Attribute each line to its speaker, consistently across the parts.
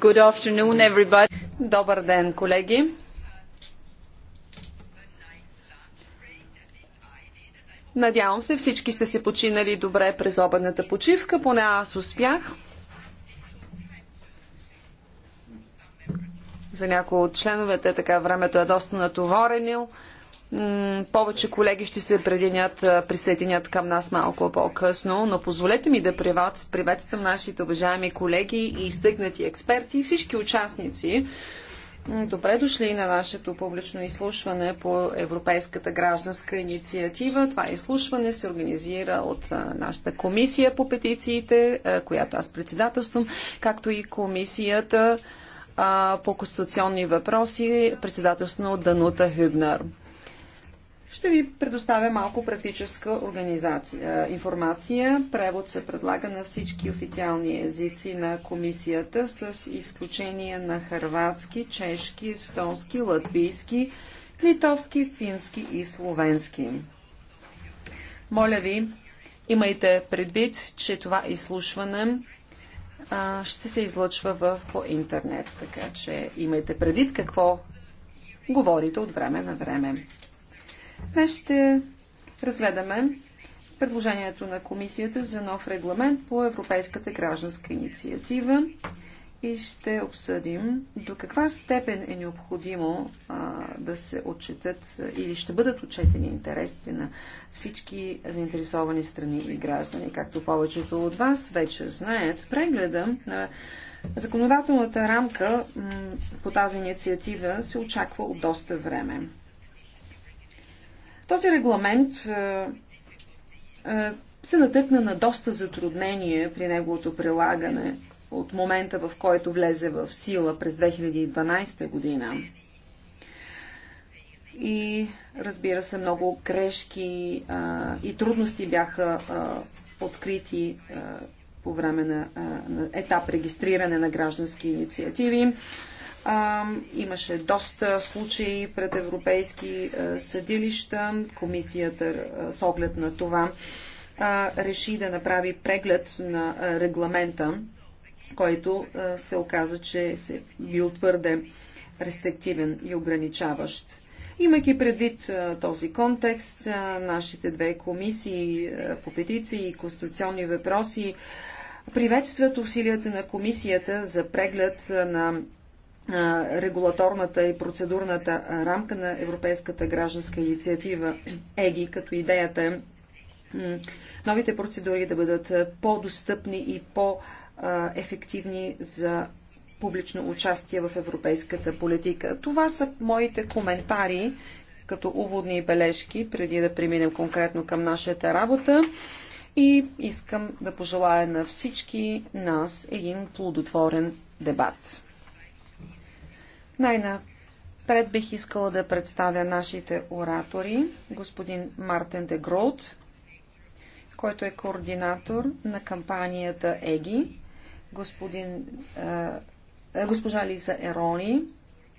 Speaker 1: Good afternoon, everybody. Добър ден, колеги. Надявам се всички сте се починали добре през обедната почивка, поне аз успях. За някои от членовете така времето е доста натоворено повече колеги ще се прединят, присъединят към нас малко по-късно, но позволете ми да приветствам нашите уважаеми колеги и изтъкнати експерти и всички участници. Добре дошли на нашето публично изслушване по Европейската гражданска инициатива. Това изслушване се организира от нашата комисия по петициите, която аз председателствам, както и комисията по конституционни въпроси, председателствана от Данута Хюбнер. Ще ви предоставя малко практическа организация, е, информация. Превод се предлага на всички официални езици на комисията, с изключение на хърватски, чешки, естонски, латвийски, литовски, фински и словенски. Моля ви, имайте предвид, че това изслушване а, е, ще се излъчва в, по интернет, така че имайте предвид какво говорите от време на време. Днес ще разгледаме предложението на Комисията за нов регламент по Европейската гражданска инициатива и ще обсъдим до каква степен е необходимо а, да се отчетат или ще бъдат отчетени интересите на всички заинтересовани страни и граждани. Както повечето от вас вече знаят, прегледа на законодателната рамка по тази инициатива се очаква от доста време. Този регламент е, е, се натъкна на доста затруднение при неговото прилагане от момента, в който влезе в сила през 2012 година. И разбира се, много грешки а, е, и трудности бяха а, открити а, по време на, а, на етап регистриране на граждански инициативи. А, имаше доста случаи пред европейски а, съдилища. Комисията а, с оглед на това реши да направи преглед на регламента, който се оказа, че се бил твърде рестриктивен и ограничаващ. Имайки предвид този контекст, нашите две комисии по петиции и конституционни въпроси приветстват усилията на комисията за преглед на регулаторната и процедурната рамка на Европейската гражданска инициатива ЕГИ, като идеята е новите процедури да бъдат по-достъпни и по-ефективни за публично участие в европейската политика. Това са моите коментари като уводни бележки, преди да преминем конкретно към нашата работа. И искам да пожелая на всички нас един плодотворен дебат. Най-напред бих искала да представя нашите оратори. Господин Мартен де Гроут, който е координатор на кампанията ЕГИ, господин, а, е, госпожа Лиза Ерони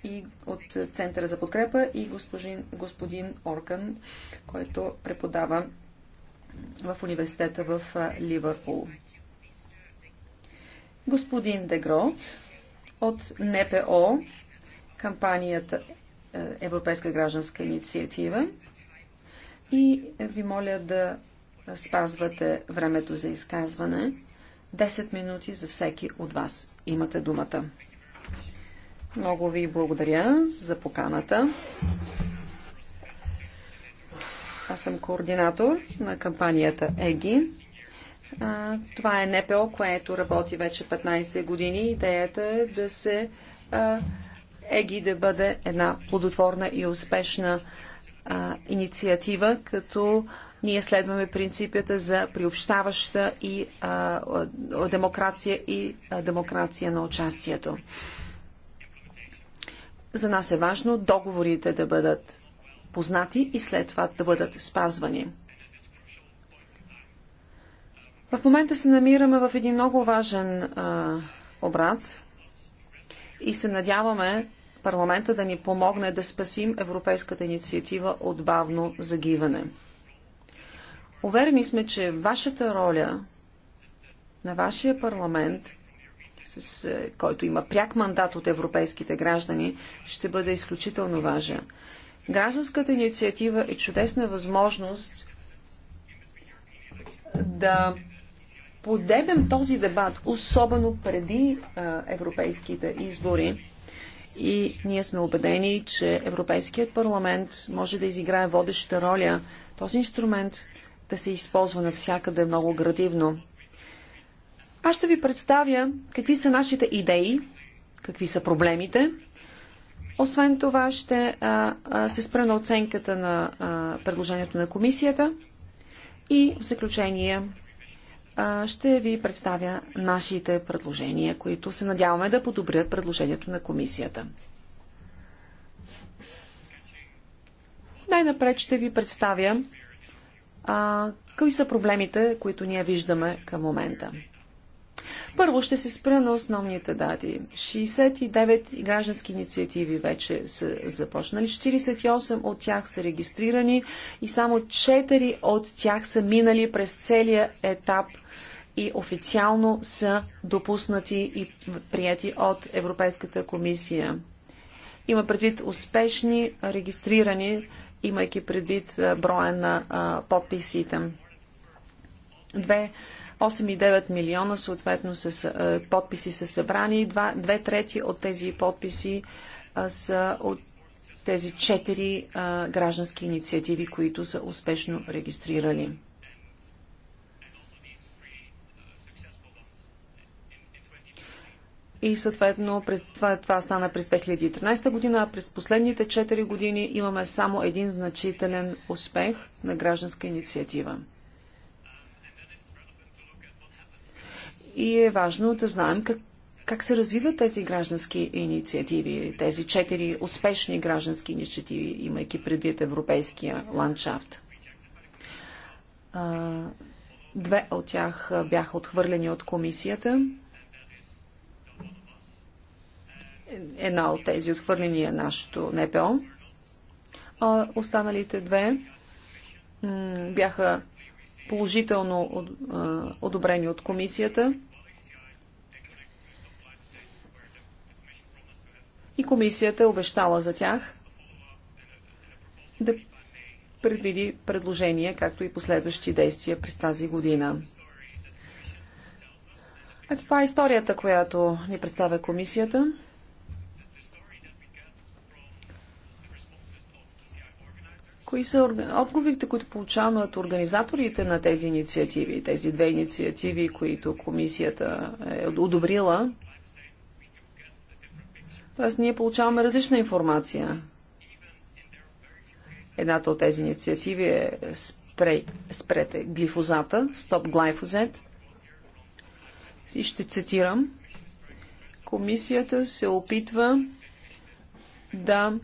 Speaker 1: и от Центъра за подкрепа и господин, господин Оркан, който преподава в университета в Ливърпул. Господин Дегрот от НПО кампанията е, Европейска гражданска инициатива и ви моля да спазвате времето за изказване. 10 минути за всеки от вас. Имате думата. Много ви благодаря за поканата. Аз съм координатор на кампанията ЕГИ. Това е НПО, което работи вече 15 години. Идеята е да се ЕГИ да бъде една плодотворна и успешна а, инициатива, като ние следваме принципите за приобщаваща и а, демокрация и а, демокрация на участието. За нас е важно договорите да бъдат познати и след това да бъдат спазвани. В момента се намираме в един много важен а, обрат и се надяваме парламента да ни помогне да спасим европейската инициатива от бавно загиване. Уверени сме, че вашата роля на вашия парламент, с е, който има пряк мандат от европейските граждани, ще бъде изключително важен. Гражданската инициатива е чудесна възможност да подебем този дебат, особено преди а, европейските избори. И ние сме убедени, че Европейският парламент може да изиграе водеща роля. Този инструмент да се използва навсякъде много градивно. Аз ще ви представя какви са нашите идеи, какви са проблемите. Освен това ще а, а, се спра на оценката на а, предложението на комисията и в заключение ще ви представя нашите предложения, които се надяваме да подобрят предложението на комисията. Най-напред ще ви представя а, какви са проблемите, които ние виждаме към момента. Първо ще се спра на основните дати. 69 граждански инициативи вече са започнали, 48 от тях са регистрирани и само 4 от тях са минали през целия етап и официално са допуснати и прияти от Европейската комисия. Има предвид успешни регистрирани, имайки предвид броя на подписите. 2, 8 и 9 милиона съответно с, подписи са събрани. две трети от тези подписи са от тези четири граждански инициативи, които са успешно регистрирали. и съответно през, това, това стана през 2013 година, а през последните 4 години имаме само един значителен успех на гражданска инициатива. И е важно да знаем как, как се развиват тези граждански инициативи, тези четири успешни граждански инициативи, имайки предвид европейския ландшафт. Две от тях бяха отхвърлени от комисията една от тези отхвърления е нашето НПО. А останалите две бяха положително одобрени от комисията. И комисията е обещала за тях да предвиди предложения, както и последващи действия през тази година. Ето това е историята, която ни представя комисията. Кои са отговорите, които получаваме от организаторите на тези инициативи, тези две инициативи, които комисията е одобрила? Тоест, ние получаваме различна информация. Едната от тези инициативи е спрей, спрете глифозата, стоп глайфозет. И ще цитирам. Комисията се опитва да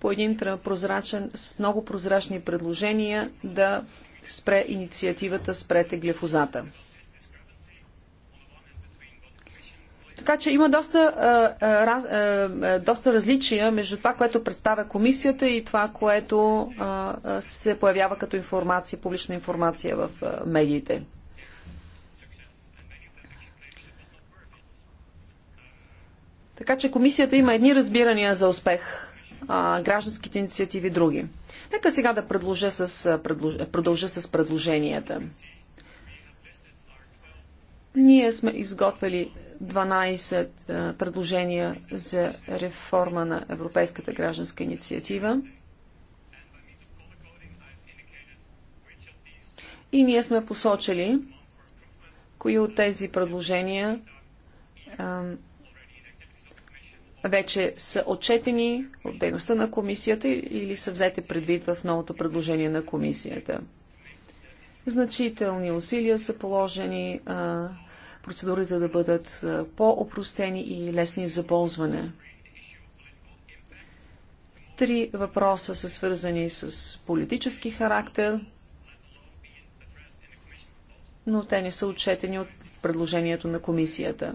Speaker 1: по един прозрачен, с много прозрачни предложения да спре инициативата Спрете глифозата. Така че има доста, а, а, а, доста различия между това, което представя комисията и това, което а, се появява като информация, публична информация в а, медиите. Така че комисията има едни разбирания за успех а, гражданските инициативи и други. Нека сега да предложа с, предлож, продължа с предложенията. Ние сме изготвили 12 предложения за реформа на Европейската гражданска инициатива. И ние сме посочили кои от тези предложения вече са отчетени от дейността на комисията или са взете предвид в новото предложение на комисията. Значителни усилия са положени процедурите да бъдат по-опростени и лесни за ползване. Три въпроса са свързани с политически характер, но те не са отчетени от предложението на комисията.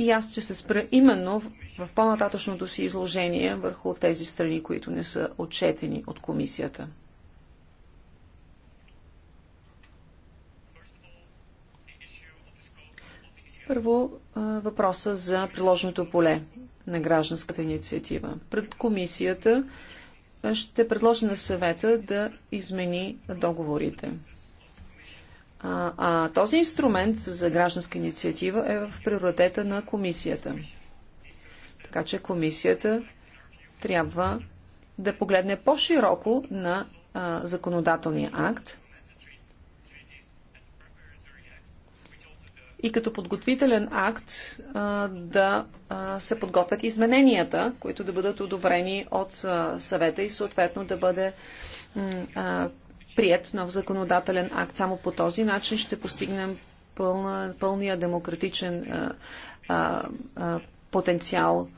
Speaker 1: И аз ще се спра именно в по-нататъчното си изложение върху тези страни, които не са отчетени от комисията. Първо въпроса за приложното поле на гражданската инициатива. Пред комисията ще предложи на съвета да измени договорите. А, а този инструмент за гражданска инициатива е в приоритета на комисията. Така че комисията трябва да погледне по-широко на а, законодателния акт и като подготвителен акт а, да а, се подготвят измененията, които да бъдат одобрени от а, съвета и съответно да бъде прият нов законодателен акт. Само по този начин ще постигнем пълна, пълния демократичен а, а, а, потенциал.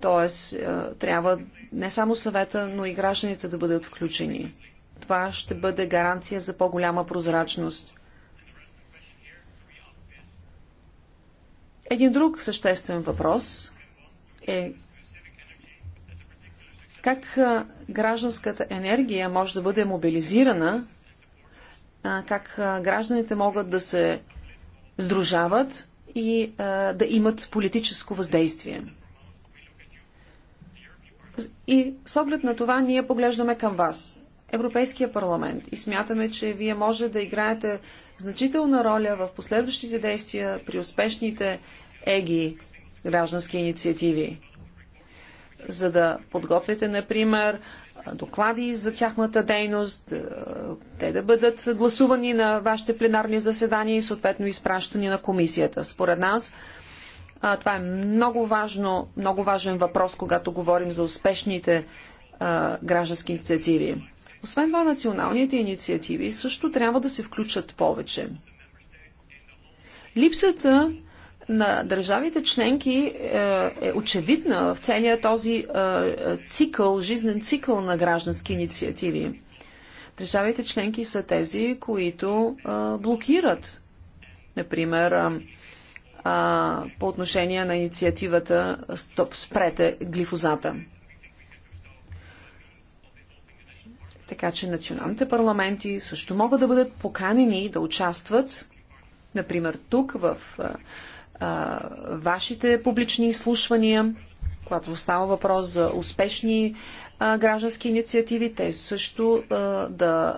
Speaker 1: Тоест, а, трябва не само съвета, но и гражданите да бъдат включени. Това ще бъде гаранция за по-голяма прозрачност. Един друг съществен въпрос е как гражданската енергия може да бъде мобилизирана, как гражданите могат да се сдружават и да имат политическо въздействие. И с оглед на това ние поглеждаме към вас, Европейския парламент, и смятаме, че вие може да играете значителна роля в последващите действия при успешните ЕГИ граждански инициативи за да подготвяте, например, доклади за тяхната дейност, е, те да бъдат гласувани на вашите пленарни заседания и съответно изпращани на комисията. Според нас това е много, важно, много важен въпрос, когато говорим за успешните граждански инициативи. Освен това, националните инициативи също трябва да се включат повече. Липсата на държавите членки е, е очевидна в целия този е, цикъл, жизнен цикъл на граждански инициативи. Държавите членки са тези, които е, блокират, например, по отношение на инициативата Стоп, спрете глифозата. Така че националните парламенти също могат да бъдат поканени да участват, например тук в а, вашите публични изслушвания, когато става въпрос за успешни а, граждански инициативи, те също а, да,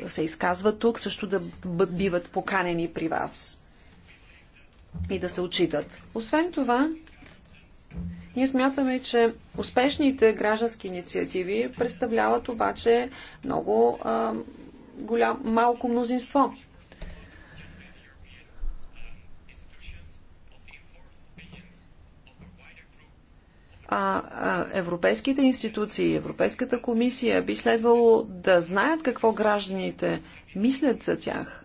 Speaker 1: да се изказват тук, също да биват поканени при вас и да се отчитат. Освен това, ние смятаме, че успешните граждански инициативи представляват обаче много а, голям, малко мнозинство. а, а, европейските институции, Европейската комисия би следвало да знаят какво гражданите мислят за тях.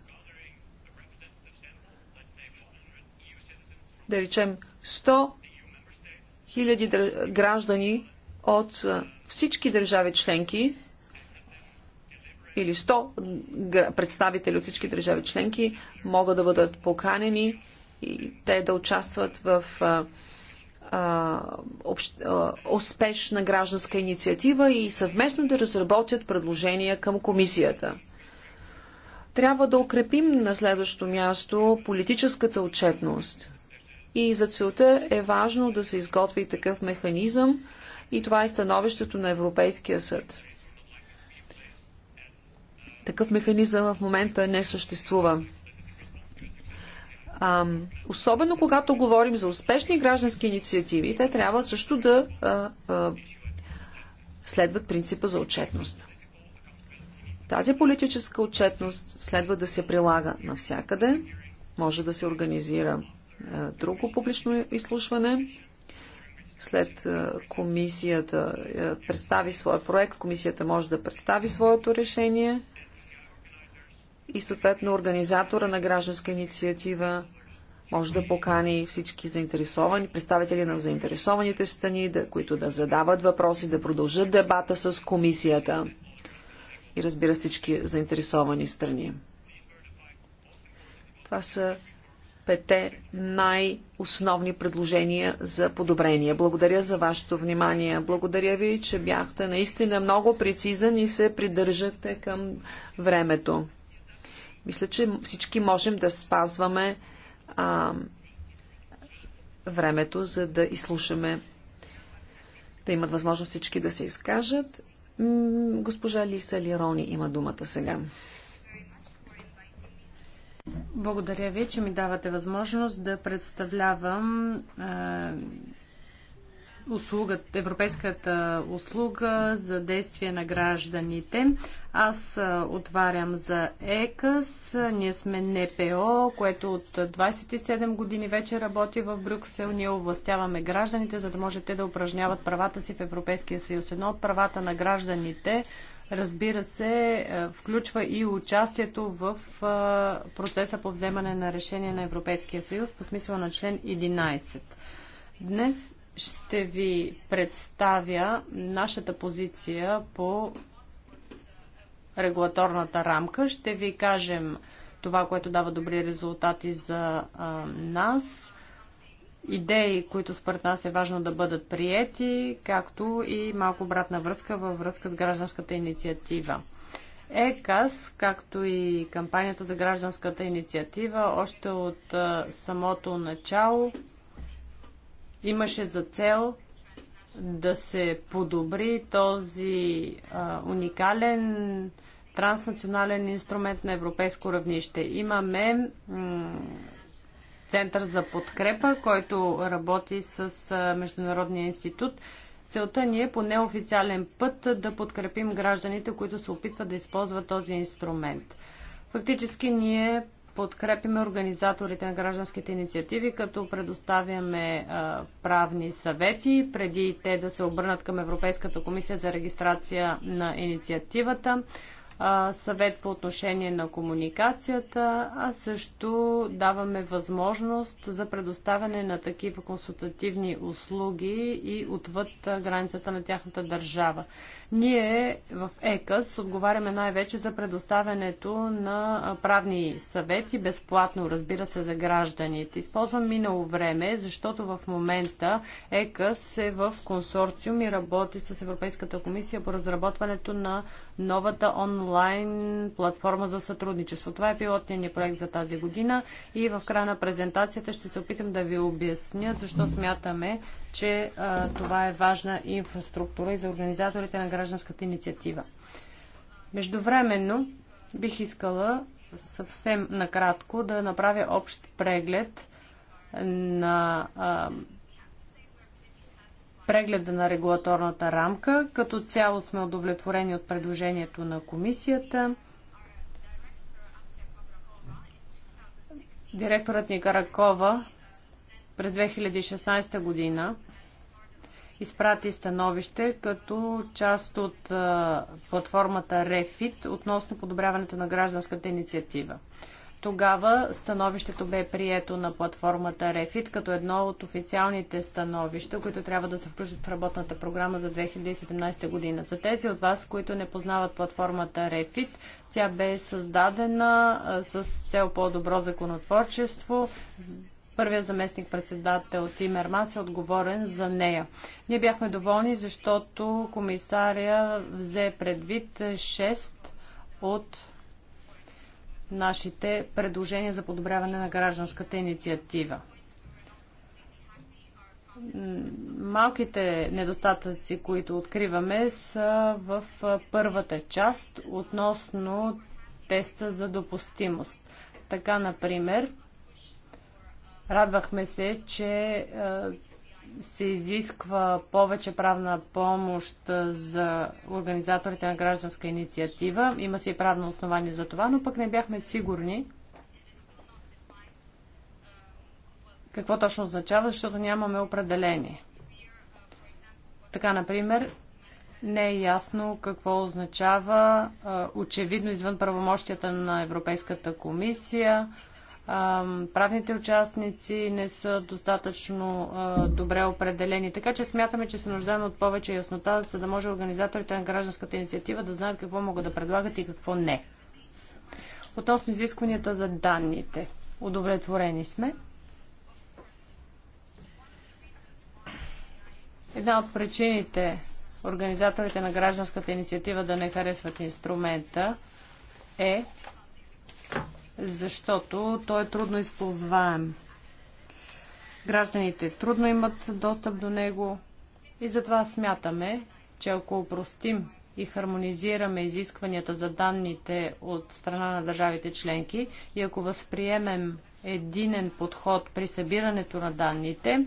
Speaker 1: Да речем 100 хиляди граждани от всички държави членки или 100 представители от всички държави членки могат да бъдат поканени и те да участват в успешна гражданска инициатива и съвместно да разработят предложения към комисията. Трябва да укрепим на следващото място политическата отчетност. И за целта е важно да се изготви такъв механизъм и това е становището на Европейския съд. Такъв механизъм в момента не съществува. А, особено когато говорим за успешни граждански инициативи, те трябва също да а, а, следват принципа за отчетност. Тази политическа отчетност следва да се прилага навсякъде. Може да се организира а, друго публично изслушване. След а, комисията а, представи своя проект, комисията може да представи своето решение и съответно организатора на гражданска инициатива може да покани всички заинтересовани, представители на заинтересованите страни, да, които да задават въпроси, да продължат дебата с комисията и разбира всички заинтересовани страни. Това са пете най-основни предложения за подобрение. Благодаря за вашето внимание. Благодаря ви, че бяхте наистина много прецизен и се придържате към времето. Мисля, че всички можем да спазваме а, времето, за да изслушаме, да имат възможност всички да се изкажат. Госпожа Лиса Лирони има думата сега. Благодаря
Speaker 2: ви, че ми давате възможност да представлявам европейската услуга за действие на гражданите. Аз отварям за ЕКАС. Ние сме НПО, което от 27 години вече работи в Брюксел. Ние овластяваме гражданите, за да можете да упражняват правата си в Европейския съюз. Едно от правата на гражданите разбира се, е, включва и участието в процеса по вземане на решение на Европейския съюз по смисъла на член 11. Днес ще ви представя нашата позиция по регулаторната рамка. Ще ви кажем това, което дава добри резултати за а, нас, идеи, които според нас е важно да бъдат приети, както и малко обратна връзка във връзка с гражданската инициатива. ЕКАС, както и кампанията за гражданската инициатива, още от а, самото начало имаше за цел да се подобри този а, уникален транснационален инструмент на европейско равнище. Имаме център за подкрепа, който работи с а, Международния институт. Целта ни е по неофициален път да подкрепим гражданите, които се опитват да използват този инструмент. Фактически ние подкрепиме организаторите на гражданските инициативи, като предоставяме а, правни съвети, преди те да се обърнат към Европейската комисия за регистрация на инициативата съвет по отношение на комуникацията, а също даваме възможност за предоставяне на такива консултативни услуги и отвъд границата на тяхната държава. Ние в ЕКАС отговаряме най-вече за предоставянето на правни съвети, безплатно, разбира се, за гражданите. Използвам минало време, защото в момента ЕКАС е в консорциум и работи с Европейската комисия по разработването на новата онлайн платформа за сътрудничество. Това е пилотният ни проект за тази година и в края на презентацията ще се опитам да ви обясня защо смятаме, че а, това е важна инфраструктура и за организаторите на гражданската инициатива. Междувременно бих искала съвсем накратко да направя общ преглед на а, прегледа на регулаторната рамка. Като цяло сме удовлетворени от предложението на комисията. Директорът ни Каракова през 2016 година изпрати становище като част от платформата REFIT относно подобряването на гражданската инициатива. Тогава становището бе прието на платформата Рефит като едно от официалните становища, които трябва да се включат в работната програма за 2017 година. За тези от вас, които не познават платформата Рефит, тя бе създадена с цел по-добро законотворчество, първият заместник председател Тимерманс е отговорен за нея. Ние бяхме доволни, защото комисаря взе предвид 6 от нашите предложения за подобряване на гражданската инициатива. Малките недостатъци, които откриваме, са в първата част относно теста за допустимост. Така, например, радвахме се, че се изисква повече правна помощ за организаторите на гражданска инициатива. Има се и правно основание за това, но пък не бяхме сигурни какво точно означава, защото нямаме определение. Така, например, не е ясно какво означава очевидно извън правомощията на Европейската комисия, правните участници не са достатъчно добре определени. Така че смятаме, че се нуждаем от повече яснота, за да може организаторите на гражданската инициатива да знаят какво могат да предлагат и какво не. Относно изискванията за данните. Удовлетворени сме. Една от причините организаторите на гражданската инициатива да не харесват инструмента е, защото той е трудно използваем. Гражданите трудно имат достъп до него и затова смятаме, че ако опростим и хармонизираме изискванията за данните от страна на държавите членки и ако възприемем единен подход при събирането на данните,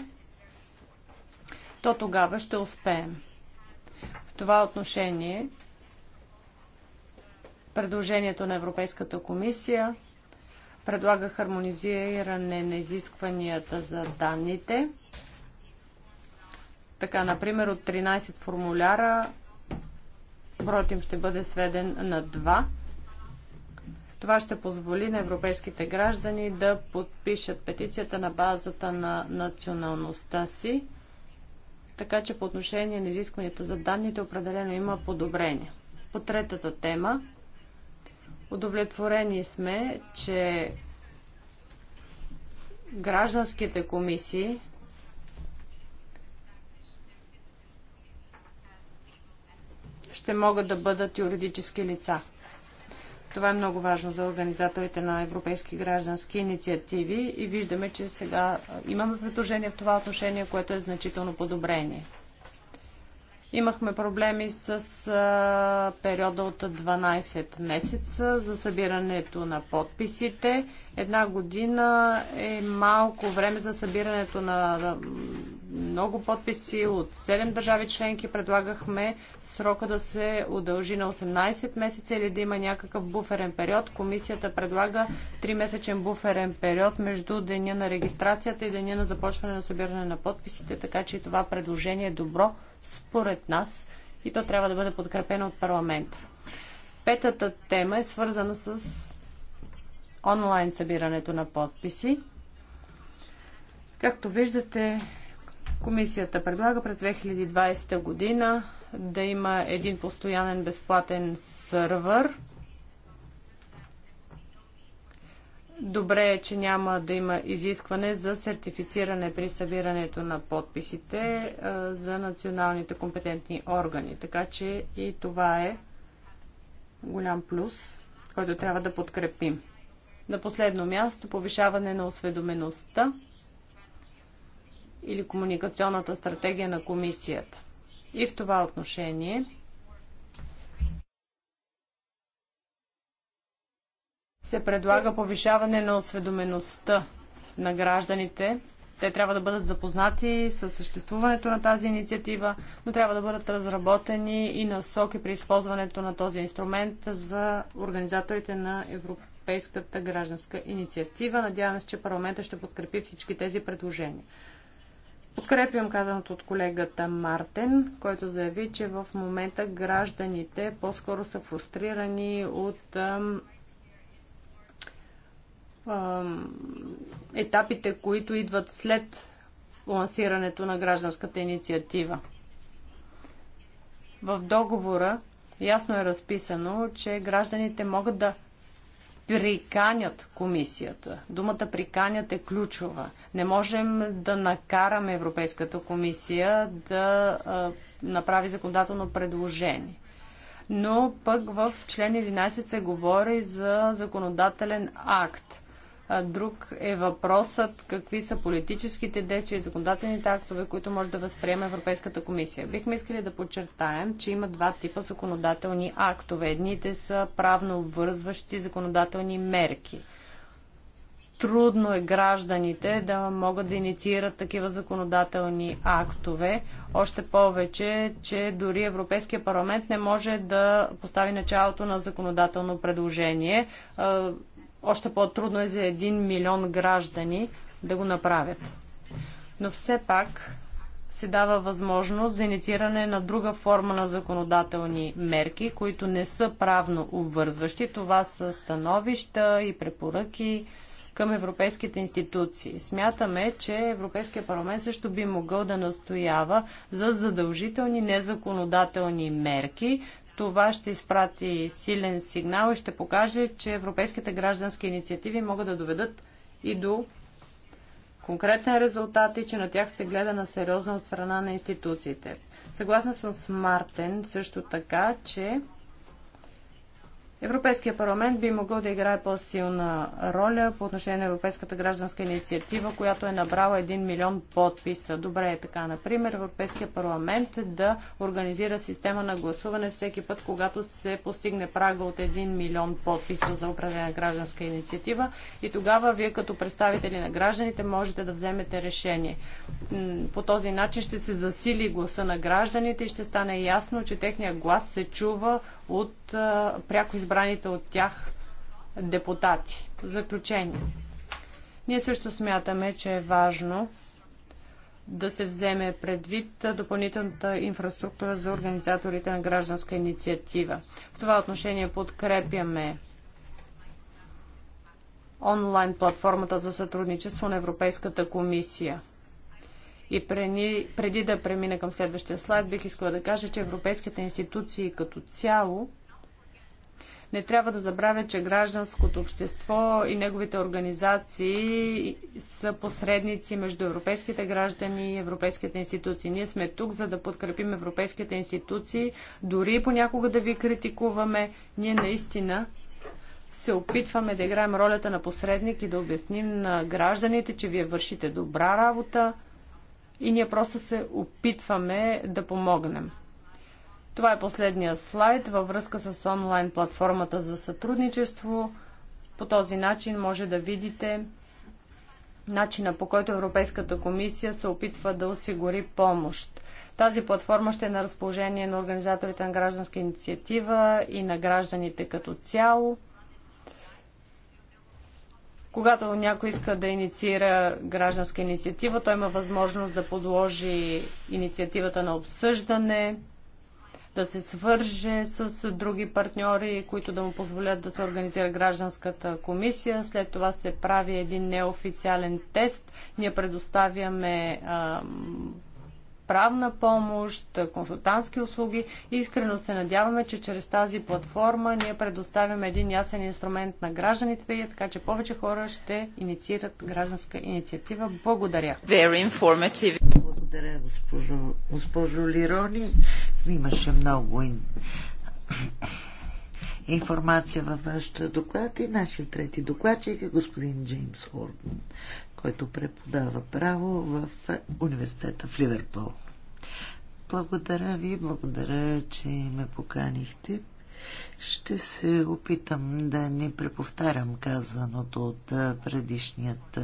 Speaker 2: то тогава ще успеем. В това отношение предложението на Европейската комисия предлага хармонизиране на изискванията за данните. Така, например, от 13 формуляра броят им ще бъде сведен на 2. Това ще позволи на европейските граждани да подпишат петицията на базата на националността си, така че по отношение на изискванията за данните определено има подобрение. По третата тема Удовлетворени сме, че гражданските комисии ще могат да бъдат юридически лица. Това е много важно за организаторите на европейски граждански инициативи и виждаме, че сега имаме предложение в това отношение, което е значително подобрение. Имахме проблеми с а, периода от 12 месеца за събирането на подписите. Една година е малко време за събирането на много подписи от 7 държави членки. Предлагахме срока да се удължи на 18 месеца или да има някакъв буферен период. Комисията предлага 3-месечен буферен период между деня на регистрацията и деня на започване на събиране на подписите, така че това предложение е добро според нас, и то трябва да бъде подкрепено от парламента. Петата тема е свързана с онлайн събирането на подписи. Както виждате, комисията предлага през 2020 година да има един постоянен безплатен сървър – Добре е, че няма да има изискване за сертифициране при събирането на подписите е, за националните компетентни органи. Така че и това е голям плюс, който трябва да подкрепим. На последно място повишаване на осведомеността или комуникационната стратегия на комисията. И в това отношение се предлага повишаване на осведомеността на гражданите. Те трябва да бъдат запознати с съществуването на тази инициатива, но трябва да бъдат разработени и насоки при използването на този инструмент за организаторите на Европейската гражданска инициатива. Надявам се, че парламента ще подкрепи всички тези предложения. Подкрепям казаното от колегата Мартен, който заяви, че в момента гражданите по-скоро са фрустрирани от етапите, които идват след лансирането на гражданската инициатива. В договора ясно е разписано, че гражданите могат да приканят комисията. Думата приканят е ключова. Не можем да накараме Европейската комисия да а, направи законодателно предложение. Но пък в член 11 се говори за законодателен акт. Друг е въпросът какви са политическите действия и законодателните актове, които може да възприеме Европейската комисия. Бихме искали да подчертаем, че има два типа законодателни актове. Едните са правно обвързващи законодателни мерки. Трудно е гражданите да могат да инициират такива законодателни актове. Още повече, че дори Европейския парламент не може да постави началото на законодателно предложение още по-трудно е за един милион граждани да го направят. Но все пак се дава възможност за иницииране на друга форма на законодателни мерки, които не са правно обвързващи. Това са становища и препоръки към европейските институции. Смятаме, че Европейския парламент също би могъл да настоява за задължителни незаконодателни мерки, това ще изпрати силен сигнал и ще покаже, че европейските граждански инициативи могат да доведат и до конкретен резултат и че на тях се гледа на сериозна страна на институциите. Съгласна съм с Мартен също така, че Европейския парламент би могъл да играе по-силна роля по отношение на Европейската гражданска инициатива, която е набрала 1 милион подписа. Добре е така, например, Европейския парламент да организира система на гласуване всеки път, когато се постигне прага от 1 милион подписа за определена гражданска инициатива и тогава вие като представители на гражданите можете да вземете решение. По този начин ще се засили гласа на гражданите и ще стане ясно, че техният глас се чува от а, пряко избраните от тях депутати. Заключение. Ние също смятаме, че е важно да се вземе предвид допълнителната инфраструктура за организаторите на гражданска инициатива. В това отношение подкрепяме онлайн платформата за сътрудничество на Европейската комисия. И преди, преди да премина към следващия слайд, бих искала да кажа, че европейските институции като цяло не трябва да забравя, че гражданското общество и неговите организации са посредници между европейските граждани и европейските институции. Ние сме тук, за да подкрепим европейските институции, дори и понякога да ви критикуваме. Ние наистина се опитваме да играем ролята на посредник и да обясним на гражданите, че вие вършите добра работа, и ние просто се опитваме да помогнем. Това е последния слайд във връзка с онлайн платформата за сътрудничество. По този начин може да видите начина по който Европейската комисия се опитва да осигури помощ. Тази платформа ще е на разположение на организаторите на гражданска инициатива и на гражданите като цяло. Когато някой иска да инициира гражданска инициатива, той има възможност да подложи инициативата на обсъждане, да се свърже с други партньори, които да му позволят да се организира гражданската комисия. След това се прави един неофициален тест. Ние предоставяме правна помощ, консултантски услуги. Искрено се надяваме, че чрез тази платформа ние предоставяме един ясен инструмент на гражданите, така че повече хора ще инициират гражданска инициатива. Благодаря. Very
Speaker 3: informative. Благодаря, госпожо, госпожо Лирони. Имаше много информация във вашата доклад и нашия трети докладчик е господин Джеймс Хорбун който преподава право в университета в Ливерпул. Благодаря ви, благодаря, че ме поканихте. Ще се опитам да не преповтарям казаното от предишният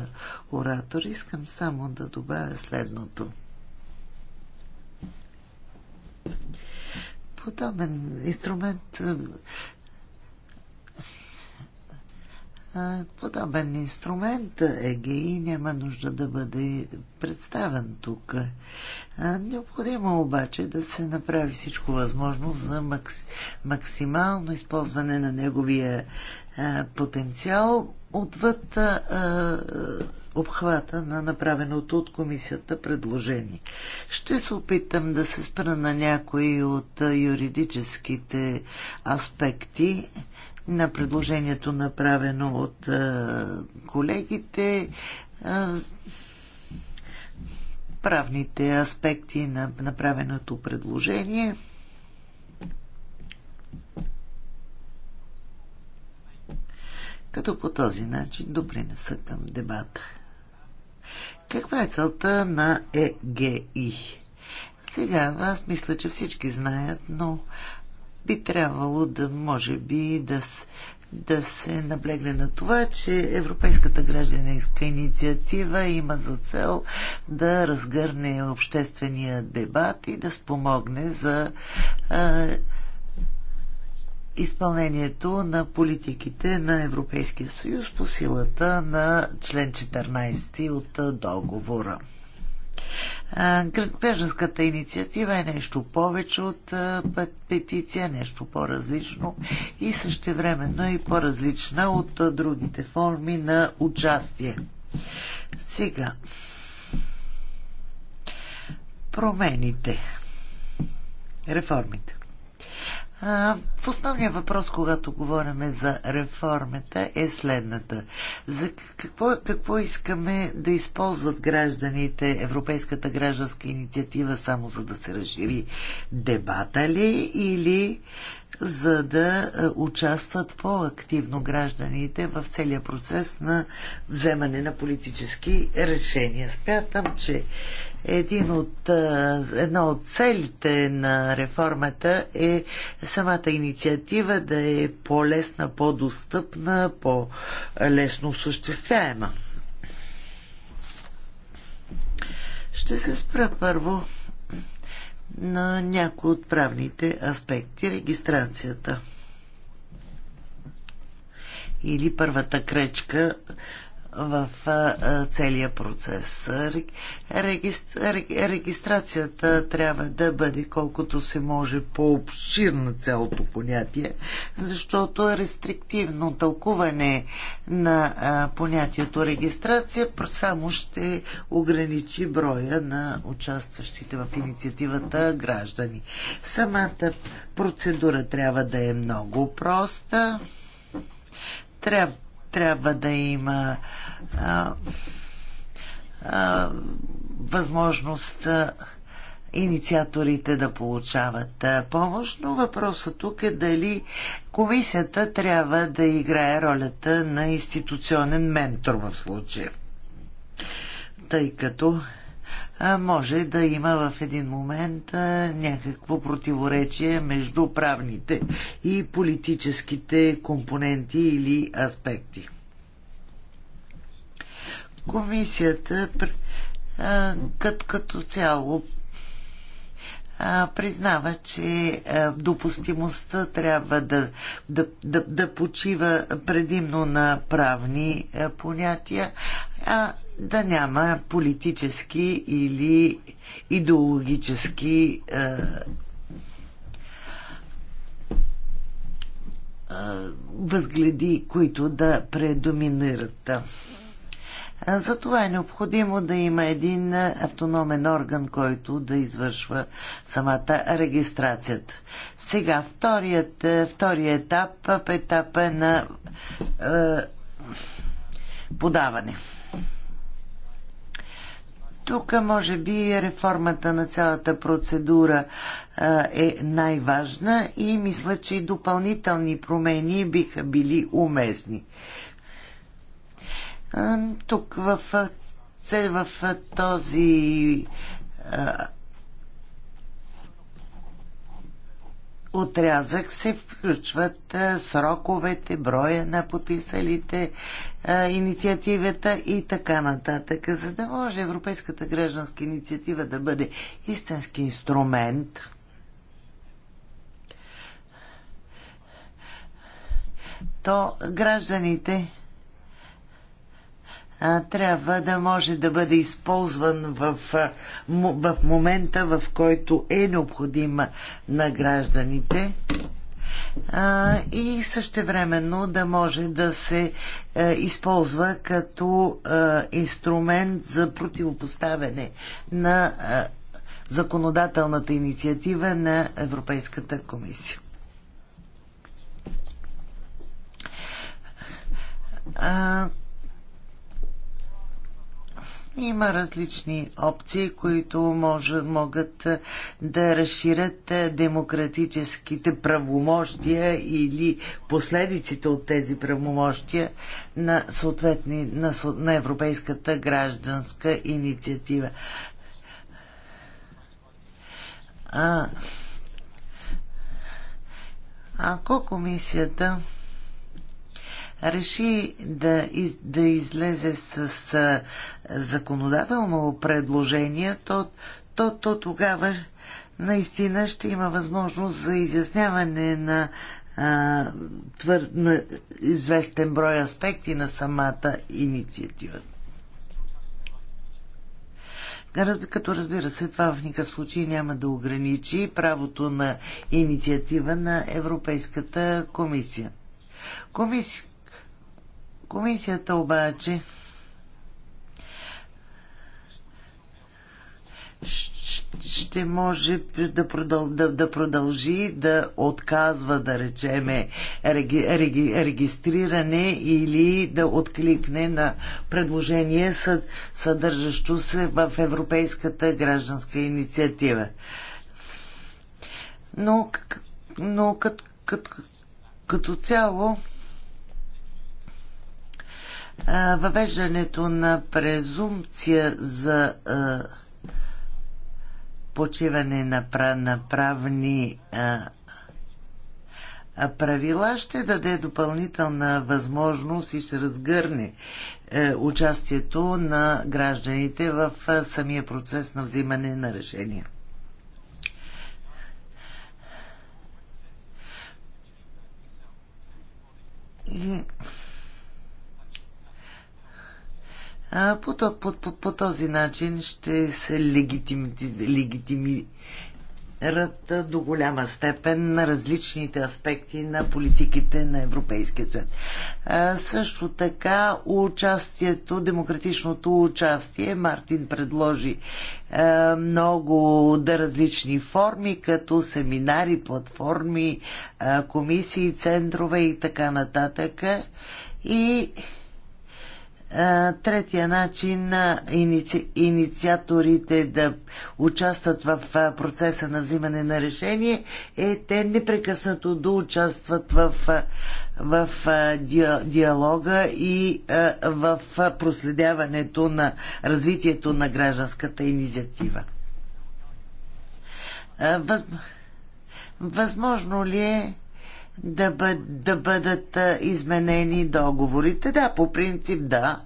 Speaker 3: оратор. Искам само да добавя следното. Подобен инструмент Подобен инструмент ЕГИ няма нужда да бъде представен тук. Необходимо е обаче да се направи всичко възможно за макс... максимално използване на неговия а, потенциал отвъд а, а, обхвата на направеното от комисията предложение. Ще се опитам да се спра на някои от юридическите аспекти на предложението направено от колегите. Правните аспекти на направеното предложение. като по този начин допринеса към дебата. Каква е целта на ЕГИ? Сега, аз мисля, че всички знаят, но би трябвало да може би да, да се наблегне на това, че Европейската гражданинска инициатива има за цел да разгърне обществения дебат и да спомогне за а, изпълнението на политиките на Европейския съюз по силата на член 14 от договора. Гражданската инициатива е нещо повече от петиция, нещо по-различно и същевременно е и по-различна от другите форми на участие. Сега, промените, реформите. В основния въпрос, когато говорим за реформата, е следната. За какво, какво искаме да използват гражданите, Европейската гражданска инициатива, само за да се разшири дебата ли или за да участват по-активно гражданите в целия процес на вземане на политически решения. Спятам, че един от, една от целите на реформата е самата инициатива да е по-лесна, по-достъпна, по-лесно осъществяема. Ще се спра първо на някои от правните аспекти. Регистрацията или първата кречка в целия процес. Регистрацията трябва да бъде колкото се може по-обширна цялото понятие, защото е рестриктивно тълкуване на понятието регистрация само ще ограничи броя на участващите в инициативата граждани. Самата процедура трябва да е много проста. Трябва трябва да има а, а, възможност а, инициаторите да получават помощ, но въпросът тук е дали комисията трябва да играе ролята на институционен ментор в случая. Тъй като може да има в един момент някакво противоречие между правните и политическите компоненти или аспекти. Комисията като, като цяло признава, че допустимостта трябва да, да, да, да почива предимно на правни понятия, а да няма политически или идеологически е, е, възгледи, които да предоминират. Е, За това е необходимо да има един автономен орган, който да извършва самата регистрацията. Сега, вторият, е, вторият етап, етап е на е, подаване. Тук може би реформата на цялата процедура а, е най-важна и мисля, че и допълнителни промени биха били уместни. А, тук в, в този а, отрязък се включват сроковете, броя на подписалите инициативата и така нататък, за да може Европейската гражданска инициатива да бъде истински инструмент. То гражданите трябва да може да бъде използван в, в момента, в който е необходим на гражданите а, и същевременно да може да се а, използва като а, инструмент за противопоставяне на а, законодателната инициатива на Европейската комисия. А, има различни опции, които може, могат да разширят демократическите правомощия или последиците от тези правомощия на, съответни, на, на Европейската гражданска инициатива. А, ако комисията реши да, из, да излезе с, с законодателно предложение, то, то, то тогава наистина ще има възможност за изясняване на, а, твър, на известен брой аспекти на самата инициатива. Като разбира се, това в никакъв случай няма да ограничи правото на инициатива на Европейската комисия. Комисия Комисията обаче ще може да, продъл, да, да продължи да отказва, да речеме, реги, реги, регистриране или да откликне на предложение, съд, съдържащо се в Европейската гражданска инициатива. Но, но като, като, като цяло въвеждането на презумпция за почиване на правни правила ще даде допълнителна възможност и ще разгърне е, участието на гражданите в самия процес на взимане на решения. И... По, по, по, по този начин ще се легитимират до голяма степен на различните аспекти на политиките на Европейския съюз. Също така участието, демократичното участие, Мартин предложи много да различни форми, като семинари, платформи, комисии, центрове и така нататък. И Третия начин иници, инициаторите да участват в процеса на взимане на решение е те непрекъснато да участват в, в диалога и в проследяването на развитието на гражданската инициатива. Възможно ли е да, бъд, да бъдат изменени договорите. Да, по принцип да.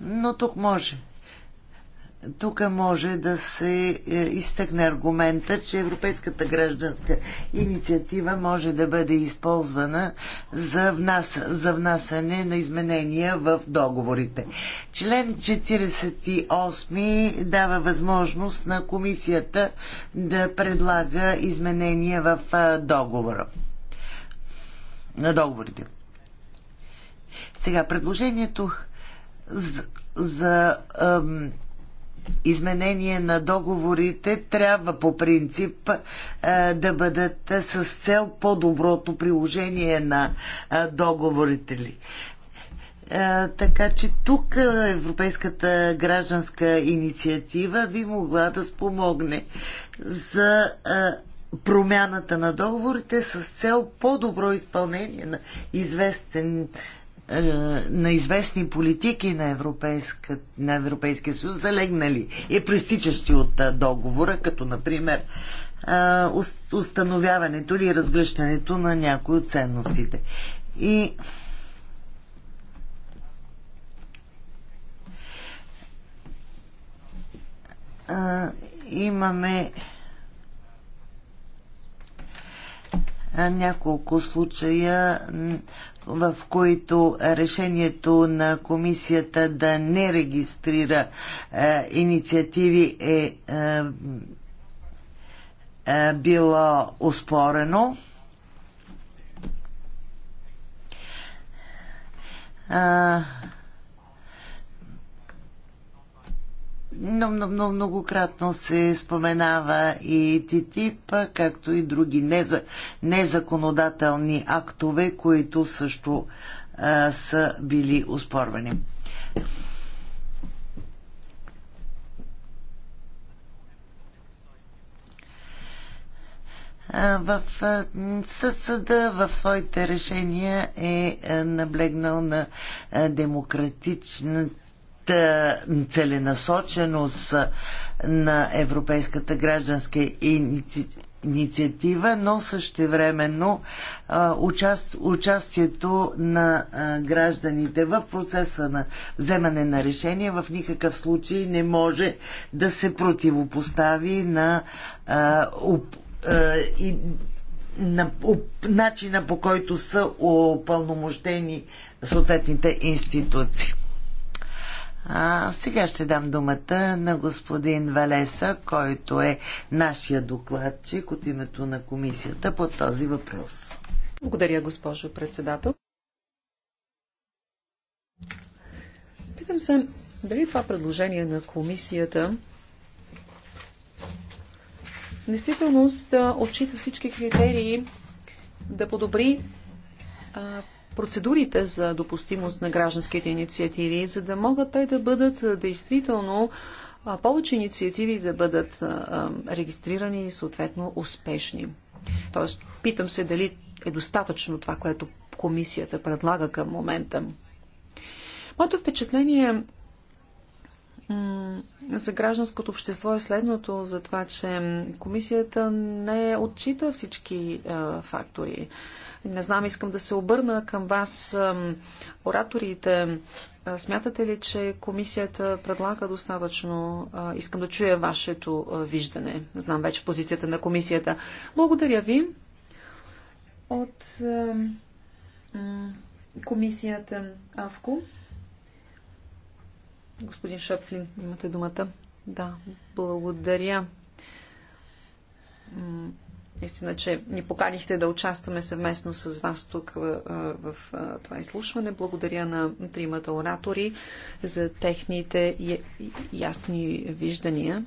Speaker 3: Но тук може тук може да се е, изтъкне аргумента, че Европейската гражданска инициатива може да бъде използвана за, внас, за внасане на изменения в договорите. Член 48 дава възможност на комисията да предлага изменения в договора. На договорите. Сега, предложението за, за изменение на договорите трябва по принцип е, да бъдат с цел по-доброто приложение на е, договорите ли. Е, така че тук Европейската гражданска инициатива би могла да спомогне за промяната на договорите с цел по-добро изпълнение на известен е, на известни политики на, на Европейския съюз, залегнали и проистичащи от е, договора, като например е, установяването или разгръщането на някои от ценностите. И имаме няколко случая в които решението на комисията да не регистрира е, инициативи е, е, е било успорено. А, много, много, многократно се споменава и ТТИП, както и други неза, незаконодателни актове, които също а, са били успорвани. в съда в своите решения е наблегнал на демократичната е, целенасоченост е, на Европейската гражданска инициатива, но същевременно е, участието на гражданите в процеса на вземане на решения в никакъв случай не може да се противопостави на и на начина по който са опълномощени съответните институции. А, сега ще дам думата на господин Валеса, който е нашия докладчик от името на комисията по този въпрос. Благодаря, госпожо председател.
Speaker 1: Питам се, дали това предложение на комисията в действителност отчита всички критерии да подобри процедурите за допустимост на гражданските инициативи, за да могат те да бъдат действително повече инициативи да бъдат регистрирани и съответно успешни. Тоест, питам се дали е достатъчно това, което комисията предлага към момента. Моето впечатление за гражданското общество е следното за това, че комисията не отчита всички фактори. Не знам, искам да се обърна към вас, ораторите. Смятате ли, че комисията предлага достатъчно? Искам да чуя вашето виждане. Знам вече позицията на комисията. Благодаря ви. От комисията АВКО. Господин Шепфлин, имате думата. Да, благодаря наистина, че ни поканихте да участваме съвместно с вас тук в, в това изслушване. Благодаря на тримата оратори за техните ясни виждания.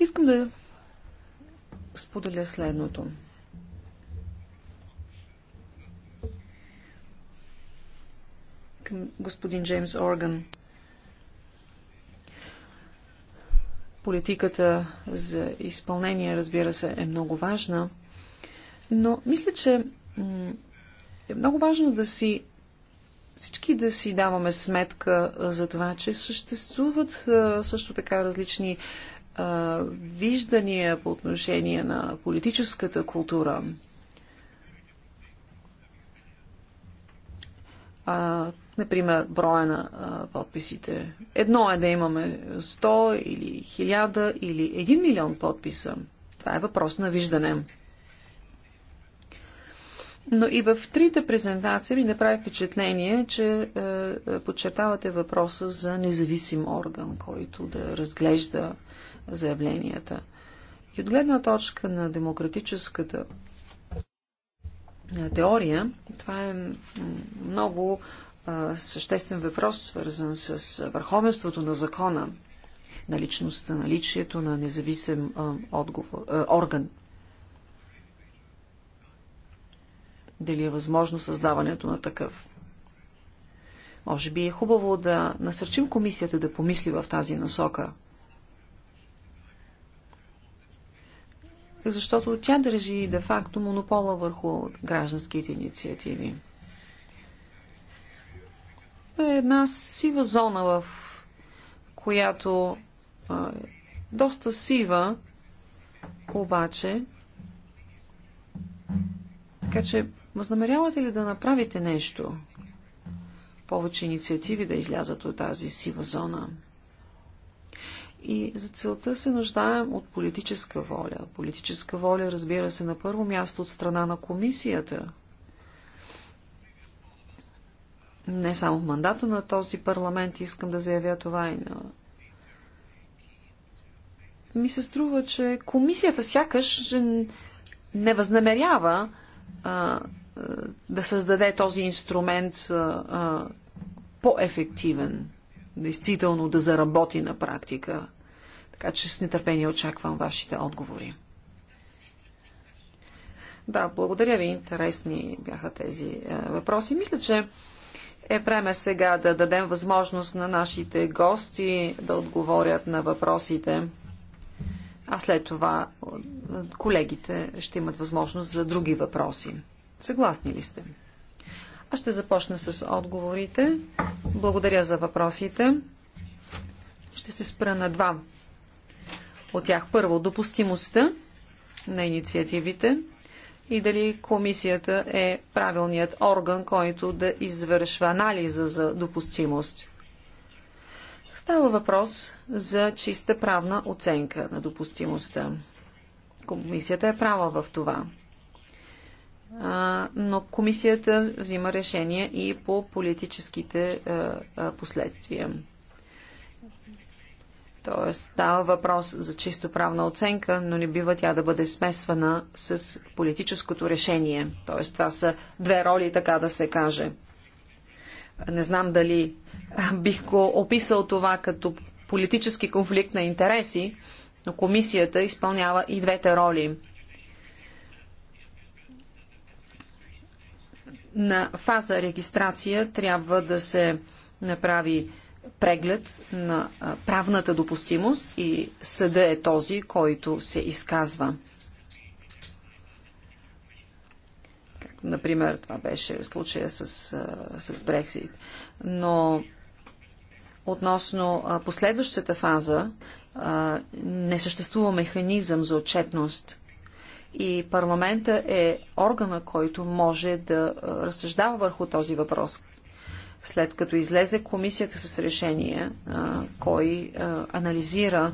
Speaker 1: Искам да споделя следното. Към господин Джеймс Орган. Политиката за изпълнение, разбира се, е много важна, но мисля, че е много важно да си всички да си даваме сметка за това, че съществуват също така различни виждания по отношение на политическата култура. Например, броя на а, подписите. Едно е да имаме 100 или 1000 или 1 милион подписа. Това е въпрос на виждане. Но и в трите презентации ми направи впечатление, че е, е подчертавате въпроса за независим орган, който да разглежда заявленията. И от гледна точка на демократическата е, теория, това е много съществен въпрос, свързан с върховенството на закона, на личността, наличието на независим отговор, орган. Дали е възможно създаването на такъв? Може би е хубаво да насърчим комисията да помисли в тази насока. Защото тя държи де-факто монопола върху гражданските инициативи е една сива зона, в която е доста сива, обаче. Така че, възнамерявате ли да направите нещо? Повече инициативи да излязат от тази сива зона. И за целта се нуждаем от политическа воля. Политическа воля, разбира се, на първо място от страна на комисията, не само в мандата на този парламент, искам да заявя това и на... Ми се струва, че комисията сякаш не възнамерява а, да създаде този инструмент по-ефективен, действително да заработи на практика. Така че с нетърпение очаквам вашите отговори. Да, благодаря ви. Интересни бяха тези е, въпроси. Мисля, че е време сега да дадем възможност на нашите гости да отговорят на въпросите. А след това е, колегите ще имат възможност за други въпроси. Съгласни ли сте? Аз ще започна с отговорите. Благодаря за въпросите. Ще се спра на два от тях. Първо, допустимостта на инициативите и дали комисията е правилният орган, който да извършва анализа за допустимост. Става въпрос за чиста правна оценка на допустимостта. Комисията е права в това. но комисията взима решение и по политическите последствия. Тоест, става въпрос за чисто правна оценка, но не бива тя да бъде смесвана с политическото решение. Тоест, това са две роли, така да се каже. Не знам дали бих го описал това като политически конфликт на интереси, но комисията изпълнява и двете роли. На фаза регистрация трябва да се направи преглед на правната допустимост и съда е този, който се изказва. например, това беше случая с, с Брексит. Но относно последващата фаза не съществува механизъм за отчетност. И парламента е органа, който може да разсъждава върху този въпрос след като излезе комисията с решение, кой анализира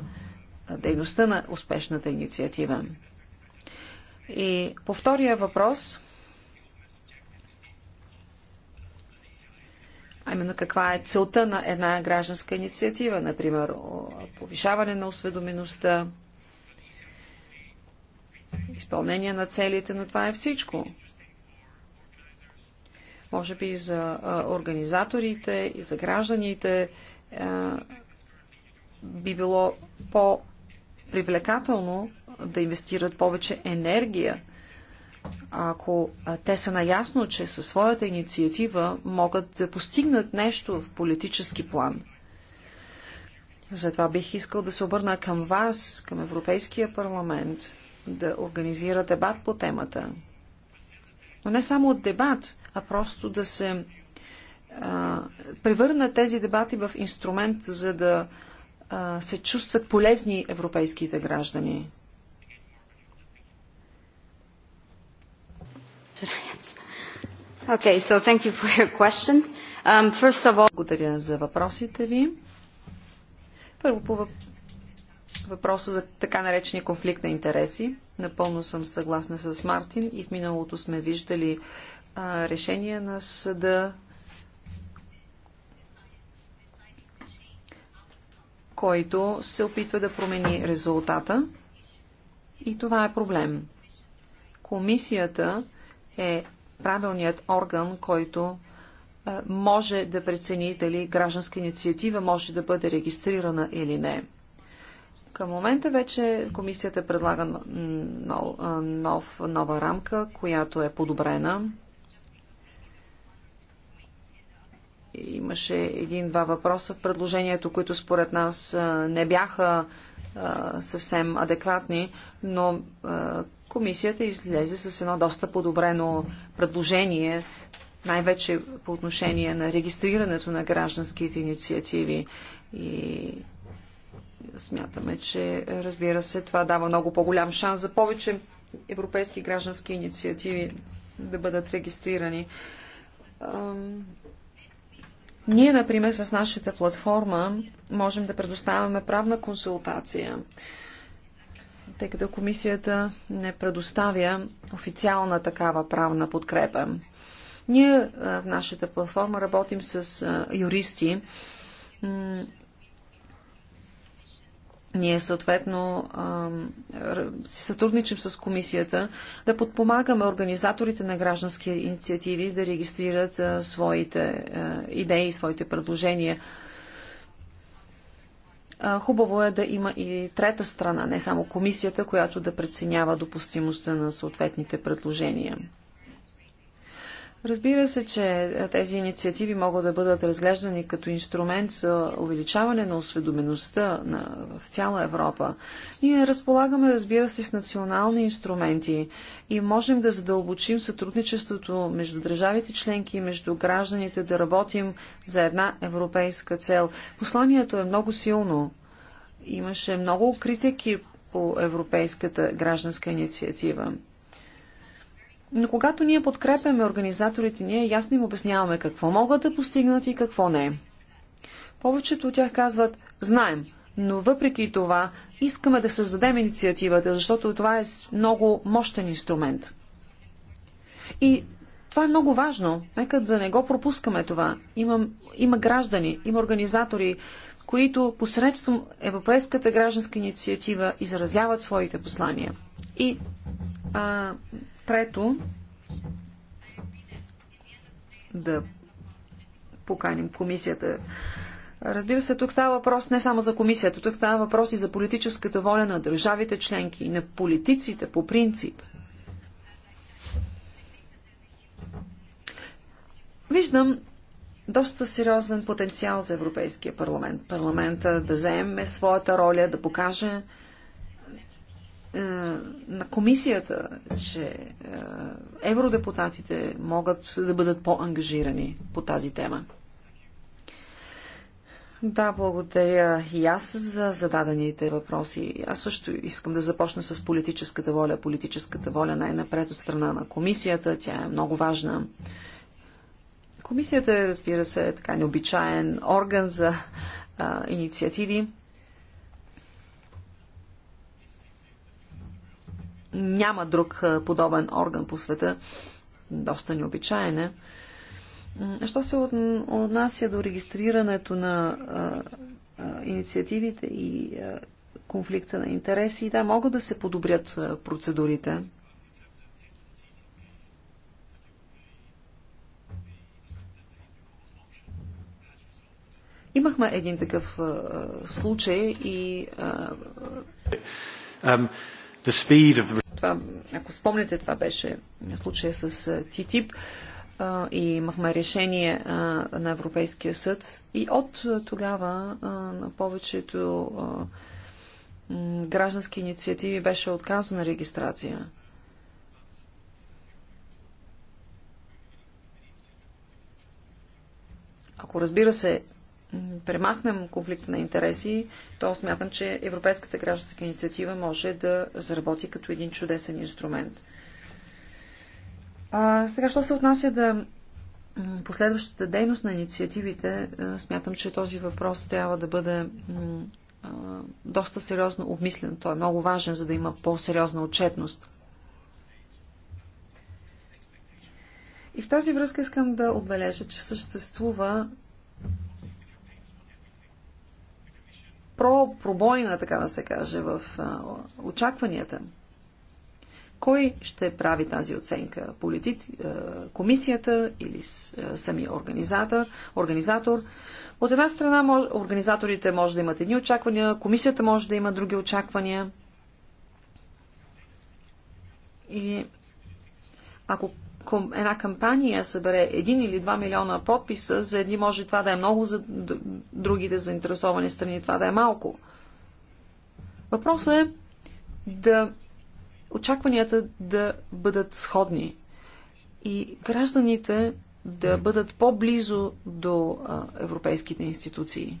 Speaker 1: дейността на успешната инициатива. И по втория въпрос, а именно каква е целта на една гражданска инициатива, например повишаване на осведомеността, изпълнение на целите, но това е всичко. Може би и за организаторите, и за гражданите би било по-привлекателно да инвестират повече енергия, ако те са наясно, че със своята инициатива могат да постигнат нещо в политически план. Затова бих искал да се обърна към вас, към Европейския парламент, да организира дебат по темата. Но не само дебат, а просто да се а, превърнат тези дебати в инструмент, за да а, се чувстват полезни европейските граждани. Okay, so thank you for your questions. Um, first of all... Благодаря за въпросите ви. Първо по въпроса за така наречения конфликт на интереси. Напълно съм съгласна с Мартин и в миналото сме виждали Решение на съда, който се опитва да промени резултата. И това е проблем. Комисията е правилният орган, който а, може да прецени дали гражданска инициатива може да бъде регистрирана или не. Към момента вече комисията предлага нов, нов, нова рамка, която е подобрена Имаше един-два въпроса в предложението, които според нас не бяха съвсем адекватни, но комисията излезе с едно доста подобрено предложение, най-вече по отношение на регистрирането на гражданските инициативи. И смятаме, че разбира се, това дава много по-голям шанс за повече европейски граждански инициативи да бъдат регистрирани. Ние, например, с нашата платформа можем да предоставяме правна консултация, тъй като комисията не предоставя официална такава правна подкрепа. Ние в нашата платформа работим с юристи ние съответно си сътрудничим с комисията да подпомагаме организаторите на граждански инициативи да регистрират своите идеи, своите предложения. хубаво е да има и трета страна, не само комисията, която да преценява допустимостта на съответните предложения. Разбира се, че е, тези инициативи могат да бъдат разглеждани като инструмент за увеличаване на осведомеността на, в цяла Европа. Ние разполагаме, разбира се, с национални инструменти и можем да задълбочим сътрудничеството между държавите членки и между гражданите да работим за една европейска цел. Посланието е много силно. Имаше много критики по Европейската гражданска инициатива. Но когато ние подкрепяме организаторите, ние ясно им обясняваме какво могат да постигнат и какво не. Повечето от тях казват, знаем, но въпреки това искаме да създадем инициативата, защото това е много мощен инструмент. И това е много важно. Нека да не го пропускаме това. Има, има граждани, има организатори, които посредством Европейската гражданска инициатива изразяват своите послания. И а, Трето, да поканим комисията. Разбира се, тук става въпрос не само за комисията, тук става въпрос и за политическата воля на държавите членки и на политиците по принцип. Виждам доста сериозен потенциал за Европейския парламент. Парламента да заеме своята роля, да покаже е, на комисията, че е, евродепутатите могат да бъдат по-ангажирани по тази тема. Да, благодаря и аз за зададените въпроси. Аз също искам да започна с политическата воля. Политическата воля най-напред от страна на комисията. Тя е много важна. Комисията, е, разбира се, е така необичаен орган за а, инициативи. няма друг подобен орган по света. Доста необичайен е. Що се отнася до регистрирането на а, а, инициативите и а, конфликта на интереси, да, могат да се подобрят процедурите. Имахме един такъв случай и. Um, the speed of това, ако спомняте, това беше случая с ТИТИП и имахме решение на Европейския съд. И от тогава на повечето граждански инициативи беше отказана регистрация. Ако разбира се, премахнем конфликта на интереси, то смятам, че Европейската гражданска инициатива може да заработи като един чудесен инструмент. А, сега, що се отнася да последващата дейност на инициативите, смятам, че този въпрос трябва да бъде доста сериозно обмислен. Той е много важен, за да има по-сериозна отчетност. И в тази връзка искам да отбележа, че съществува пробойна, така да се каже, в очакванията. Кой ще прави тази оценка? Политици, комисията или самия организатор? организатор? От една страна мож, организаторите може да имат едни очаквания, комисията може да има други очаквания. И ако една кампания събере 1 или 2 милиона подписа, за едни може това да е много, за другите заинтересовани страни това да е малко. Въпросът е да очакванията да бъдат сходни и гражданите да бъдат по-близо до европейските институции.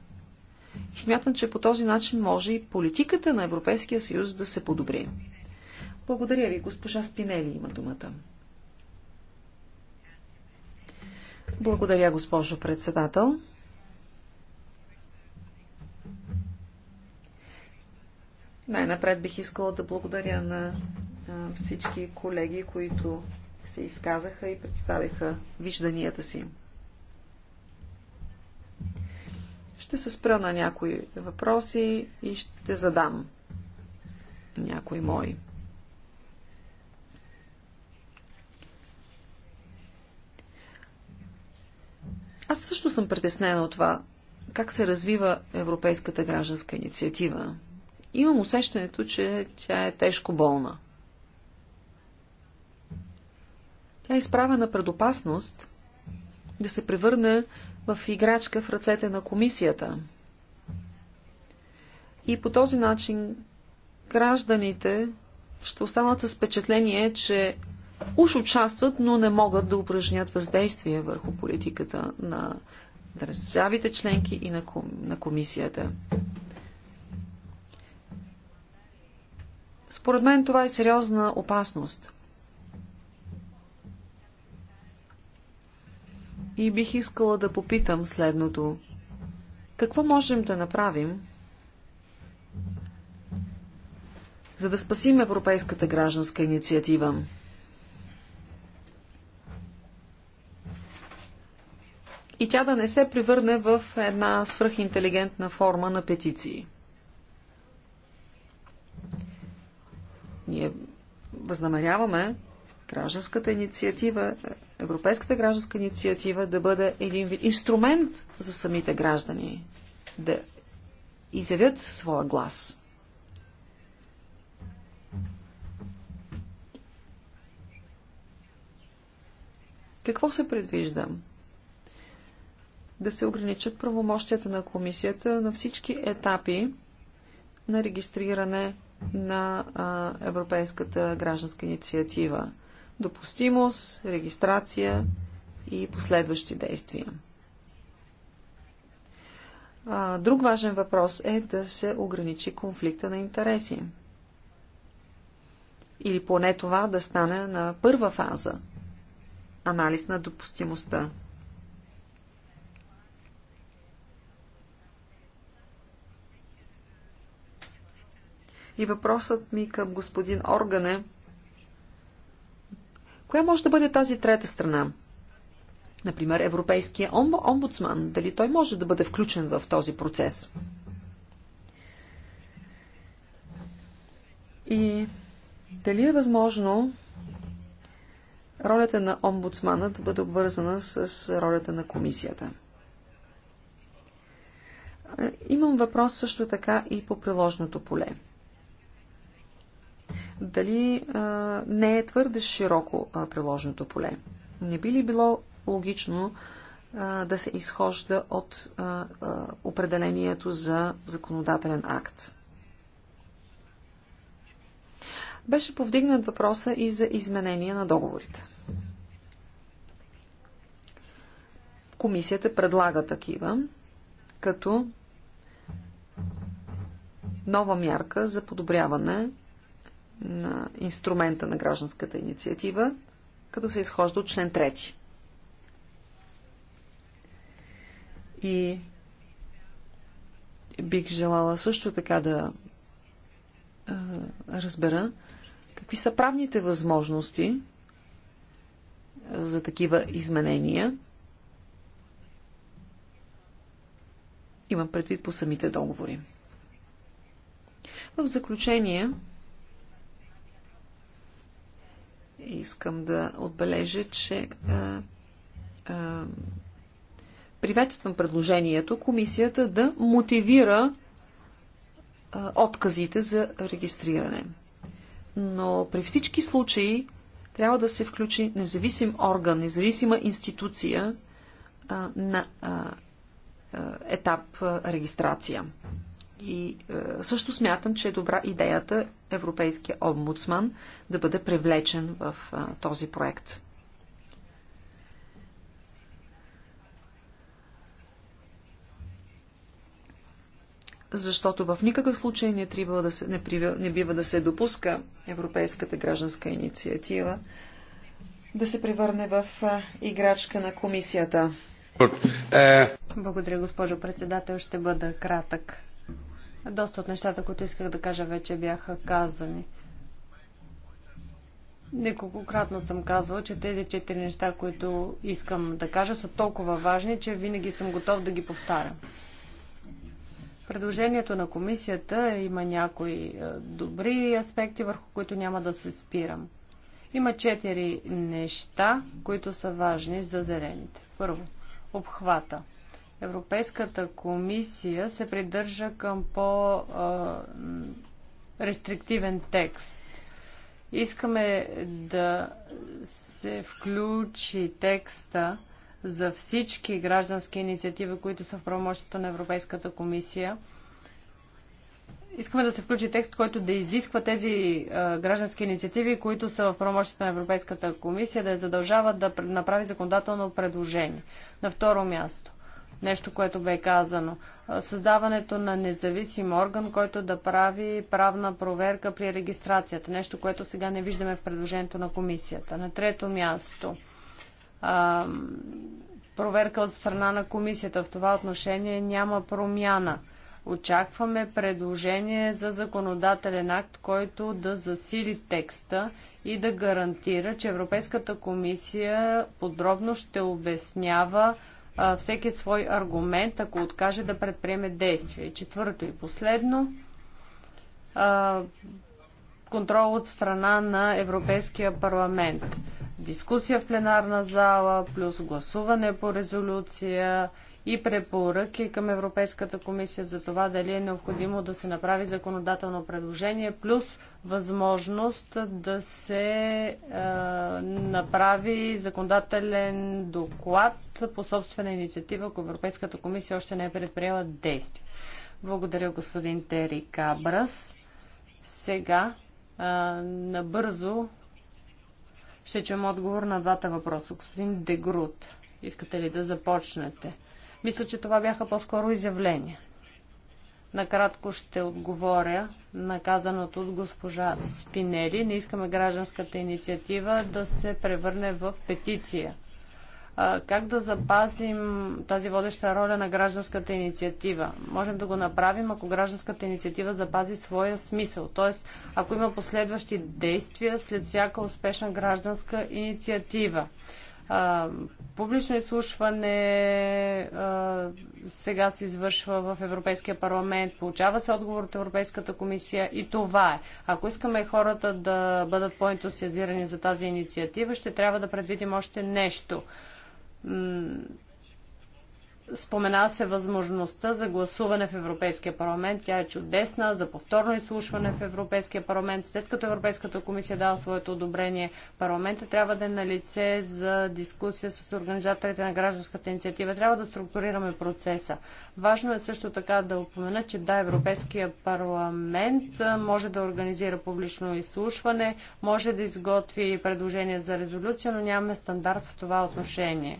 Speaker 1: И смятам, че по този начин може и политиката на Европейския съюз да се подобри. Благодаря ви, госпожа Спинели има думата. Благодаря, госпожо председател. Най-напред бих искала да благодаря на всички колеги, които се изказаха и представиха вижданията си. Ще се спра на някои въпроси и ще задам някои мои. Аз също съм притеснена от това, как се развива Европейската гражданска инициатива. Имам усещането, че тя е тежко болна. Тя е изправена пред опасност да се превърне в играчка в ръцете на комисията. И по този начин гражданите ще останат с впечатление, че уж участват, но не могат да упражнят въздействие върху политиката на държавите членки и на, ком, на комисията. Според мен това е сериозна опасност. И бих искала да попитам следното. Какво можем да направим, за да спасим Европейската гражданска инициатива? и тя да не се превърне в една свръхинтелигентна форма на петиции. Ние възнамеряваме гражданската инициатива, Европейската гражданска инициатива да бъде един инструмент за самите граждани да изявят своя глас. Какво се предвижда? да се ограничат правомощията на комисията на всички етапи на регистриране на а, Европейската гражданска инициатива. Допустимост, регистрация и последващи действия. А, друг важен въпрос е да се ограничи конфликта на интереси. Или поне това да стане на първа фаза анализ на допустимостта. И въпросът ми към господин Орган е, коя може да бъде тази трета страна? Например, Европейския омбудсман, дали той може да бъде включен в този процес? И дали е възможно ролята на омбудсмана да бъде обвързана с ролята на комисията? Имам въпрос също така и по приложното поле дали а, не е твърде широко а, приложеното поле. Не би ли било логично а, да се изхожда от а, а, определението за законодателен акт? Беше повдигнат въпроса и за изменение на договорите. Комисията предлага такива, като нова мярка за подобряване на инструмента на гражданската инициатива, като се изхожда от член 3. И бих желала също така да а, разбера какви са правните възможности за такива изменения. Имам предвид по самите договори. В заключение, искам да отбележа, че а, а, приветствам предложението комисията да мотивира а, отказите за регистриране. Но при всички случаи трябва да се включи независим орган, независима институция а, на а, етап а, регистрация. И е, също смятам, че е добра идеята Европейския омбудсман да бъде привлечен в е, този проект. Защото в никакъв случай не, трябва да се, не, прива, не бива да се допуска Европейската гражданска инициатива да се превърне в е, играчка на комисията. Е. Благодаря, госпожо председател. Ще бъда кратък.
Speaker 2: Доста от нещата, които исках да кажа, вече бяха казани. Неколкократно съм казвала, че тези четири неща, които искам да кажа, са толкова важни, че винаги съм готов да ги повтарям. Предложението на комисията има някои е, добри аспекти, върху които няма да се спирам. Има четири неща, които са важни за зелените. Първо, обхвата. Европейската комисия се придържа към по-рестриктивен текст. Искаме да се включи текста за всички граждански инициативи, които са в правомощието на Европейската комисия. Искаме да се включи текст, който да изисква тези а, граждански инициативи, които са в правомощите на Европейската комисия, да я задължават да направи законодателно предложение. На второ място нещо, което бе казано. Създаването на независим орган, който да прави правна проверка при регистрацията. Нещо, което сега не виждаме в предложението на комисията. На трето място. проверка от страна на комисията. В това отношение няма промяна. Очакваме предложение за законодателен акт, който да засили текста и да гарантира, че Европейската комисия подробно ще обяснява всеки свой аргумент, ако откаже да предприеме действие. Четвърто и последно, контрол от страна на Европейския парламент. Дискусия в пленарна зала, плюс гласуване по резолюция, и препоръки към Европейската комисия за това дали е необходимо да се направи законодателно предложение, плюс възможност да се е, направи законодателен доклад по собствена инициатива, ако Европейската комисия още не е предприела действия. Благодаря, господин Тери Кабрас. Сега е, набързо ще чуем отговор на двата въпроса. Господин Дегрут, искате ли да започнете? Мисля, че това бяха по-скоро изявления. Накратко ще отговоря на казаното от госпожа Спинели. Не искаме гражданската инициатива да се превърне в петиция. Как да запазим тази водеща роля на гражданската инициатива? Можем да го направим, ако гражданската инициатива запази своя смисъл. Т.е. ако има последващи действия след всяка успешна гражданска инициатива а, публично изслушване а, сега се извършва в Европейския парламент, получава се отговор от Европейската комисия и това е. Ако искаме хората да бъдат по-ентусиазирани за тази инициатива, ще трябва да предвидим още нещо Спомена се възможността за гласуване в Европейския парламент. Тя е чудесна за повторно изслушване в Европейския парламент. След като Европейската комисия дава своето одобрение, парламента трябва да е на лице за дискусия с организаторите на гражданската инициатива. Трябва да структурираме процеса. Важно е също така да упомена, че да, Европейския парламент може да организира публично изслушване, може да изготви предложение за резолюция, но нямаме стандарт в това отношение.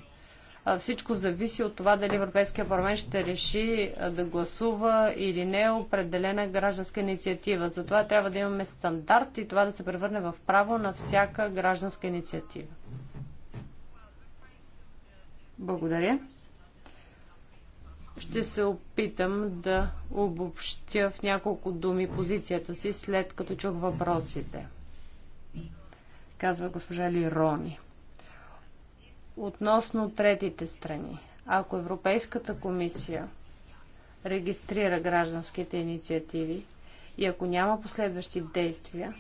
Speaker 2: Всичко зависи от това дали Европейския парламент ще реши да гласува или не определена гражданска инициатива. Затова трябва да имаме стандарт и това да се превърне в право на всяка гражданска инициатива. Благодаря. Ще се опитам да обобщя в няколко думи позицията си, след като чух въпросите. Казва госпожа Лирони. Относно третите страни, ако Европейската комисия регистрира гражданските инициативи и ако няма последващи действия,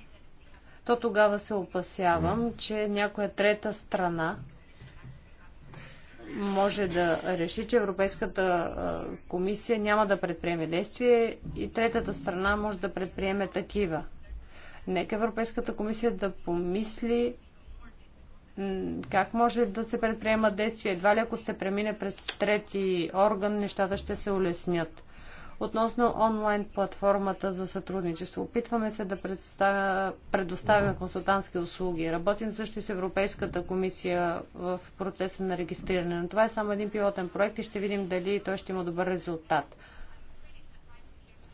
Speaker 2: то тогава се опасявам, че някоя трета страна може да реши, че Европейската комисия няма да предприеме действие и третата страна може да предприеме такива. Нека Европейската комисия да помисли как може да се предприема действие? Едва ли ако се премине през трети орган, нещата ще се улеснят. Относно онлайн платформата за сътрудничество, опитваме се да предоставяме консултантски услуги. Работим също и с Европейската комисия в процеса на регистриране. Но това е само един пилотен проект и ще видим дали той ще има добър резултат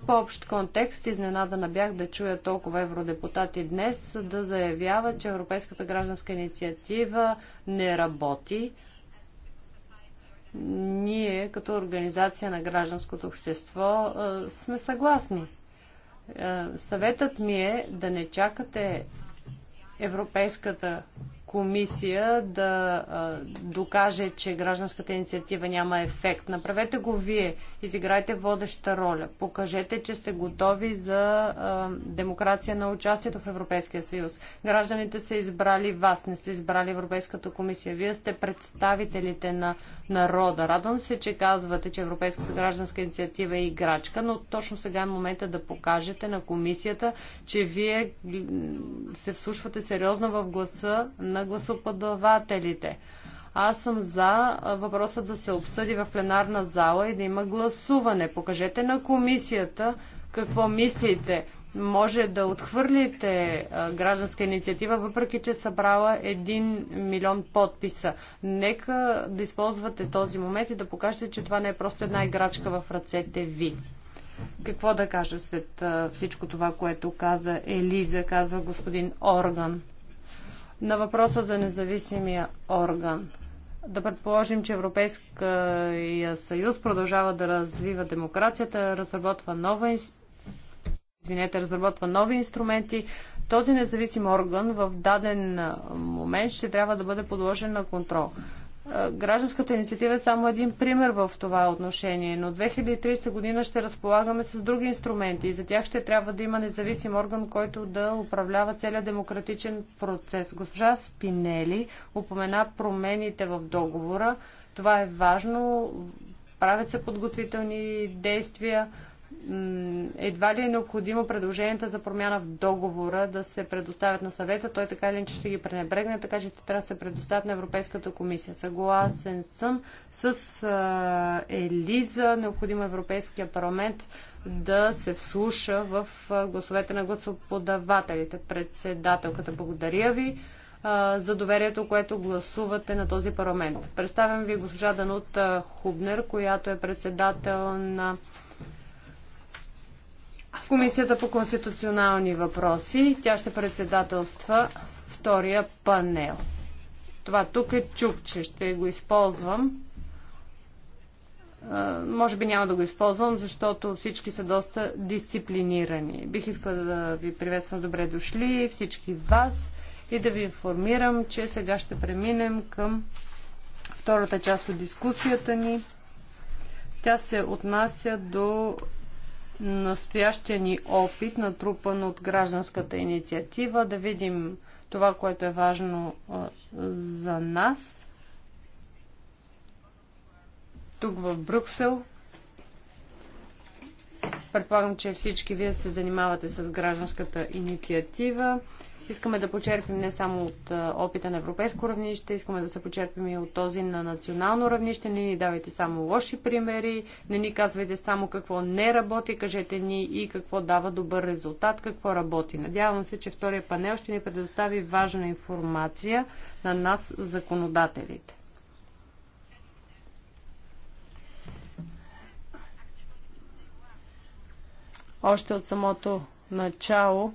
Speaker 2: по-общ контекст, изненадана бях да чуя толкова евродепутати днес да заявяват, че Европейската гражданска инициатива не работи. Ние, като организация на гражданското общество, е, сме съгласни. Е, съветът ми е да не чакате Европейската комисия да а, докаже, че гражданската инициатива няма ефект. Направете го вие. Изиграйте водеща роля. Покажете, че сте готови за а, демокрация на участието в Европейския съюз. Гражданите са избрали вас, не са избрали Европейската комисия. Вие сте представителите на народа. Радвам се, че казвате, че Европейската гражданска инициатива е играчка, но точно сега е момента да покажете на комисията, че вие се вслушвате сериозно в гласа на на гласоподавателите. Аз съм за въпроса да се обсъди в пленарна зала и да има гласуване. Покажете на комисията какво мислите. Може да отхвърлите гражданска инициатива, въпреки че събрала 1 милион подписа. Нека да използвате този момент и да покажете, че това не е просто една играчка в ръцете ви. Какво да кажа след всичко това, което каза Елиза, казва господин Орган? На въпроса за независимия орган. Да предположим, че Европейския съюз продължава да развива демокрацията, разработва нова извинете, разработва нови инструменти. Този независим орган в даден момент ще трябва да бъде подложен на контрол. Гражданската инициатива е само един пример в това отношение, но 2030 година ще разполагаме с други инструменти и за тях ще трябва да има независим орган, който да управлява целият демократичен процес. Госпожа Спинели упомена промените в договора. Това е важно. Правят се подготвителни действия едва ли е необходимо предложенията за промяна в договора да се предоставят на съвета. Той така или иначе ще ги пренебрегне, така че те трябва да се предоставят на Европейската комисия. Съгласен съм с а, Елиза. Необходимо е Европейския парламент да се вслуша в гласовете на гласоподавателите. Председателката, благодаря ви а, за доверието, което гласувате на този парламент. Представям ви госпожа Данут Хубнер, която е председател на Комисията по конституционални въпроси. Тя ще председателства втория панел. Това тук е чукче. Ще го използвам. Може би няма да го използвам, защото всички са доста дисциплинирани. Бих искала да ви приветствам добре дошли всички вас и да ви информирам, че сега ще преминем към втората част от дискусията ни. Тя се отнася до настоящия ни опит, натрупан от гражданската инициатива, да видим това, което е важно за нас тук в Брюксел. Предполагам, че всички вие се занимавате с гражданската инициатива Искаме да почерпим не само от опита на европейско равнище, искаме да се почерпим и от този на национално равнище. Не ни давайте само лоши примери, не ни казвайте само какво не работи, кажете ни и какво дава добър резултат, какво работи. Надявам се, че втория панел ще ни предостави важна информация на нас, законодателите. Още от самото начало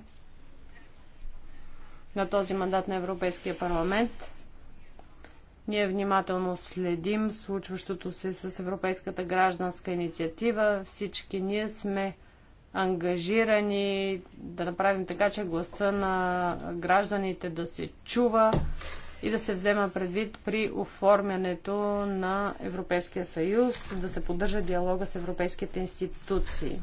Speaker 2: на този мандат на Европейския парламент. Ние внимателно следим случващото се с Европейската гражданска инициатива. Всички ние сме ангажирани да направим така, че гласа на гражданите да се чува и да се взема предвид при оформянето на Европейския съюз, да се поддържа диалога с европейските институции.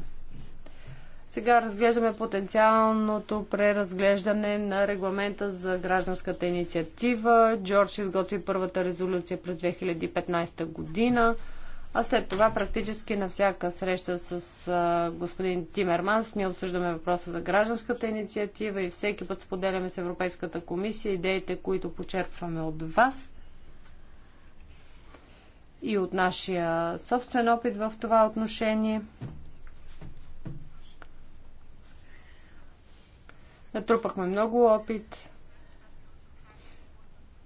Speaker 2: Сега разглеждаме потенциалното преразглеждане на регламента за гражданската инициатива. Джордж изготви първата резолюция през 2015 година, а след това практически на всяка среща с а, господин Тимерманс ние обсъждаме въпроса за гражданската инициатива и всеки път споделяме с Европейската комисия идеите, които почерпваме от вас и от нашия собствен опит в това отношение. Натрупахме много опит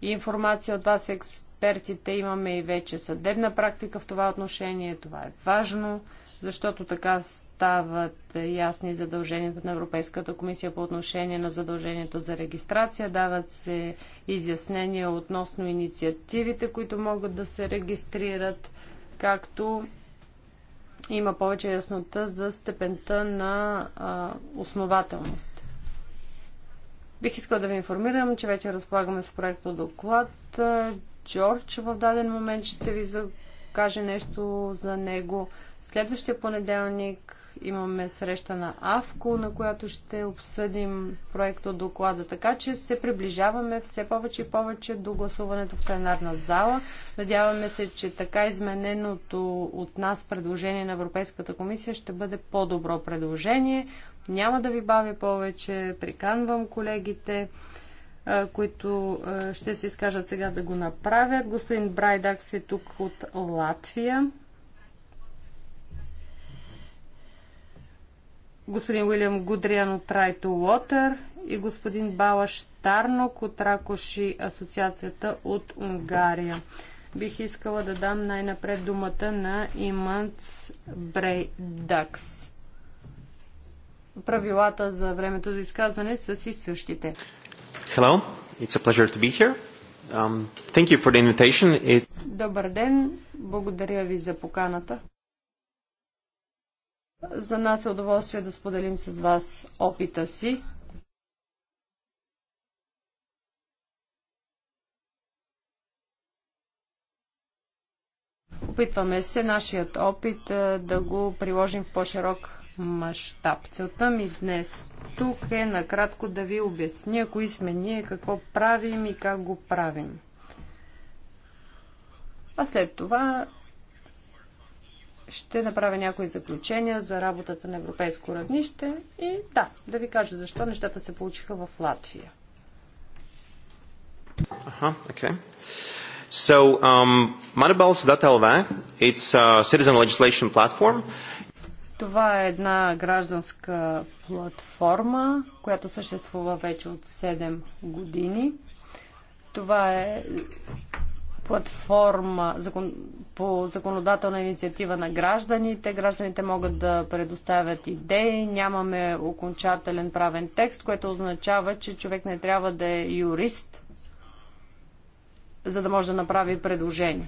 Speaker 2: и информация от вас, експертите. Имаме и вече съдебна практика в това отношение. Това е важно, защото така стават ясни задълженията на Европейската комисия по отношение на задължението за регистрация. Дават се изяснения относно инициативите, които могат да се регистрират, както има повече яснота за степента на а, основателност. Бих искал да ви информирам, че вече разполагаме с проекто доклад. Джордж в даден момент ще ви каже нещо за него. Следващия понеделник имаме среща на АВКО, на която ще обсъдим проект от доклада. Така че се приближаваме все повече и повече до гласуването в пленарна зала. Надяваме се, че така измененото от нас предложение на Европейската комисия ще бъде по-добро предложение. Няма да ви бавя повече. Приканвам колегите, които ще се изкажат сега да го направят. Господин Брайдак се тук от Латвия. Господин Уилям Гудриан от Райто Уотър и господин Балаш Тарнок от Ракоши Асоциацията от Унгария. Бих искала да дам най-напред думата на Иманц Брейдакс правилата за времето за изказване са си същите.
Speaker 4: Hello, it's a pleasure to be here. Um, thank you for the invitation. It...
Speaker 2: Добър ден, благодаря ви за поканата. За нас е удоволствие да споделим с вас опита си. Опитваме се нашият опит е, да го приложим в по-широк мащаб. Целта ми днес тук е накратко да ви обясня кои сме ние, какво правим и как го правим. А след това ще направя някои заключения за работата на европейско равнище и да, да ви кажа защо нещата се получиха в Латвия.
Speaker 4: Aha, okay. So, um, Alva, it's a citizen legislation platform.
Speaker 2: Това е една гражданска платформа, която съществува вече от 7 години. Това е платформа по законодателна инициатива на гражданите. Гражданите могат да предоставят идеи. Нямаме окончателен правен текст, което означава, че човек не трябва да е юрист, за да може да направи предложение.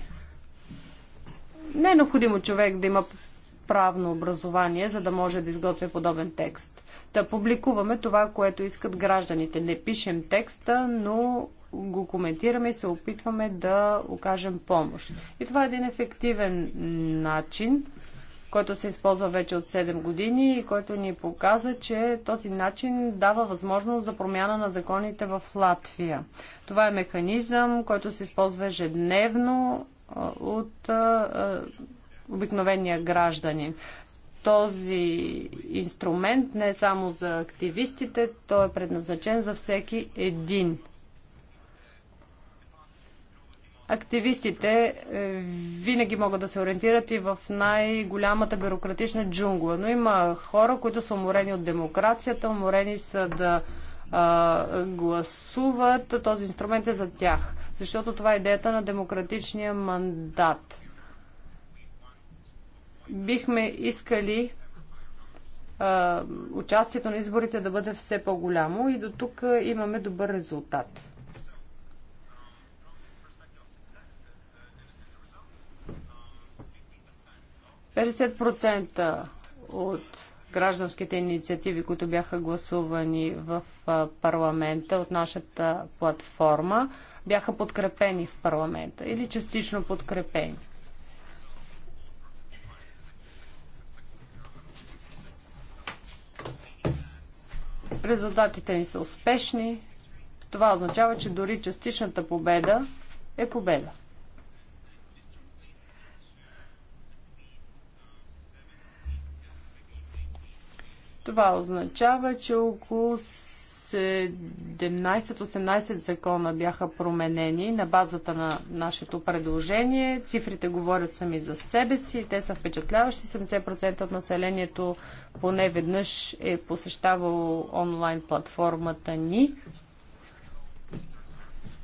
Speaker 2: Не е необходимо човек да има правно образование, за да може да изготвя подобен текст. Да публикуваме това, което искат гражданите. Не пишем текста, но го коментираме и се опитваме да окажем помощ. И това е един ефективен начин, който се използва вече от 7 години и който ни показа, че този начин дава възможност за промяна на законите в Латвия. Това е механизъм, който се използва ежедневно от обикновения гражданин. Този инструмент не е само за активистите, той е предназначен за всеки един. Активистите е, винаги могат да се ориентират и в най-голямата бюрократична джунгла, но има хора, които са уморени от демокрацията, уморени са да а, гласуват. Този инструмент е за тях, защото това е идеята на демократичния мандат бихме искали а, участието на изборите да бъде все по-голямо и до тук имаме добър резултат. от гражданските инициативи, които бяха гласувани в парламента от нашата платформа, бяха подкрепени в парламента или частично подкрепени. Резултатите ни са успешни. Това означава, че дори частичната победа е победа. Това означава, че около 17-18 закона бяха променени на базата на нашето предложение. Цифрите говорят сами за себе си. Те са впечатляващи. 70% от населението поне веднъж е посещавало онлайн платформата ни.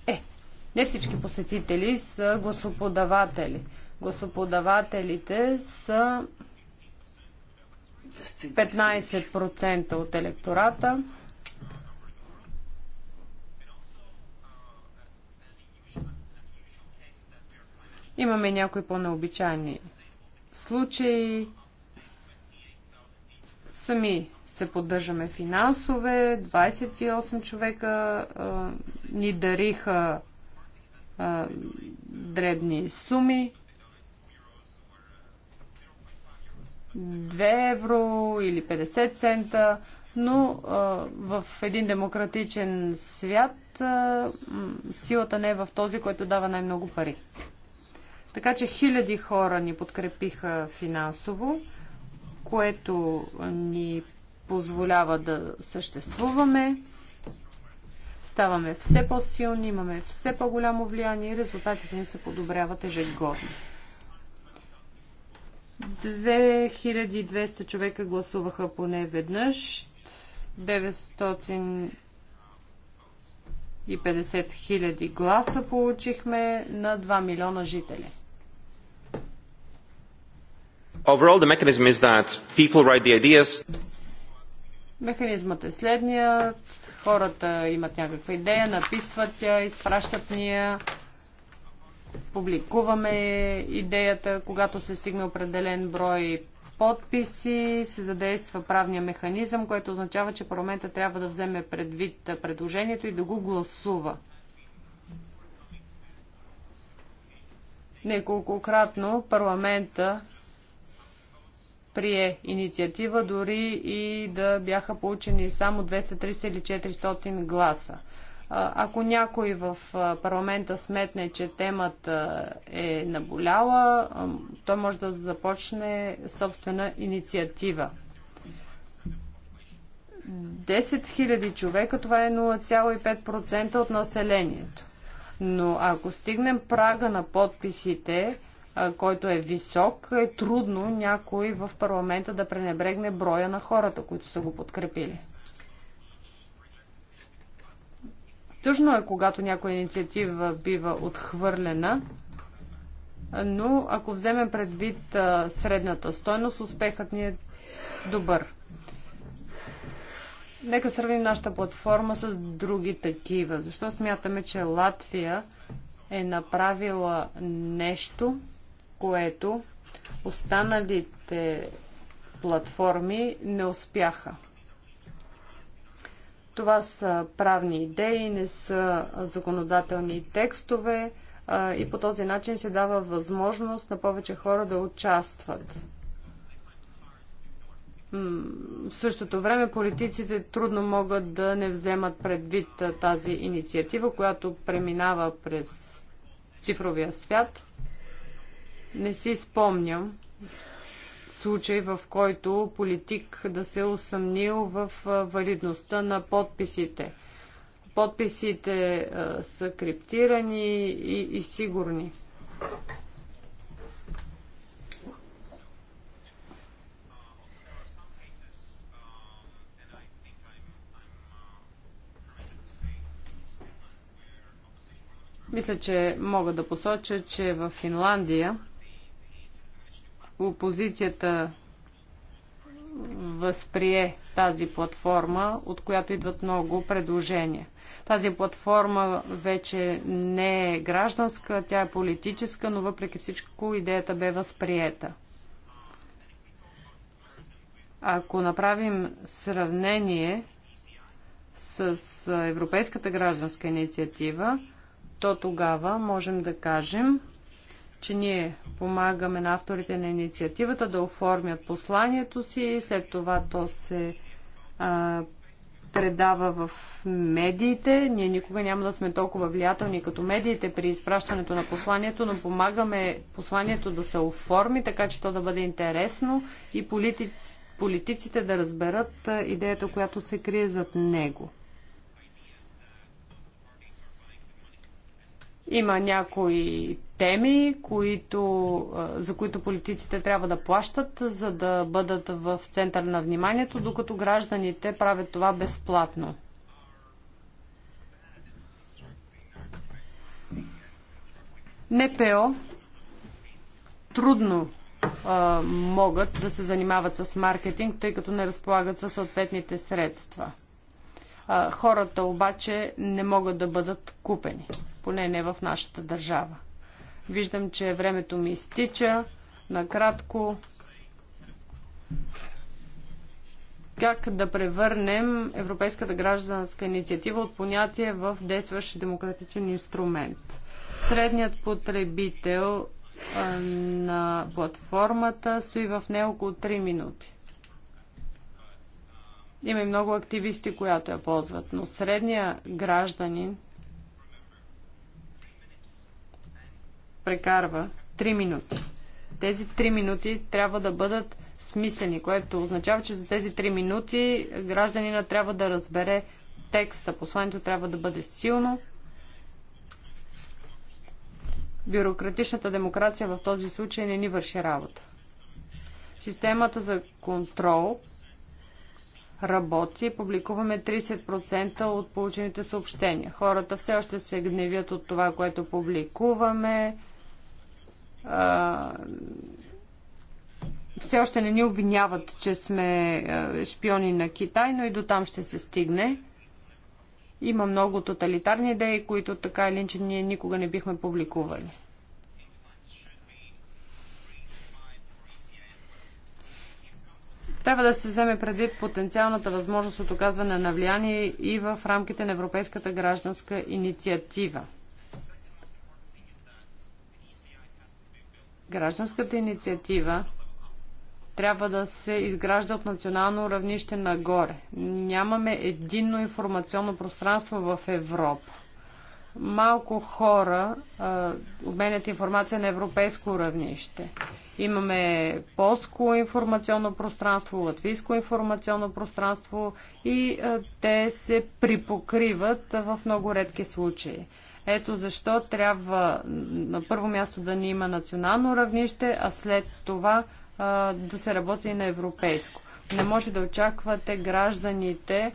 Speaker 2: Е, не всички посетители са гласоподаватели. Гласоподавателите са 15% от електората. Имаме някои по-необичайни случаи. Сами се поддържаме финансове. 28 човека а, ни дариха а, дребни суми. 2 евро или 50 цента, но а, в един демократичен свят а, силата не е в този, който дава най-много пари. Така че хиляди хора ни подкрепиха финансово, което ни позволява да съществуваме. Ставаме все по-силни, имаме все по-голямо влияние и резултатите ни се подобряват ежегодно. 2200 човека гласуваха поне веднъж. 950 хиляди гласа получихме на 2 милиона жители.
Speaker 4: Overall, the mechanism is that people write the ideas.
Speaker 2: Механизмът е следният. Хората имат някаква идея, написват я, изпращат ни я, публикуваме идеята, когато се стигне определен брой подписи, се задейства правния механизъм, което означава, че парламента трябва да вземе предвид предложението и да го гласува. Неколкократно парламента прие инициатива, дори и да бяха получени само 200, или 400 гласа. Ако някой в парламента сметне, че темата е наболяла, той може да започне собствена инициатива. 10 000 човека, това е 0,5% от населението. Но ако стигнем прага на подписите, който е висок, е трудно някой в парламента да пренебрегне броя на хората, които са го подкрепили. Тъжно е, когато някоя инициатива бива отхвърлена, но ако вземем предвид средната стойност, успехът ни е добър. Нека сравним нашата платформа с други такива. Защо смятаме, че Латвия е направила нещо, което останалите платформи не успяха. Това са правни идеи, не са законодателни текстове и по този начин се дава възможност на повече хора да участват. В същото време политиците трудно могат да не вземат предвид тази инициатива, която преминава през цифровия свят – не си спомням случай, в който политик да се е усъмнил в валидността на подписите. Подписите а, са криптирани и, и сигурни. Мисля, че мога да посоча, че в Финландия опозицията възприе тази платформа, от която идват много предложения. Тази платформа вече не е гражданска, тя е политическа, но въпреки всичко идеята бе възприета. Ако направим сравнение с Европейската гражданска инициатива, то тогава можем да кажем, че ние помагаме на авторите на инициативата да оформят посланието си, след това то се а, предава в медиите. Ние никога няма да сме толкова влиятелни като медиите при изпращането на посланието, но помагаме посланието да се оформи, така че то да бъде интересно и политиците политиците да разберат идеята, която се крие зад него. Има някои теми, които, за които политиците трябва да плащат, за да бъдат в център на вниманието, докато гражданите правят това безплатно. НПО трудно а, могат да се занимават с маркетинг, тъй като не разполагат със съответните средства. А, хората обаче не могат да бъдат купени поне не в нашата държава. Виждам, че времето ми изтича. Накратко, как да превърнем Европейската гражданска инициатива от понятие в действащ демократичен инструмент. Средният потребител на платформата стои в не около 3 минути. Има и много активисти, която я ползват, но средния гражданин прекарва 3 минути. Тези 3 минути трябва да бъдат смислени, което означава, че за тези 3 минути гражданина трябва да разбере текста. Посланието трябва да бъде силно. Бюрократичната демокрация в този случай не ни върши работа. Системата за контрол работи. Публикуваме 30% от получените съобщения. Хората все още се гневят от това, което публикуваме все още не ни обвиняват, че сме шпиони на Китай, но и до там ще се стигне. Има много тоталитарни идеи, които така или иначе ние никога не бихме публикували. Трябва да се вземе предвид потенциалната възможност от оказване на влияние и в рамките на Европейската гражданска инициатива – Гражданската инициатива трябва да се изгражда от национално равнище нагоре. Нямаме единно информационно пространство в Европа. Малко хора а, обменят информация на европейско равнище. Имаме полско информационно пространство, латвийско информационно пространство и а, те се припокриват в много редки случаи. Ето защо трябва на първо място да ни има национално равнище, а след това а, да се работи и на европейско. Не може да очаквате гражданите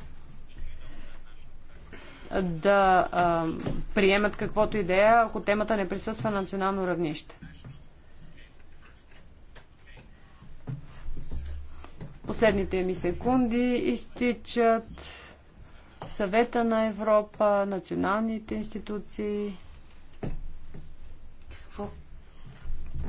Speaker 2: да а, приемат каквото идея, ако темата не присъства на национално равнище. Последните ми секунди изтичат. Съвета на Европа, националните институции.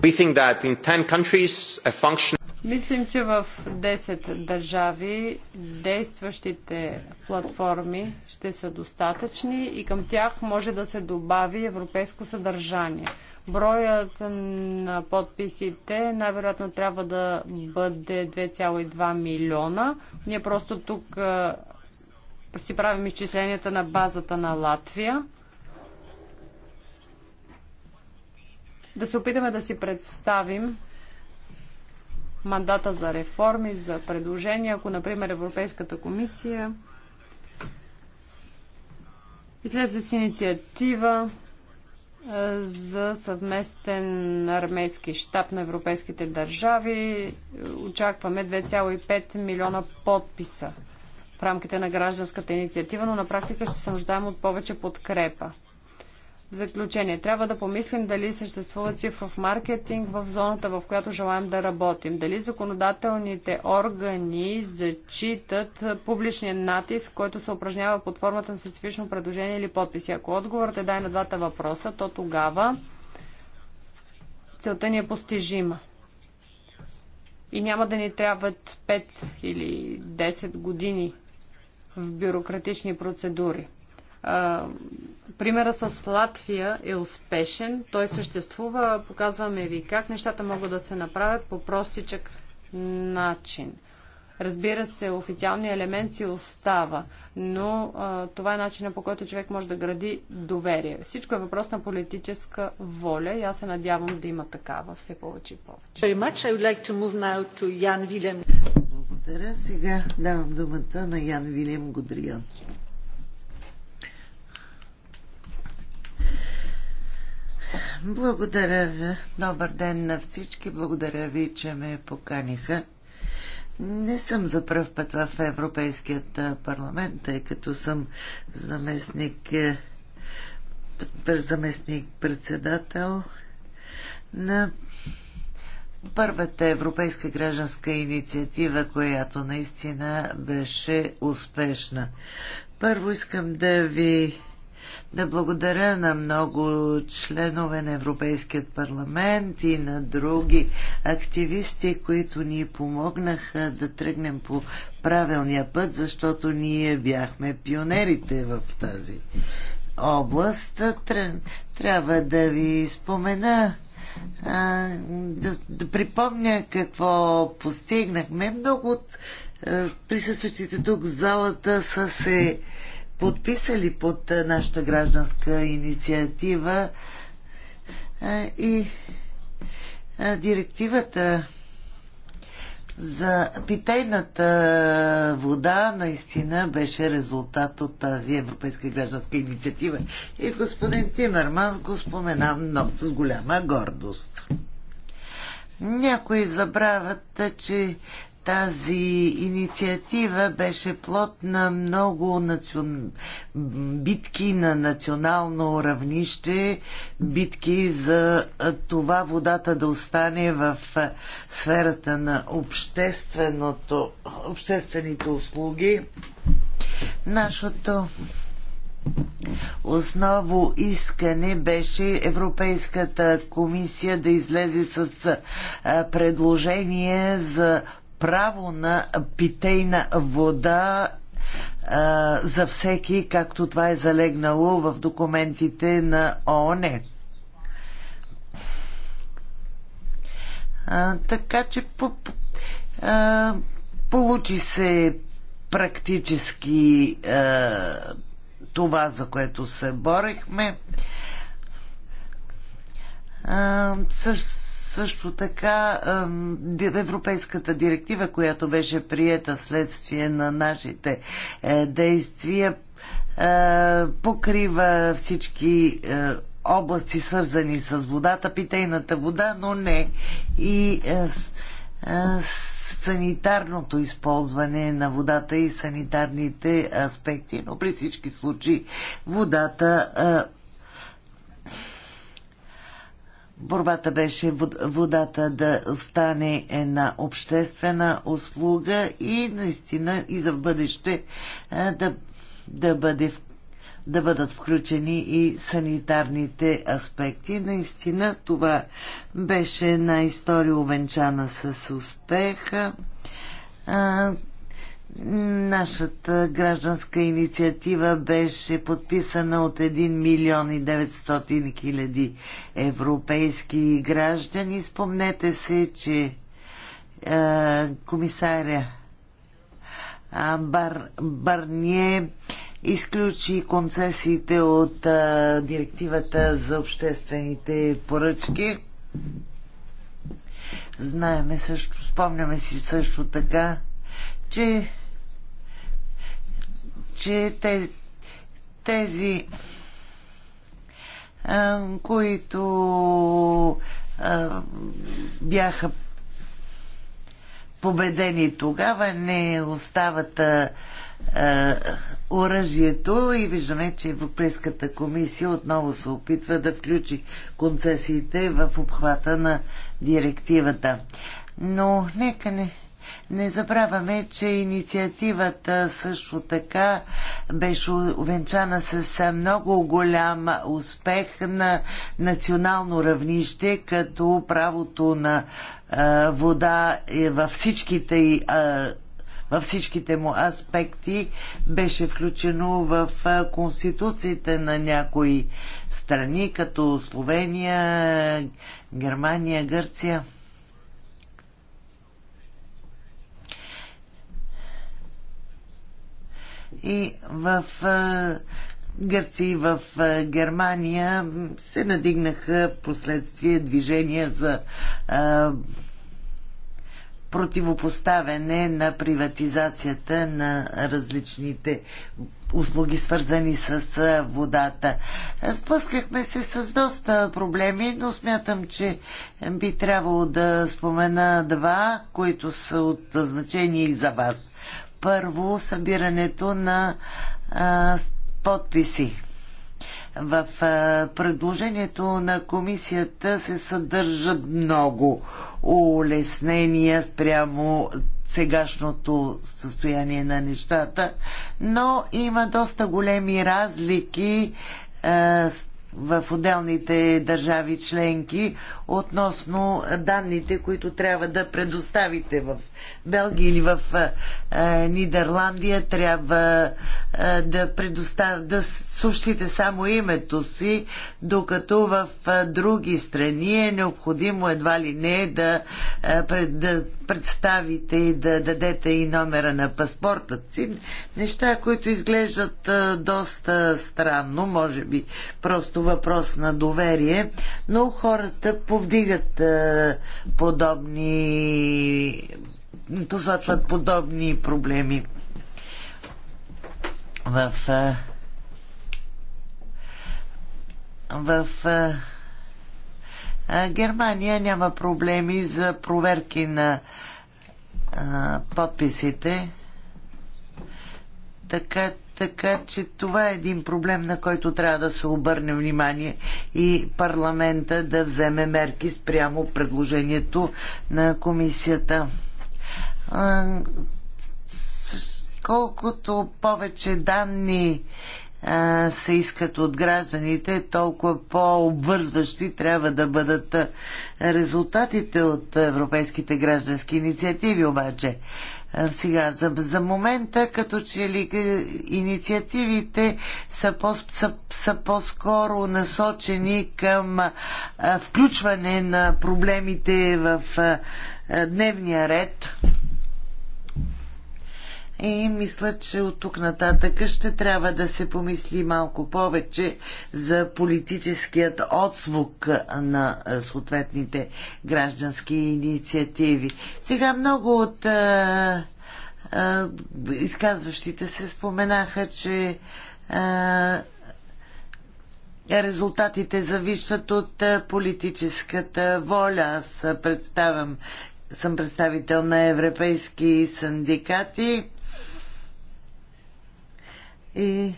Speaker 4: We think that in 10 countries a function
Speaker 2: Мислим, че в 10 държави действащите платформи ще са достатъчни и към тях може да се добави европейско съдържание. Броят на подписите най-вероятно трябва да бъде 2,2 милиона. Ние просто тук си правим изчисленията на базата на Латвия. Да се опитаме да си представим мандата за реформи, за предложения, ако, например, Европейската комисия излезе с инициатива е, за съвместен армейски щаб на европейските държави. Очакваме 2,5 милиона подписа в рамките на гражданската инициатива, но на практика ще се нуждаем от повече подкрепа. В заключение, трябва да помислим дали съществува цифров маркетинг в зоната, в която желаем да работим. Дали законодателните органи зачитат публичния натиск, който се упражнява под формата на специфично предложение или подписи. Ако отговорът е дай на двата въпроса, то тогава целта ни е постижима. И няма да ни трябват 5 или 10 години в бюрократични процедури. Примерът с Латвия е успешен. Той съществува. Показваме ви как нещата могат да се направят по простичък начин. Разбира се, официалният елемент си остава, но а, това е начина по който човек може да гради доверие. Всичко е въпрос на политическа воля и аз се надявам да има такава все повече и
Speaker 1: повече.
Speaker 3: Благодаря. Сега давам думата на Ян Вилим Годриан. Благодаря ви. Добър ден на всички. Благодаря ви, че ме поканиха. Не съм за пръв път в Европейският парламент, тъй като съм заместник, е, заместник председател на първата европейска гражданска инициатива, която наистина беше успешна. Първо искам да ви да благодаря на много членове на Европейският парламент и на други активисти, които ни помогнаха да тръгнем по правилния път, защото ние бяхме пионерите в тази област. Трябва да ви спомена да, да припомня какво постигнахме. Много от а, присъстващите тук в залата са се подписали под а, нашата гражданска инициатива а, и а, директивата за питейната вода наистина беше резултат от тази Европейска гражданска инициатива. И господин Тимерманс го спомена много с голяма гордост. Някои забравят, че тази инициатива беше плод на много национ... битки на национално равнище, битки за това водата да остане в сферата на общественото... обществените услуги. Нашето осново искане беше Европейската комисия да излезе с предложение за право на питейна вода а, за всеки, както това е залегнало в документите на ООН. А, така че по, а, получи се практически а, това, за което се борехме. А, също също така европейската директива, която беше приета следствие на нашите е, действия, е, покрива всички е, области, свързани с водата, питейната вода, но не и санитарното използване на водата и санитарните аспекти, но при всички случаи водата Борбата беше водата да стане една обществена услуга и наистина и за бъдеще е, да, да, бъде, да бъдат включени и санитарните аспекти. Наистина това беше една история увенчана с успеха. Нашата гражданска инициатива беше подписана от 1 милион и 900 хиляди европейски граждани. Спомнете се, че е, комисаря е, Бар, Барние изключи концесиите от е, директивата за обществените поръчки. Знаеме също, спомняме си също така, че че тези, тези които бяха победени тогава, не остават оръжието и виждаме, че Европейската комисия отново се опитва да включи концесиите в обхвата на директивата. Но нека не не забравяме, че инициативата също така беше увенчана с много голям успех на национално равнище, като правото на вода е във всичките във всичките му аспекти беше включено в конституциите на някои страни, като Словения, Германия, Гърция. и в Гърция и в Германия се надигнаха последствия движения за противопоставяне на приватизацията на различните услуги, свързани с водата. Сплъскахме се с доста проблеми, но смятам, че би трябвало да спомена два, които са от значение и за вас първо събирането на а, подписи. В а, предложението на комисията се съдържат много улеснения спрямо сегашното състояние на нещата, но има доста големи разлики а, в отделните държави членки относно данните, които трябва да предоставите в Белгия или в е, Нидерландия. Трябва е, да, предостав... да съобщите само името си, докато в е, други страни е необходимо едва ли не да, да представите и да дадете и номера на паспорта си. Неща, които изглеждат доста странно, може би просто въпрос на доверие, но хората повдигат е, подобни, посочват подобни проблеми в е, в е, Германия няма проблеми за проверки на подписите така така че това е един проблем, на който трябва да се обърне внимание и парламента да вземе мерки спрямо предложението на комисията. Колкото повече данни се искат от гражданите, толкова по-обвързващи трябва да бъдат резултатите от европейските граждански инициативи обаче. Сега, за, за момента, като че ли е, инициативите са, по, са, са по-скоро насочени към а, включване на проблемите в а, дневния ред. И мисля, че от тук нататък ще трябва да се помисли малко повече за политическият отзвук на съответните граждански инициативи. Сега много от а, а, изказващите се споменаха, че а, резултатите зависят от политическата воля. Аз представям, съм представител на европейски синдикати е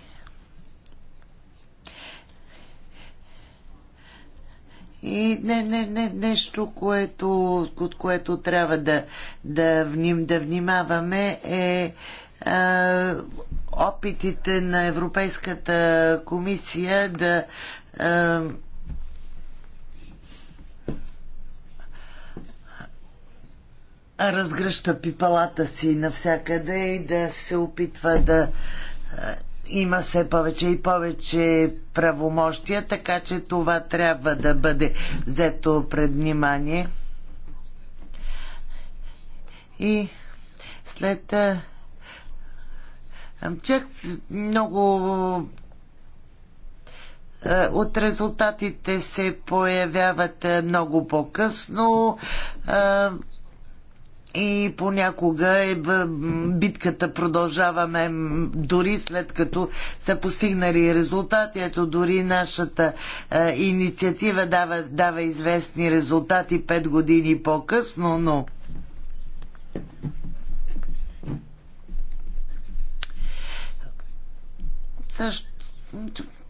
Speaker 3: и не, не, не, нещо, което, от което трябва да, да, вним, да внимаваме е, е опитите на Европейската комисия да е, разгръща пипалата си навсякъде и да се опитва да е, има все повече и повече правомощия, така че това трябва да бъде взето пред внимание. И след е, чак много е, от резултатите се появяват много по-късно и понякога е, битката продължаваме дори след като са постигнали резултати. Ето дори нашата е, инициатива дава, дава известни резултати пет години по-късно, но също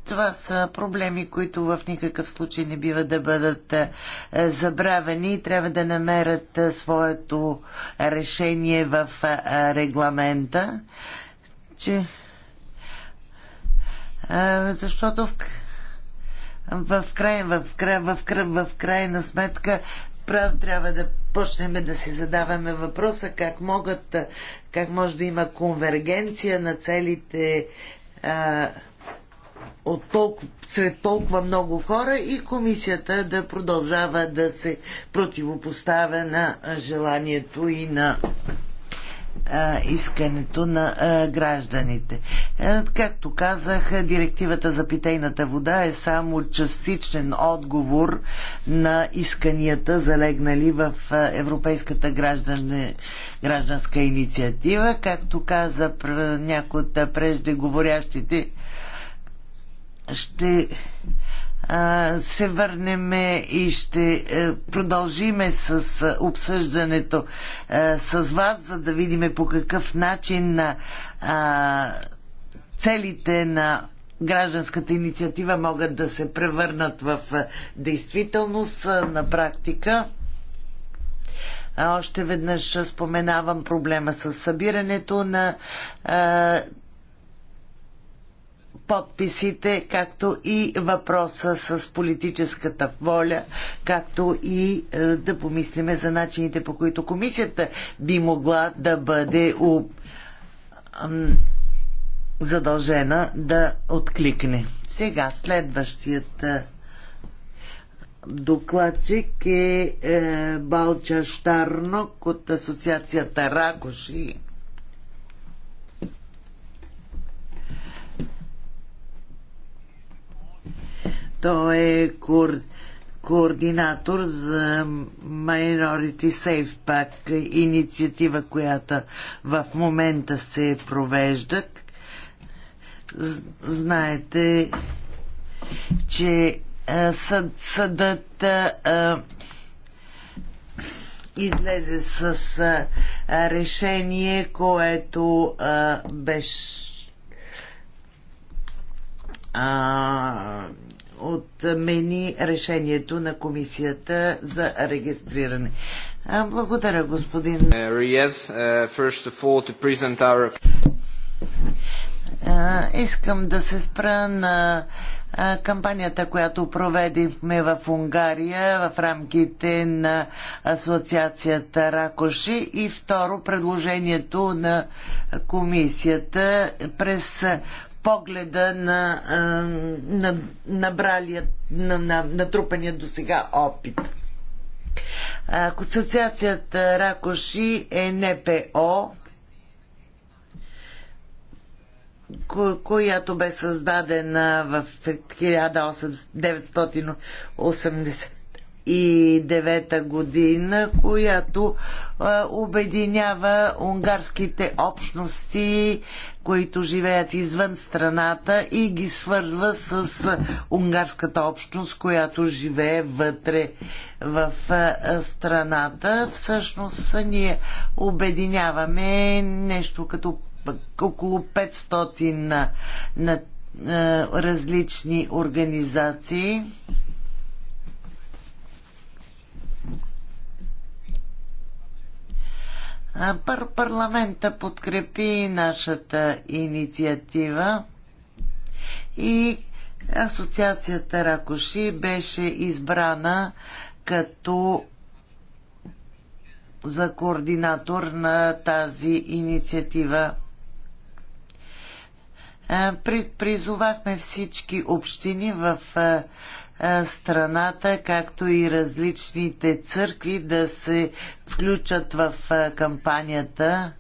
Speaker 3: това са проблеми, които в никакъв случай не бива да бъдат е, забравени и трябва да намерят е, своето решение в е, регламента, че защото в, в, край, в, край, в, край, в крайна сметка прав трябва да почнем да си задаваме въпроса как могат, как може да има конвергенция на целите а, от толкова, сред толкова много хора и комисията да продължава да се противопоставя на желанието и на а, искането на а, гражданите. А, както казах, директивата за питейната вода е само частичен отговор на исканията, залегнали в а, Европейската граждане, гражданска инициатива. Както каза пр, някой от преждеговорящите, говорящите ще се върнем и ще е, продължиме с е, обсъждането е, с вас, за да видим по какъв начин целите на гражданската инициатива могат да се превърнат в действителност на практика. Още веднъж споменавам проблема с събирането на подписите, както и въпроса с политическата воля, както и е, да помислиме за начините по които комисията би могла да бъде у, задължена да откликне. Сега следващият е, докладчик е, е Балча Штарнок от Асоциацията Ракоши Той е кор... координатор за Minority Safe Pack, инициатива, която в момента се провежда. Знаете, че съд, съдът а, излезе с а, решение, което а, беше а, отмени решението на комисията за регистриране. Благодаря, господин.
Speaker 4: Риес, uh, uh, first of all, to present our...
Speaker 3: Искам да се спра на кампанията, която проведихме в Унгария в рамките на Асоциацията Ракоши и второ предложението на комисията през погледа на, на на, на, на натрупания до сега опит. Асоциацията Ракоши е НПО, която бе създадена в 1980 1989 година, която обединява унгарските общности, които живеят извън страната и ги свързва с унгарската общност, която живее вътре в страната. Всъщност ние обединяваме нещо като около 500 на, на различни организации. Пар парламента подкрепи нашата инициатива и Асоциацията Ракоши беше избрана като за координатор на тази инициатива. Призовахме всички общини в страната, както и различните църкви да се включат в кампанията.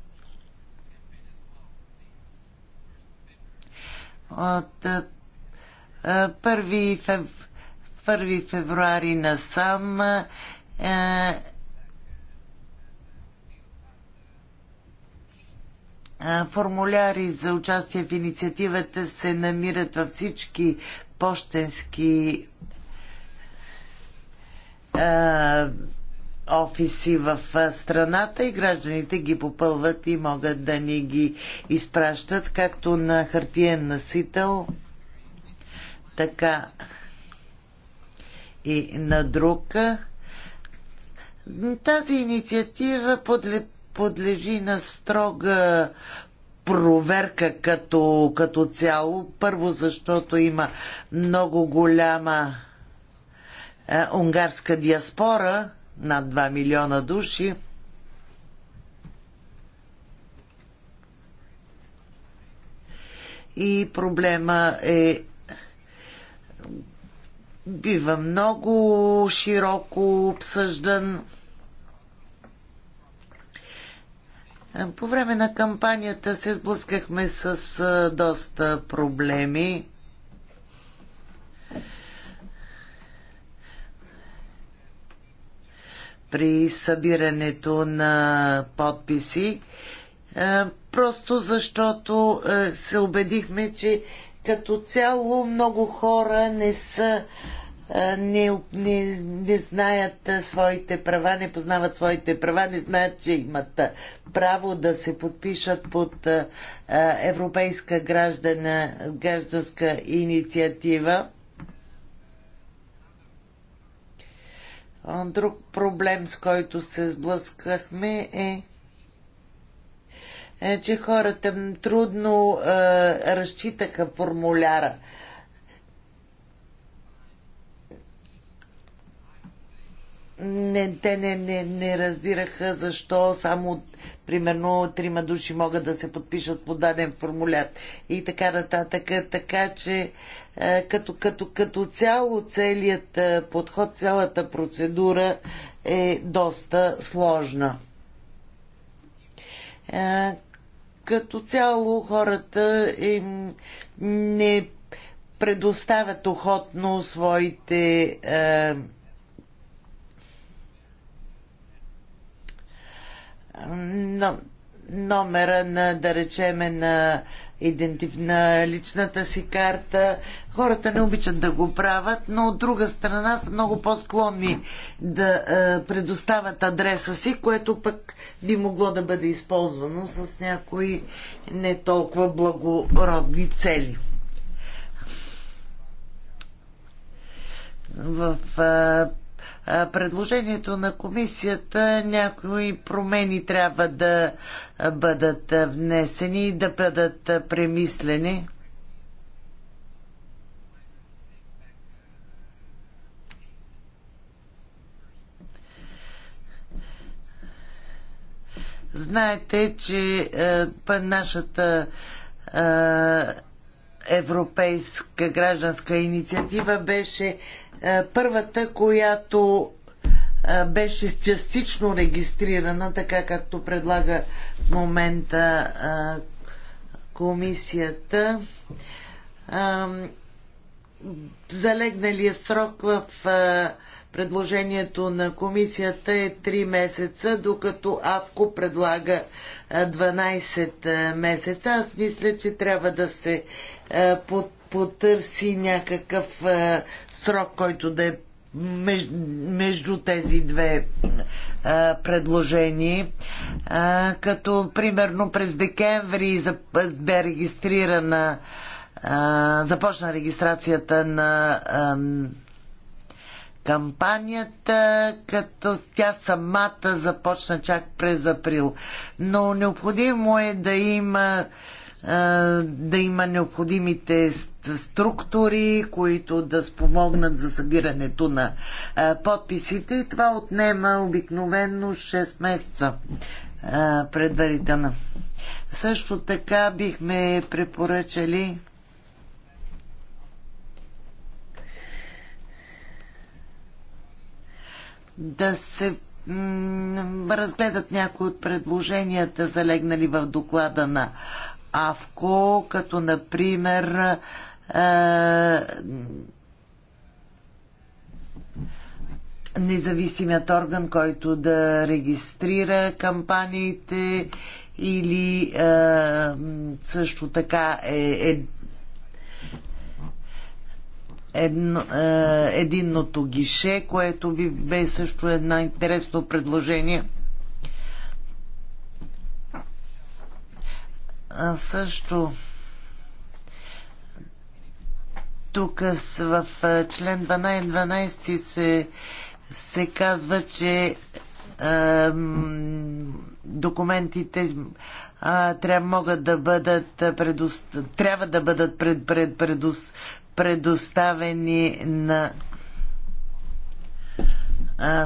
Speaker 3: От 1 февруари насам формуляри за участие в инициативата се намират във всички пощенски е, офиси в е, страната и гражданите ги попълват и могат да ни ги изпращат както на хартиен носител, така и на друг. Тази инициатива подлежи на строга проверка като, като цяло. Първо, защото има много голяма е, унгарска диаспора, над 2 милиона души. И проблема е бива много широко обсъждан. Е, по време на кампанията се сблъскахме с е, доста проблеми. при събирането на подписи, е, просто защото е, се убедихме, че като цяло много хора не са е, не, не, не знаят своите права, не познават своите права, не знаят, че имат право да се подпишат под Европейска граждана, гражданска инициатива. Друг проблем, с който се сблъскахме е, е че хората трудно е, разчитаха формуляра не, те не, не, не разбираха защо само примерно трима души могат да се подпишат по даден формуляр и така нататък. Така че е, като, като, като цяло целият е, подход, цялата процедура е доста сложна. Е, като цяло хората им не предоставят охотно своите но, номера на, да речеме, на, идентиф... на личната си карта. Хората не обичат да го правят, но от друга страна са много по-склонни да е, предоставят адреса си, което пък би могло да бъде използвано с някои не толкова благородни цели. В предложението на комисията някои промени трябва да бъдат внесени и да бъдат премислени. Знаете, че е, нашата е, европейска гражданска инициатива беше е, първата, която е, беше частично регистрирана, така както предлага в момента е, комисията. Залегналият срок в предложението на комисията е 3 месеца, докато АВКО предлага 12 месеца. Аз мисля, че трябва да се под потърси някакъв а, е, срок, който да е между, между тези две а, е, предложения, а, е, като примерно през декември бе регистрирана, а, започна регистрацията на а, кампанията, като тя самата започна чак през април. Но необходимо е да има да има необходимите структури, които да спомогнат за събирането на подписите. Това отнема обикновено 6 месеца предварително. Също така бихме препоръчали да се разгледат някои от предложенията, залегнали в доклада на АВКО, като например независимият орган, който да регистрира кампаниите или а, също така е, е едно, е, единното гише, което би бе също едно интересно предложение. А също тук в член 12, 12 се, се казва, че е, документите трябва могат да бъдат трябва да бъдат пред, пред, предоставени на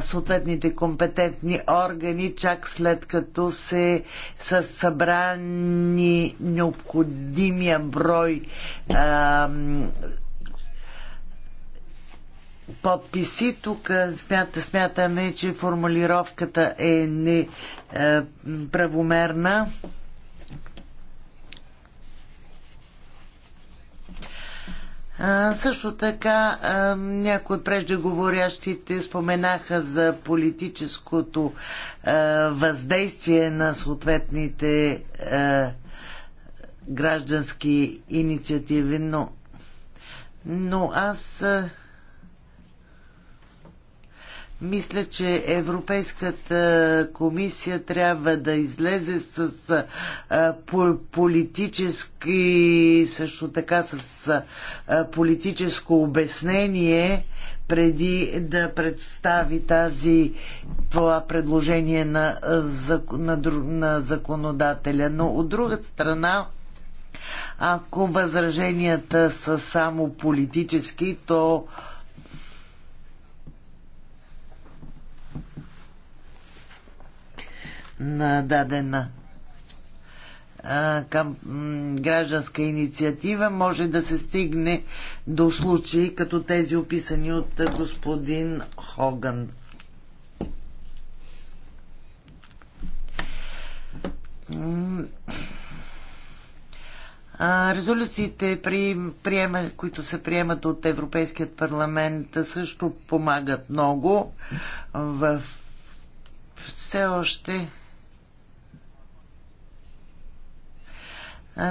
Speaker 3: съответните компетентни органи, чак след като се са събрани необходимия брой а, подписи. Тук смята, смятаме, че формулировката е неправомерна. Също така някои от преждеговорящите споменаха за политическото въздействие на съответните граждански инициативи, но, но аз мисля, че Европейската комисия трябва да излезе с политически, също така с политическо обяснение преди да представи тази, това предложение на, на, на законодателя. Но от друга страна, ако възраженията са само политически, то на дадена към гражданска инициатива може да се стигне до случаи като тези описани от господин Хоган. Резолюциите, при, приема, които се приемат от Европейският парламент, също помагат много в все още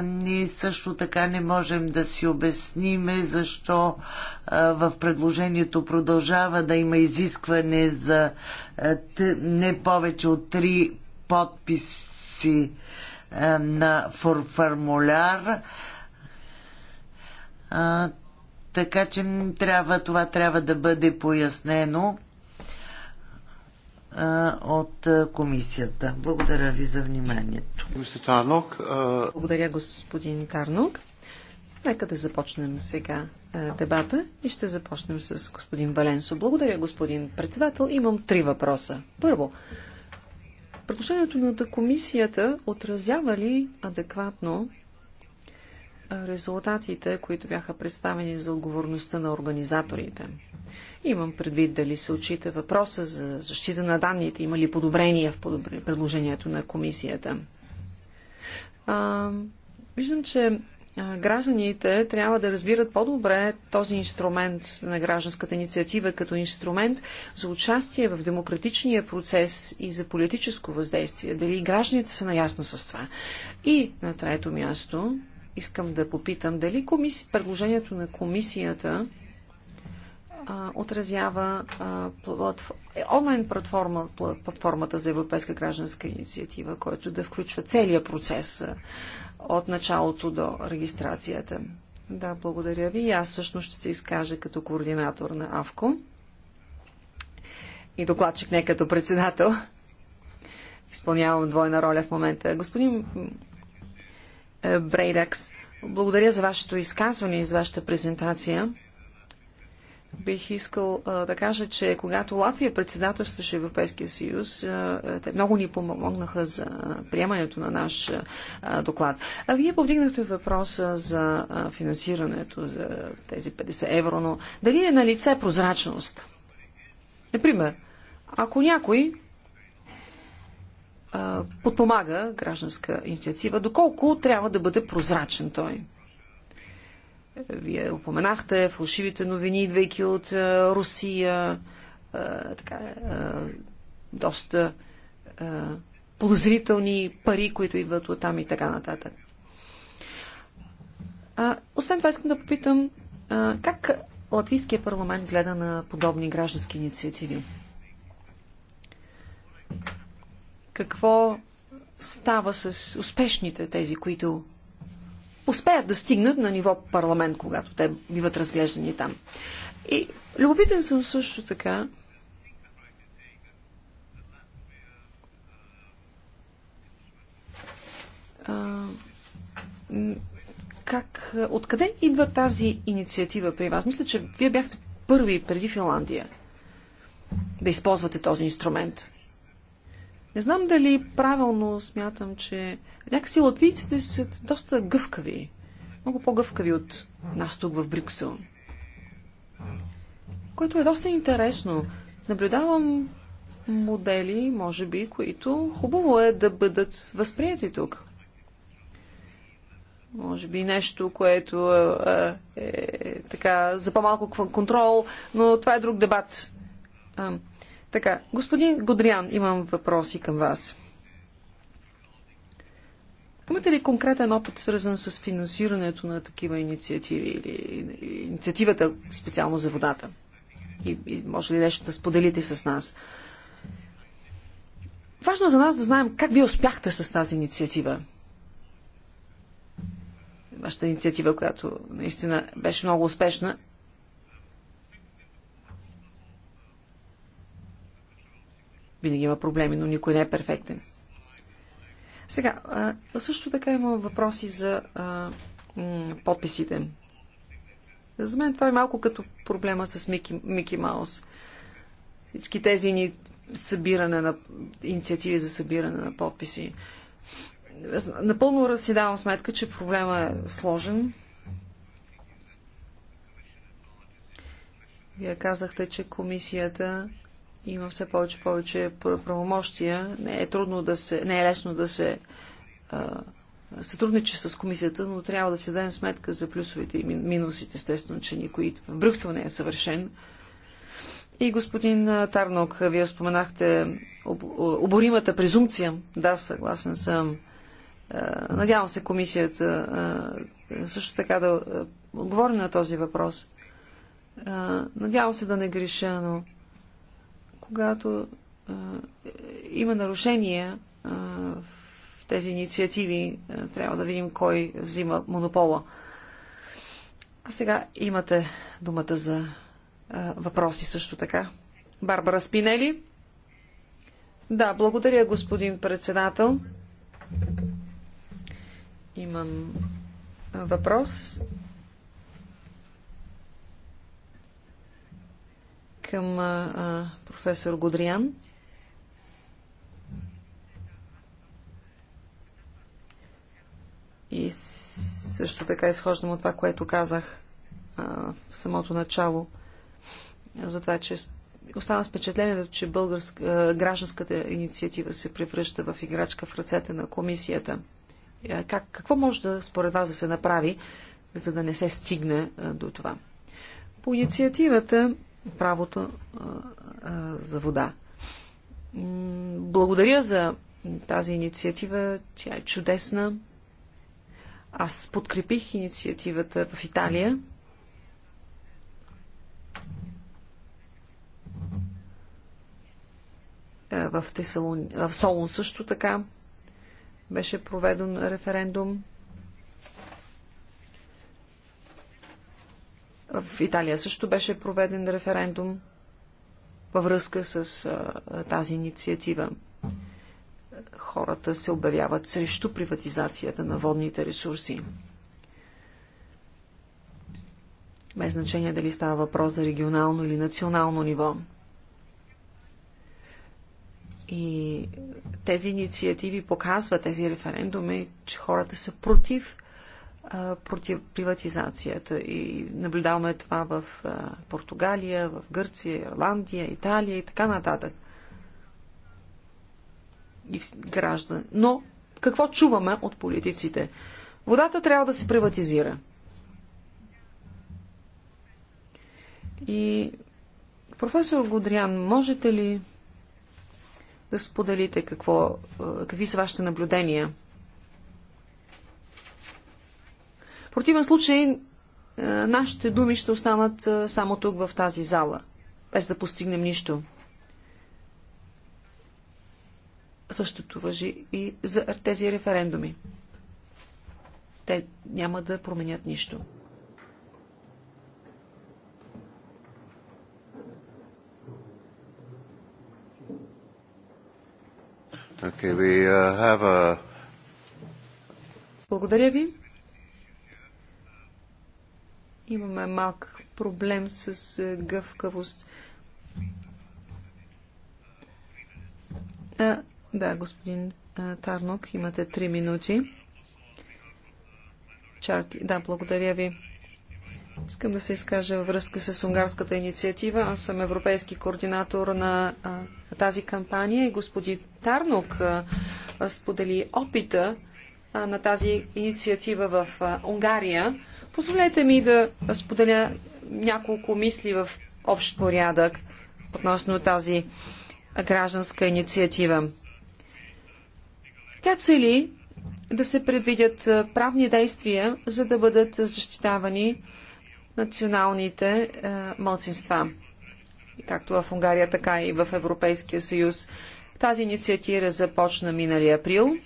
Speaker 3: Ние също така не можем да си обясниме защо в предложението продължава да има изискване за не повече от три подписи на формуляр. Така че трябва, това трябва да бъде пояснено от комисията. Благодаря ви за вниманието. Благодаря, господин
Speaker 1: Тарнок. Нека да започнем сега дебата и ще започнем с господин Валенсо. Благодаря, господин председател. Имам три въпроса. Първо, предложението на комисията отразява ли адекватно резултатите, които бяха представени за отговорността на организаторите? Имам предвид дали се отчита въпроса за защита на данните, има ли подобрения в предложението на комисията. А, виждам, че гражданите трябва да разбират по-добре този инструмент на гражданската инициатива като инструмент за участие в демократичния процес и за политическо въздействие. Дали гражданите са наясно с това. И на трето място искам да попитам дали комиси... предложението на комисията отразява онлайн платформа, платформата за Европейска гражданска инициатива, който да включва целият процес от началото до регистрацията. Да, благодаря ви. и Аз всъщност ще се изкажа като координатор на АВКО и докладчик не като председател. Изпълнявам двойна роля в момента. Господин Брейдакс, благодаря за вашето изказване и за вашата презентация бих искал а, да кажа, че когато Латвия председателстваше Европейския съюз, а, те много ни помогнаха за приемането на наш а, доклад. А вие повдигнахте въпроса за а, финансирането за тези 50 евро, но дали е на лице прозрачност? Например, ако някой а, подпомага гражданска инициатива, доколко трябва да бъде прозрачен той? Вие упоменахте фалшивите новини, идвайки от Русия, така, доста подозрителни пари, които идват от там и така нататък. А, освен това искам да попитам а, как Латвийския парламент гледа на подобни граждански инициативи? Какво става с успешните, тези, които успеят да стигнат на ниво парламент, когато те биват разглеждани там. И любопитен съм също така, а, как, откъде идва тази инициатива при вас? Мисля, че вие бяхте първи преди Финландия да използвате този инструмент. Не знам дали правилно смятам, че някакси латвийците са доста гъвкави. Много по-гъвкави от нас тук в Брюксел. Което е доста интересно. Наблюдавам модели, може би, които хубаво е да бъдат възприяти тук. Може би нещо, което е, е, е така за по-малко контрол, но това е друг дебат. Така, господин Годриан, имам въпроси към вас. Имате ли конкретен опит, свързан с финансирането на такива инициативи или инициативата специално за водата? И, и може ли нещо да споделите с нас? Важно за нас да знаем как вие успяхте с тази инициатива. Вашата инициатива, която наистина беше много успешна. Винаги има проблеми, но никой не е перфектен. Сега, също така има въпроси за подписите. За мен това е малко като проблема с Мики, Мики Маус. Всички тези ни събиране на инициативи за събиране на подписи. Напълно си давам сметка, че проблема е сложен. Вие казахте, че комисията има все повече повече правомощия. Не е, трудно да се, не е лесно да се а, сътрудничи с комисията, но трябва да се дадем сметка за плюсовете и минусите. Естествено, че никой в Брюксел не е съвършен. И господин Тарнок, вие споменахте об, оборимата презумпция. Да, съгласен съм. Надявам се комисията също така да отговори на този въпрос. Надявам се да не греша, но когато а, има нарушения а, в тези инициативи, а, трябва да видим кой взима монопола. А сега имате думата за а, въпроси също така. Барбара Спинели. Да, благодаря, господин председател. Имам въпрос към а, професор Годриан. И също така изхождам от това, което казах а, в самото начало. За това, че остана с впечатлението, че българска, гражданската инициатива се превръща в играчка в ръцете на комисията. Как, какво може да, според вас да се направи, за да не се стигне а, до това? По инициативата правото за вода. Благодаря за тази инициатива. Тя е чудесна. Аз подкрепих инициативата в Италия. Е, в, Тесалон... в Солун също така беше проведен референдум. В Италия също беше проведен референдум във връзка с а, тази инициатива. Хората се обявяват срещу приватизацията на водните ресурси. Без значение дали става въпрос за регионално или национално ниво. И тези инициативи показват, тези референдуми, че хората са против против приватизацията. И наблюдаваме това в Португалия, в Гърция, Ирландия, Италия и така нататък. И граждан. Но какво чуваме от политиците? Водата трябва да се приватизира. И професор Годриан, можете ли да споделите какво, какви са вашите наблюдения? В противен случай е, нашите думи ще останат е, само тук в тази зала, без да постигнем нищо. Същото въжи и за тези референдуми. Те няма да променят нищо.
Speaker 4: Okay, we uh, have a...
Speaker 1: Благодаря ви имаме малък проблем с е, гъвкавост. А, да, господин Тарнок, имате 3 минути. Чарки, да, благодаря ви. Искам да се изкажа във връзка с унгарската инициатива. Аз съм европейски координатор на а, тази кампания и господин Тарнок а, сподели опита а, на тази инициатива в а, Унгария. Позволете ми да споделя няколко мисли в общ порядък относно тази гражданска инициатива. Тя цели да се предвидят правни действия, за да бъдат защитавани националните е, мълцинства, както в Унгария, така и в Европейския съюз. Тази инициатива започна миналия април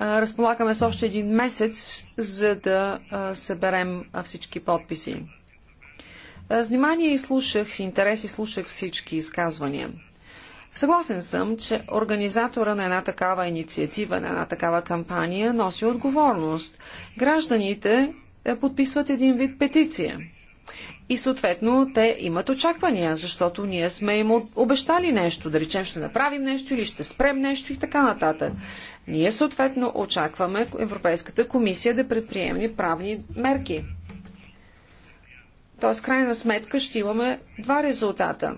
Speaker 1: разполагаме с още един месец, за да съберем всички подписи. С внимание и слушах, с интерес и слушах всички изказвания. Съгласен съм, че организатора на една такава инициатива, на една такава кампания носи отговорност. Гражданите е, подписват един вид петиция. И съответно те имат очаквания, защото ние сме им обещали нещо, да речем ще направим нещо или ще спрем нещо и така нататък. Ние съответно очакваме Европейската комисия да предприеме правни мерки. Тоест, крайна сметка ще имаме два резултата.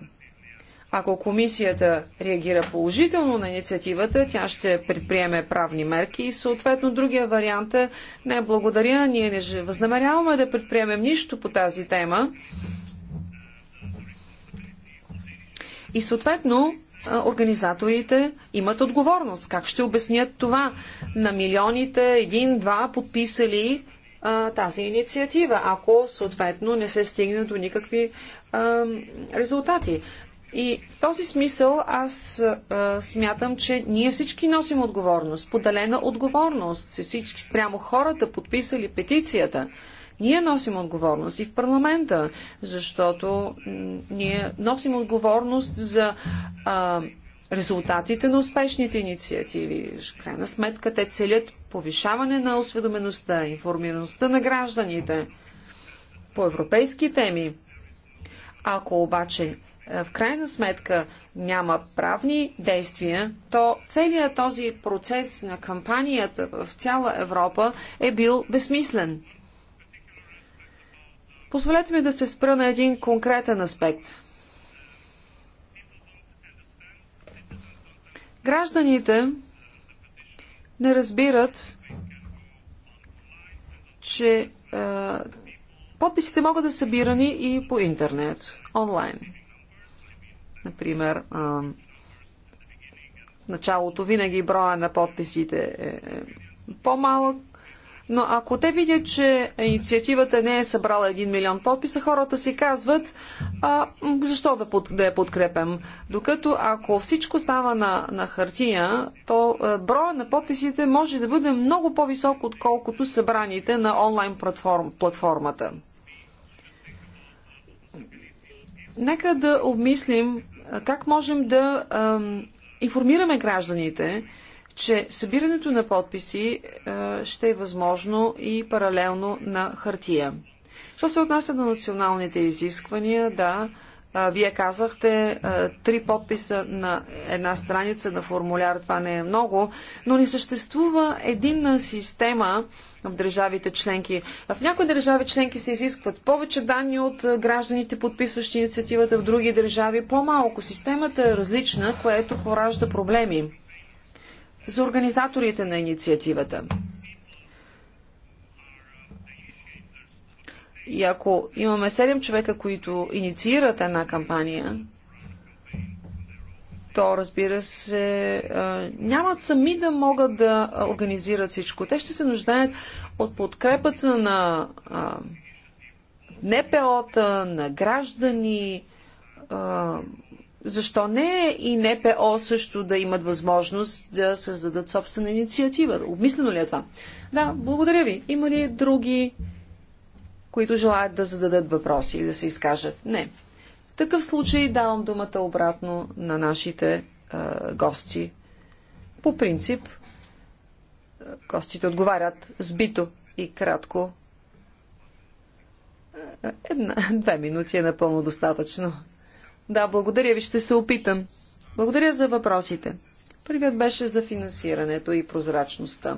Speaker 1: Ако комисията реагира положително на инициативата, тя ще предприеме правни мерки и съответно другия вариант е не благодаря, ние не възнамеряваме да предприемем нищо по тази тема. И съответно организаторите имат отговорност. Как ще обяснят това на милионите, един-два подписали а, тази инициатива, ако съответно не се стигне до никакви а, резултати? И в този смисъл аз а, смятам, че ние всички носим отговорност, поделена отговорност, всички спрямо хората, подписали петицията. Ние носим отговорност и в парламента, защото ние носим отговорност за а, резултатите на успешните инициативи. В крайна сметка те целят повишаване на осведомеността, информираността на гражданите по европейски теми. Ако обаче е, в крайна сметка няма правни действия, то целият този процес на кампанията в цяла Европа е бил безсмислен. Позволете ми да се спра на един конкретен аспект. Гражданите не разбират, че е, подписите могат да са събирани и по интернет, онлайн. Например, е, началото винаги броя на подписите е, е по-малък, но ако те видят, че инициативата не е събрала 1 милион подписа, хората си казват, а, защо да, под, да я подкрепям. Докато ако всичко става на, на хартия, то а, е, броя на подписите може да бъде много по-висок, отколкото събраните на онлайн платформ, платформата. Нека да обмислим е, как можем да а, информираме гражданите, че събирането на подписи е, ще е възможно и паралелно на хартия. Що се отнася до националните изисквания, да, вие казахте три подписа на една страница на формуляр, това не е много, но не съществува единна система в държавите членки. В някои държави членки се изискват повече данни от гражданите, подписващи инициативата, в други държави по-малко. Системата е различна, което поражда проблеми за организаторите на инициативата. И ако имаме 7 човека, които инициират една кампания, то, разбира се, нямат сами да могат да организират всичко. Те ще се нуждаят от подкрепата на НПО-та, на граждани, защо не и НПО също да имат възможност да създадат собствена инициатива? Обмислено ли е това? Да, благодаря ви. Има ли други, които желаят да зададат въпроси или да се изкажат? Не. В такъв случай давам думата обратно на нашите е, гости. По принцип, гостите отговарят сбито и кратко. Една, две минути е напълно достатъчно. Да, благодаря ви, ще се опитам. Благодаря за въпросите. Първият беше за финансирането и прозрачността.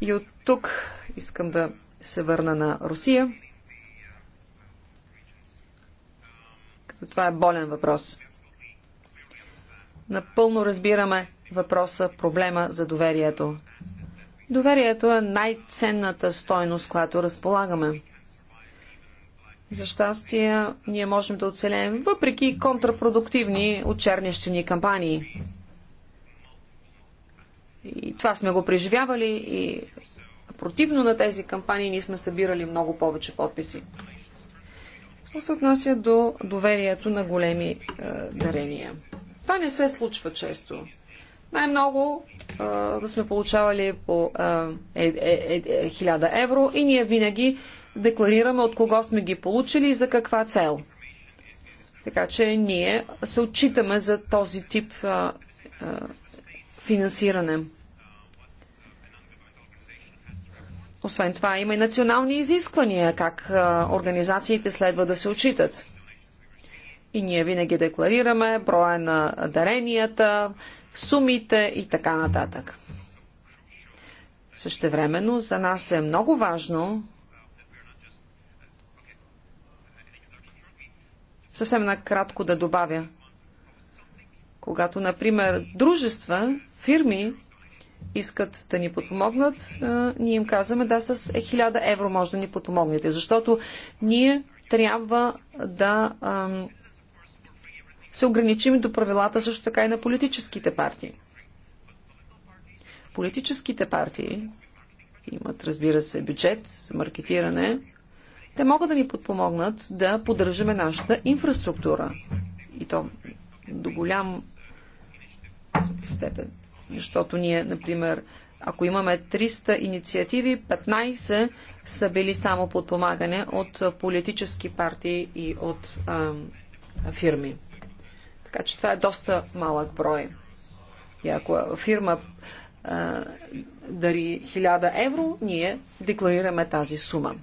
Speaker 1: И от тук искам да се върна на Русия. Като това е болен въпрос. Напълно разбираме въпроса, проблема за доверието. Доверието е най-ценната стойност, която разполагаме. За щастие, ние можем да оцелеем въпреки контрапродуктивни очернящени кампании. И това сме го преживявали и противно на тези кампании ние сме събирали много повече подписи. Що се отнася до доверието на големи е, дарения? Това не се случва често. Най-много е, да сме получавали по е, е, е, 1000 е, евро и ние винаги декларираме от кого сме ги получили и за каква цел. Така че ние се отчитаме за този тип а, а, финансиране. Освен това има и национални изисквания, как а, организациите следва да се отчитат. И ние винаги декларираме броя на даренията, сумите и така нататък. Същевременно за нас е много важно съвсем накратко да добавя. Когато, например, дружества, фирми искат да ни подпомогнат, ние им казваме да с 1000 е, евро може да ни подпомогнете, защото ние трябва да се ограничим до правилата също така и на политическите партии. Политическите партии имат, разбира се, бюджет за маркетиране, те могат да ни подпомогнат да поддържаме нашата инфраструктура. И то до голям степен. Защото ние, например, ако имаме 300 инициативи, 15 са били само подпомагане от политически партии и от а, фирми. Така че това е доста малък брой. И ако фирма а, дари 1000 евро, ние декларираме тази сума.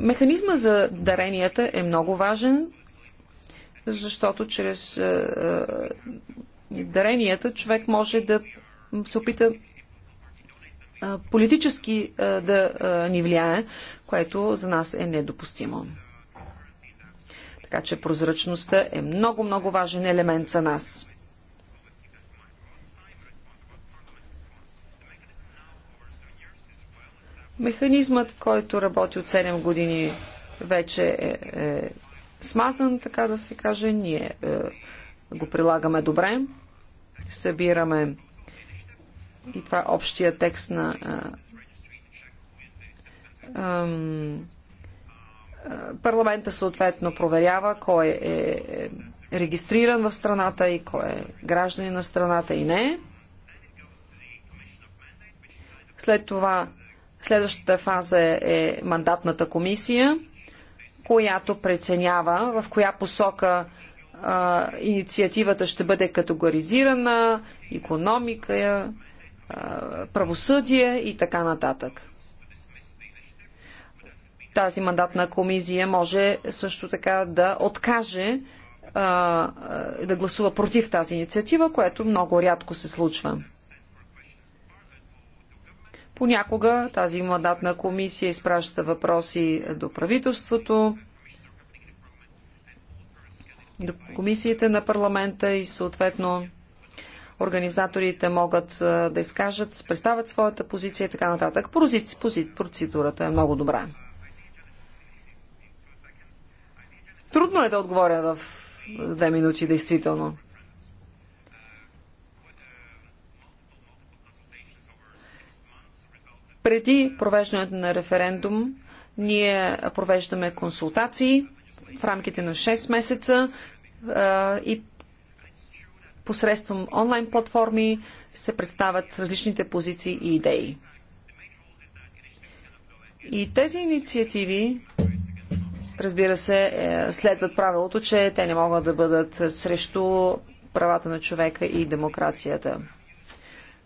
Speaker 1: Механизма за даренията е много важен, защото чрез е, е, даренията човек може да се опита е, политически да ни влияе, което за нас е недопустимо. Така че прозрачността е много-много важен елемент за нас. Механизмът, който работи от 7 години, вече е, е смазан, така да се каже. Ние е, го прилагаме добре. Събираме и това е общия текст на е, е, парламента съответно проверява кой е, е регистриран в страната и кой е гражданин на страната и не. След това Следващата фаза е, е мандатната комисия, която преценява в коя посока а, инициативата ще бъде категоризирана, економика, а, правосъдие и така нататък. Тази мандатна комисия може също така да откаже а, да гласува против тази инициатива, което много рядко се случва. Понякога тази мандатна комисия изпраща въпроси до правителството, до комисиите на парламента и съответно организаторите могат да изкажат, представят своята позиция и така нататък. Процедурата е много добра. Трудно е да отговоря в две минути, действително. Преди провеждането на референдум, ние провеждаме консултации в рамките на 6 месеца и посредством онлайн платформи се представят различните позиции и идеи. И тези инициативи, разбира се, е, следват правилото, че те не могат да бъдат срещу правата на човека и демокрацията.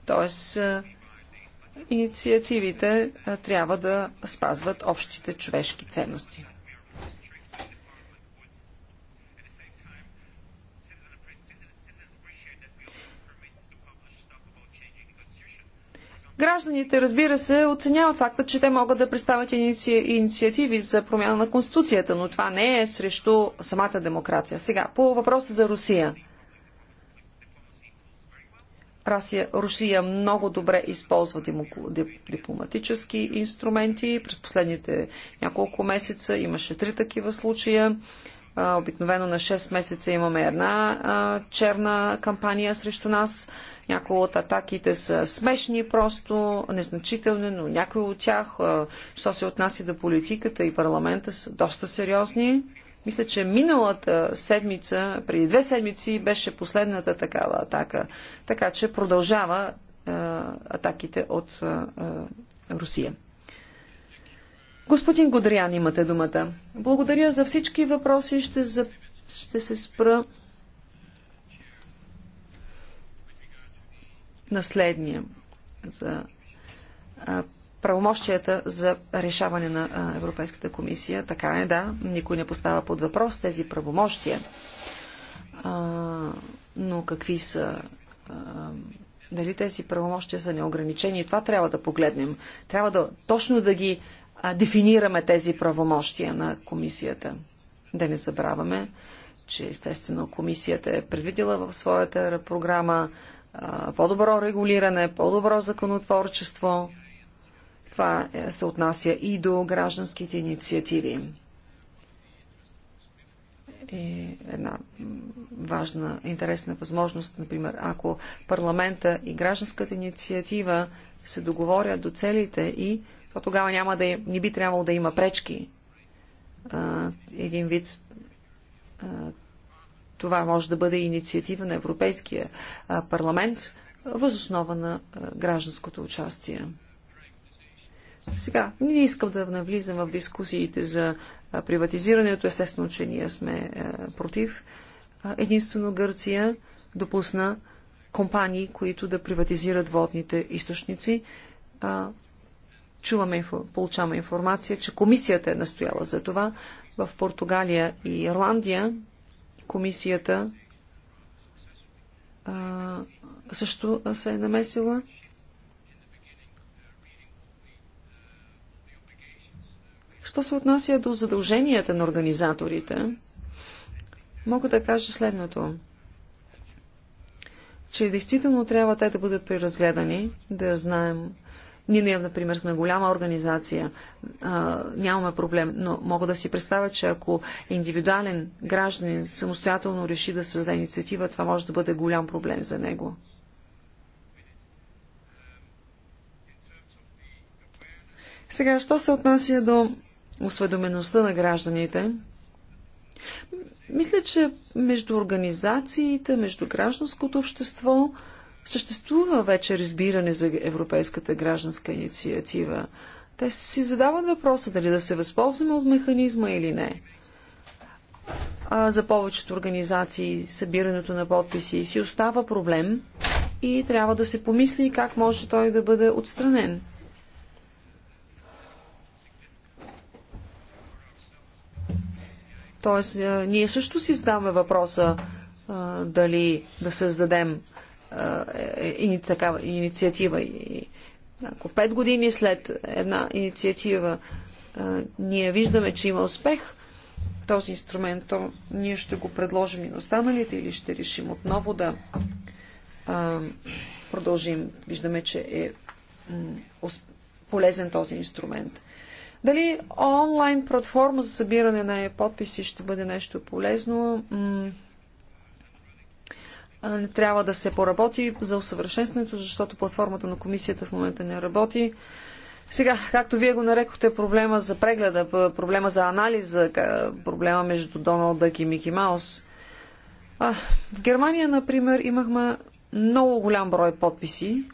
Speaker 1: Тоест, е, инициативите трябва да спазват общите човешки ценности. Гражданите, разбира се, оценяват факта, че те могат да представят иници... инициативи за промяна на Конституцията, но това не е срещу самата демокрация. Сега, по въпроса за Русия – Русия, Русия много добре използва дипломатически инструменти. През последните няколко месеца имаше три такива случая. Обикновено на 6 месеца имаме една черна кампания срещу нас. Някои от атаките са смешни, просто незначителни, но някои от тях, що се отнася до политиката и парламента, са доста сериозни. Мисля, че миналата седмица, преди две седмици, беше последната такава атака. Така че продължава е, атаките от е, е Русия. Господин Годриан, имате думата. Благодаря за всички въпроси. Ще, за... ще се спра на следния. За правомощията за решаване на Европейската комисия. Така е, да, никой не поставя под въпрос тези правомощия. но какви са дали тези правомощия са неограничени. И това трябва да погледнем. Трябва да точно да ги дефинираме тези правомощия на комисията. Да не забравяме, че естествено комисията е предвидила в своята програма по-добро регулиране, по-добро законотворчество, това е, се отнася и до гражданските инициативи. И една важна, интересна възможност, например, ако парламента и гражданската инициатива се договорят до целите и то тогава няма да, е, не би трябвало да има пречки. А, един вид а, това може да бъде инициатива на Европейския парламент, възоснова на гражданското участие. Сега, не искам да навлизам в дискусиите за приватизирането. Естествено, че ние сме против. Единствено Гърция допусна компании, които да приватизират водните източници. Чуваме, получаваме информация, че комисията е настояла за това. В Португалия и Ирландия комисията също се е намесила. Що се отнася до задълженията на организаторите, мога да кажа следното че действително трябва те да бъдат преразгледани, да знаем. Ние, например, сме голяма организация, а, нямаме проблем, но мога да си представя, че ако индивидуален гражданин самостоятелно реши да създаде инициатива, това може да бъде голям проблем за него. Сега, що се отнася до осведомеността на гражданите. Мисля, че между организациите, между гражданското общество съществува вече разбиране за Европейската гражданска инициатива. Те си задават въпроса дали да се възползваме от механизма или не. А за повечето организации събирането на подписи си остава проблем и трябва да се помисли как може той да бъде отстранен. Тоест, ние също си задаваме въпроса дали да създадем е, е, и такава инициатива. И ако пет години след една инициатива ние виждаме, че има успех, този инструмент, то ние ще го предложим и на останалите или ще решим отново да а, продължим. Виждаме, че е полезен този инструмент. Дали онлайн платформа за събиране на подписи ще бъде нещо полезно? Не трябва да се поработи за усъвършенстването, защото платформата на комисията в момента не работи. Сега, както вие го нарекохте, проблема за прегледа, проблема за анализа, проблема между Доналд Дък и Мики Маус. А, в Германия, например, имахме много голям брой подписи.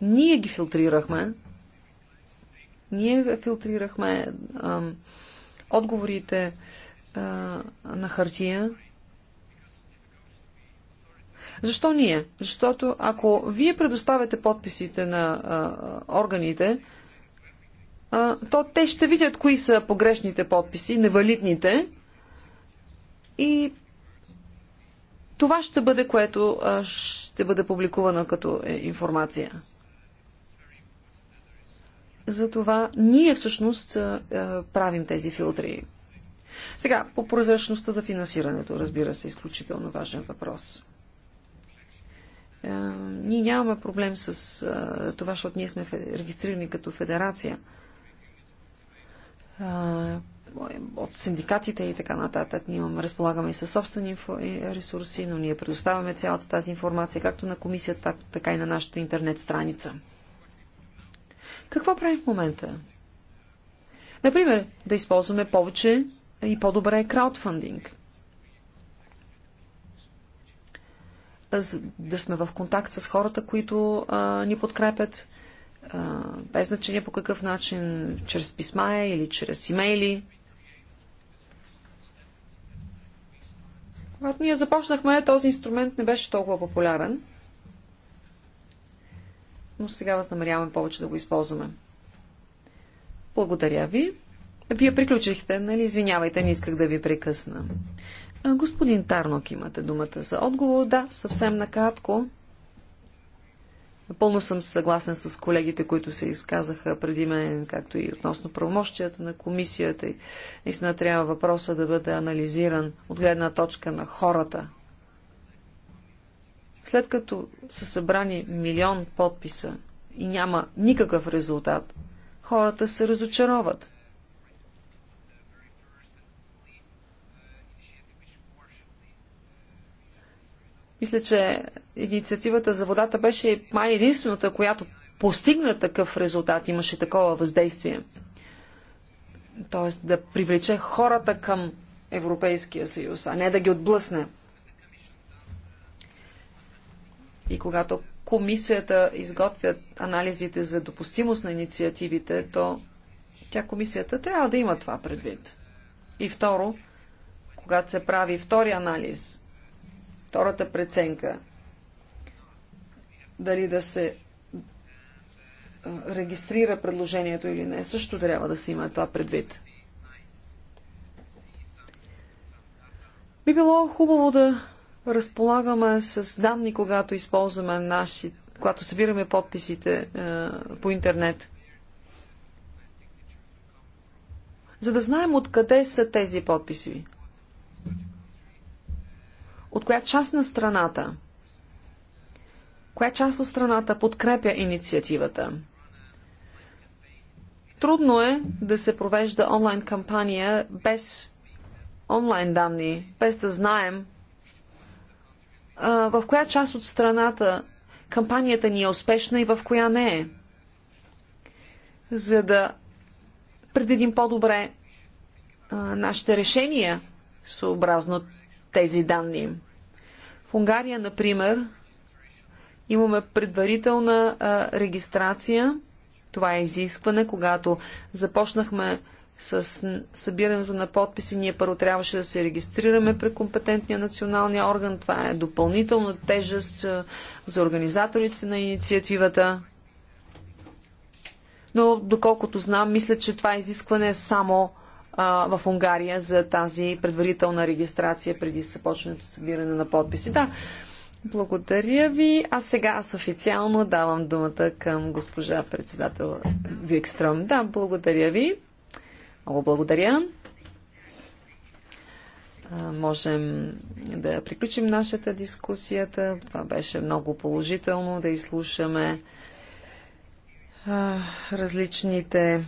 Speaker 1: Ние ги филтрирахме, ние филтрирахме а, отговорите а, на хартия. Защо ние? Защото ако вие предоставяте подписите на а, органите, а, то те ще видят кои са погрешните подписи, невалидните и това ще бъде, което ще бъде публикувано като е, информация. Затова ние всъщност правим тези филтри. Сега, по прозрачността за финансирането, разбира се, е изключително важен въпрос. Ние нямаме проблем с това, защото ние сме регистрирани като федерация от синдикатите и така нататък. Ние имаме, разполагаме и със собствени ресурси, но ние предоставяме цялата тази информация както на комисията, така и на нашата интернет страница. Какво правим в момента? Например, да използваме повече и по-добре краудфандинг. Да сме в контакт с хората, които а, ни подкрепят, а, без значение по какъв начин, чрез писма е или чрез имейли. Когато ние започнахме, този инструмент не беше толкова популярен но сега възнамеряваме повече да го използваме. Благодаря ви. Вие приключихте, нали? Извинявайте, не исках да ви прекъсна. Господин Тарнок, имате думата за отговор. Да, съвсем накратко. Напълно съм съгласен с колегите, които се изказаха преди мен, както и относно правомощията на комисията. Наистина трябва въпроса да бъде анализиран от гледна точка на хората, след като са събрани милион подписа и няма никакъв резултат, хората се разочароват. Мисля, че инициативата за водата беше май единствената, която постигна такъв резултат, имаше такова въздействие. Тоест да привлече хората към Европейския съюз, а не да ги отблъсне и когато комисията изготвя анализите за допустимост на инициативите, то тя комисията трябва да има това предвид. И второ, когато се прави втори анализ, втората преценка, дали да се регистрира предложението или не, също трябва да се има това предвид. Би било хубаво да разполагаме с данни, когато използваме наши, когато събираме подписите е, по интернет. За да знаем откъде са тези подписи. От коя част на страната? Коя част от страната подкрепя инициативата? Трудно е да се провежда онлайн кампания без онлайн данни, без да знаем в коя част от страната кампанията ни е успешна и в коя не е. За да предвидим по-добре нашите решения съобразно тези данни. В Унгария, например, имаме предварителна а, регистрация. Това е изискване, когато започнахме с събирането на подписи ние първо трябваше да се регистрираме при компетентния националния орган. Това е допълнителна тежест за организаторите на инициативата. Но доколкото знам, мисля, че това изискване е само а, в Унгария за тази предварителна регистрация преди започването събиране на подписи. Да, благодаря ви. А сега аз официално давам думата към госпожа председател Викстром. Да, благодаря ви. Много благодаря. Можем да приключим нашата дискусията. Това беше много положително да изслушаме различните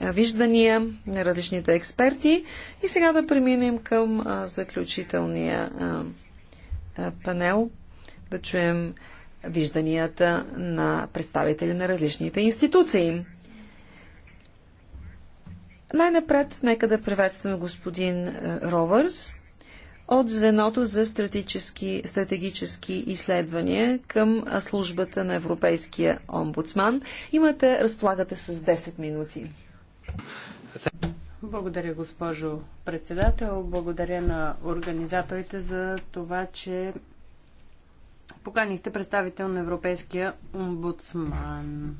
Speaker 1: виждания на различните експерти. И сега да преминем към заключителния панел, да чуем вижданията на представители на различните институции. Най-напред, нека да приветстваме господин е, Ровърс от звеното за стратегически, стратегически изследвания към е, службата на Европейския омбудсман. Имате, разполагате с 10 минути.
Speaker 2: Благодаря, госпожо председател. Благодаря на организаторите за това, че поканихте представител на Европейския омбудсман.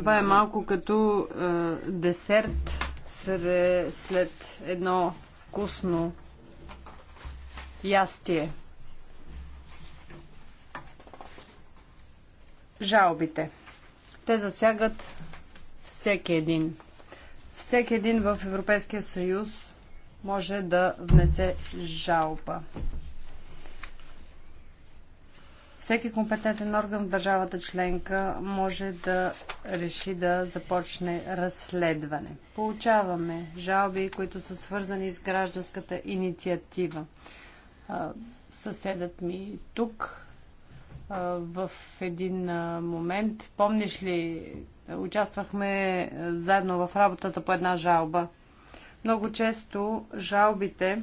Speaker 2: Това е малко като е, десерт след едно вкусно ястие. Жалбите. Те засягат всеки един. Всеки един в Европейския съюз може да внесе жалба. Всеки компетентен орган в държавата членка може да реши да започне разследване. Получаваме жалби, които са свързани с гражданската инициатива. Съседът ми е тук в един момент, помниш ли, участвахме заедно в работата по една жалба. Много често жалбите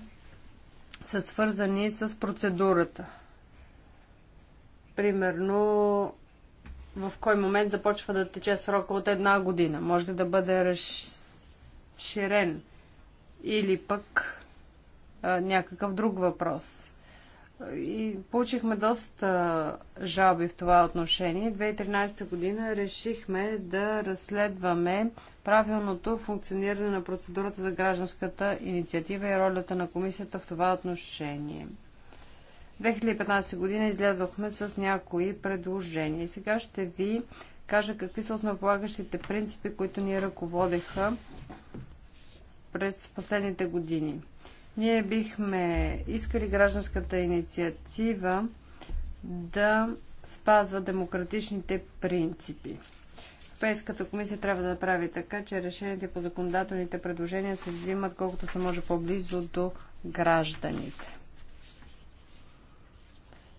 Speaker 2: са свързани с процедурата примерно в кой момент започва да тече срока от една година. Може да бъде разширен или пък а, някакъв друг въпрос. И получихме доста жалби в това отношение. 2013 година решихме да разследваме правилното функциониране на процедурата за гражданската инициатива и ролята на комисията в това отношение. 2015 година излязохме с някои предложения. И сега ще ви кажа какви са основополагащите принципи, които ни ръководеха през последните години. Ние бихме искали гражданската инициатива да спазва демократичните принципи. Европейската комисия трябва да направи така, че решенията по законодателните предложения се взимат колкото се може по-близо до гражданите.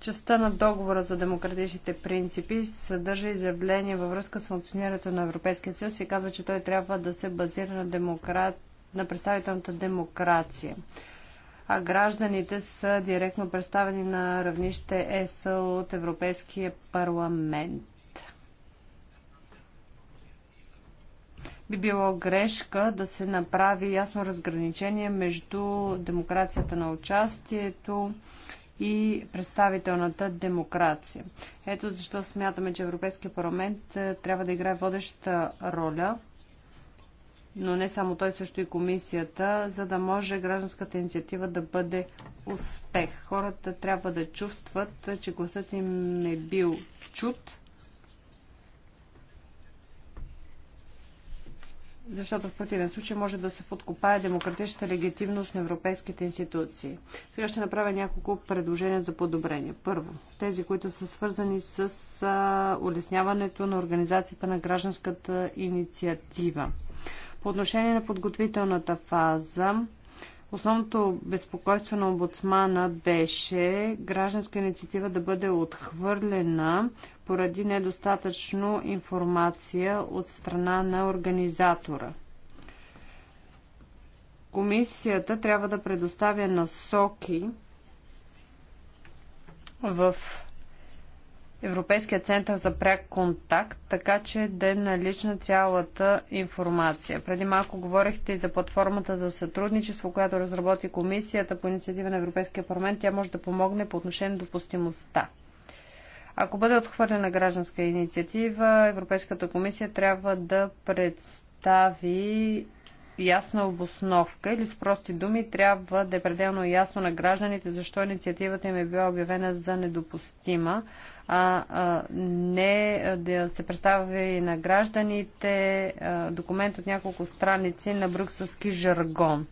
Speaker 2: Частта на договора за демократичните принципи съдържа изявление във връзка с функционирането на Европейския съюз и казва, че той трябва да се базира на, демокра... на представителната демокрация. А гражданите са директно представени на равнище ЕС от Европейския парламент. би било грешка да се направи ясно разграничение между демокрацията на участието, и представителната демокрация. Ето защо смятаме, че Европейския парламент е, трябва да играе водеща роля, но не само той, също и комисията, за да може гражданската инициатива да бъде успех. Хората трябва да чувстват, че гласът им е бил чут защото в противен случай може да се подкопае демократичната легитимност на европейските институции. Сега ще направя няколко предложения за подобрение. Първо, тези, които са свързани с улесняването на организацията на гражданската инициатива. По отношение на подготвителната фаза, Основното безпокойство на омбудсмана беше гражданска инициатива да бъде отхвърлена поради недостатъчно информация от страна на организатора. Комисията трябва да предоставя насоки в Европейския център за пряк контакт, така че да е налична цялата информация. Преди малко говорихте и за платформата за сътрудничество, която разработи комисията по инициатива на Европейския парламент. Тя може да помогне по отношение на допустимостта. Ако бъде отхвърлена гражданска инициатива, Европейската комисия трябва да представи ясна обосновка или с прости думи трябва да е пределно ясно на гражданите защо инициативата им е била обявена за недопустима, а, а не да се представи на гражданите а, документ от няколко страници на брюкселски жаргон.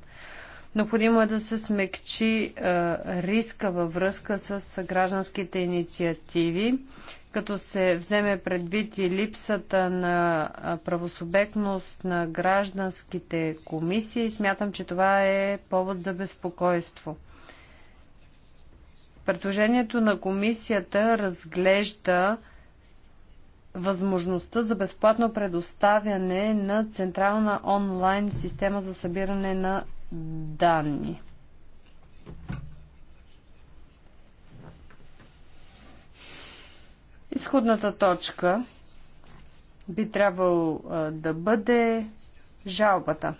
Speaker 2: Необходимо е да се смекчи а, риска във връзка с гражданските инициативи, като се вземе предвид и липсата на правосубектност на гражданските комисии. Смятам, че това е повод за безпокойство. Предложението на комисията разглежда възможността за безплатно предоставяне на централна онлайн система за събиране на данни. Изходната точка би трябвало да бъде жалбата.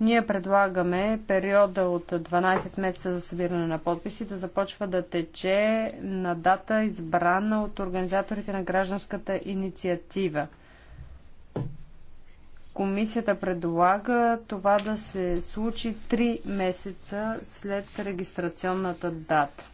Speaker 2: Ние предлагаме периода от 12 месеца за събиране на подписи да започва да тече на дата избрана от организаторите на гражданската инициатива. Комисията предлага това да се случи 3 месеца след регистрационната дата.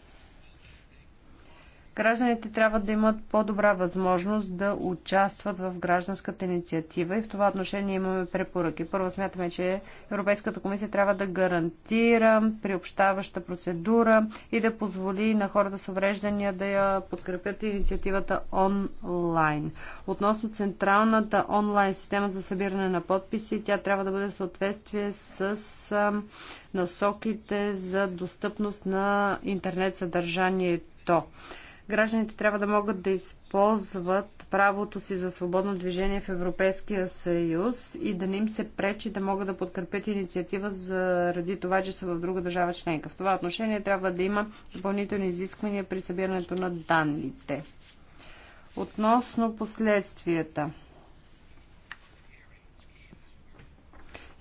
Speaker 2: Гражданите трябва да имат по-добра възможност да участват в гражданската инициатива и в това отношение имаме препоръки. Първо смятаме, че Европейската комисия трябва да гарантира приобщаваща процедура и да позволи на хората с увреждания да я подкрепят инициативата онлайн. Относно централната онлайн система за събиране на подписи, тя трябва да бъде в съответствие с насоките за достъпност на интернет съдържанието. Гражданите трябва да могат да използват правото си за свободно движение в Европейския съюз и да не им се пречи да могат да подкрепят инициатива заради това, че са в друга държава членка. В това отношение трябва да има допълнителни изисквания при събирането на данните. Относно последствията.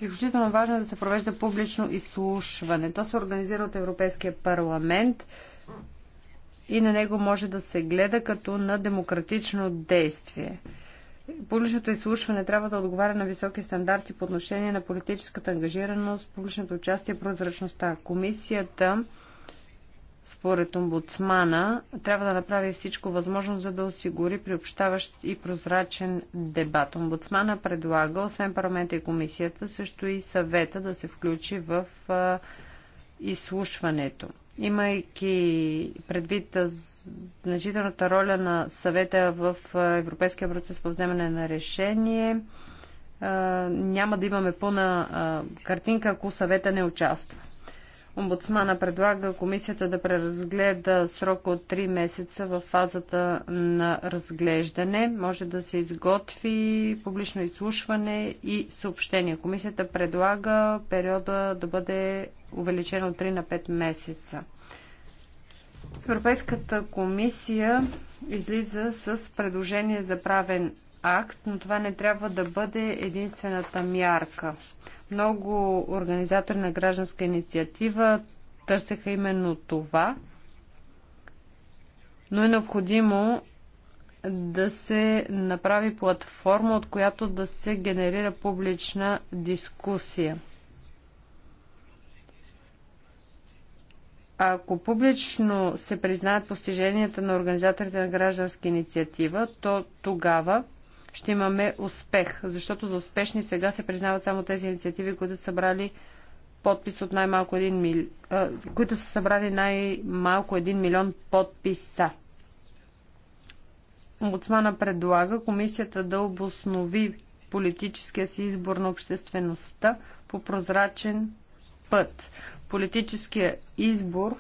Speaker 2: Изключително важно е да се провежда публично изслушване. То се организира от Европейския парламент и на него може да се гледа като на демократично действие. Публичното изслушване трябва да отговаря на високи стандарти по отношение на политическата ангажираност, публичното участие и прозрачността. Комисията, според омбудсмана, трябва да направи всичко възможно, за да осигури приобщаващ и прозрачен дебат. Омбудсмана предлага, освен парламента и комисията, също и съвета да се включи в изслушването имайки предвид значителната роля на съвета в европейския процес по вземане на решение, няма да имаме пълна картинка, ако съвета не участва. Омбудсмана предлага комисията да преразгледа срок от 3 месеца в фазата на разглеждане. Може да се изготви публично изслушване и съобщение. Комисията предлага периода да бъде увеличено от 3 на 5 месеца. Европейската комисия излиза с предложение за правен акт, но това не трябва да бъде единствената мярка. Много организатори на гражданска инициатива търсеха именно това, но е необходимо да се направи платформа, от която да се генерира публична дискусия. Ако публично се признаят постиженията на организаторите на гражданска инициатива, то тогава ще имаме успех, защото за успешни сега се признават само тези инициативи, които са събрали подпис от най-малко един милион, които са събрали най-малко един милион подписа. Омбудсмана предлага комисията да обоснови политическия си избор на обществеността по прозрачен път. Политическия избор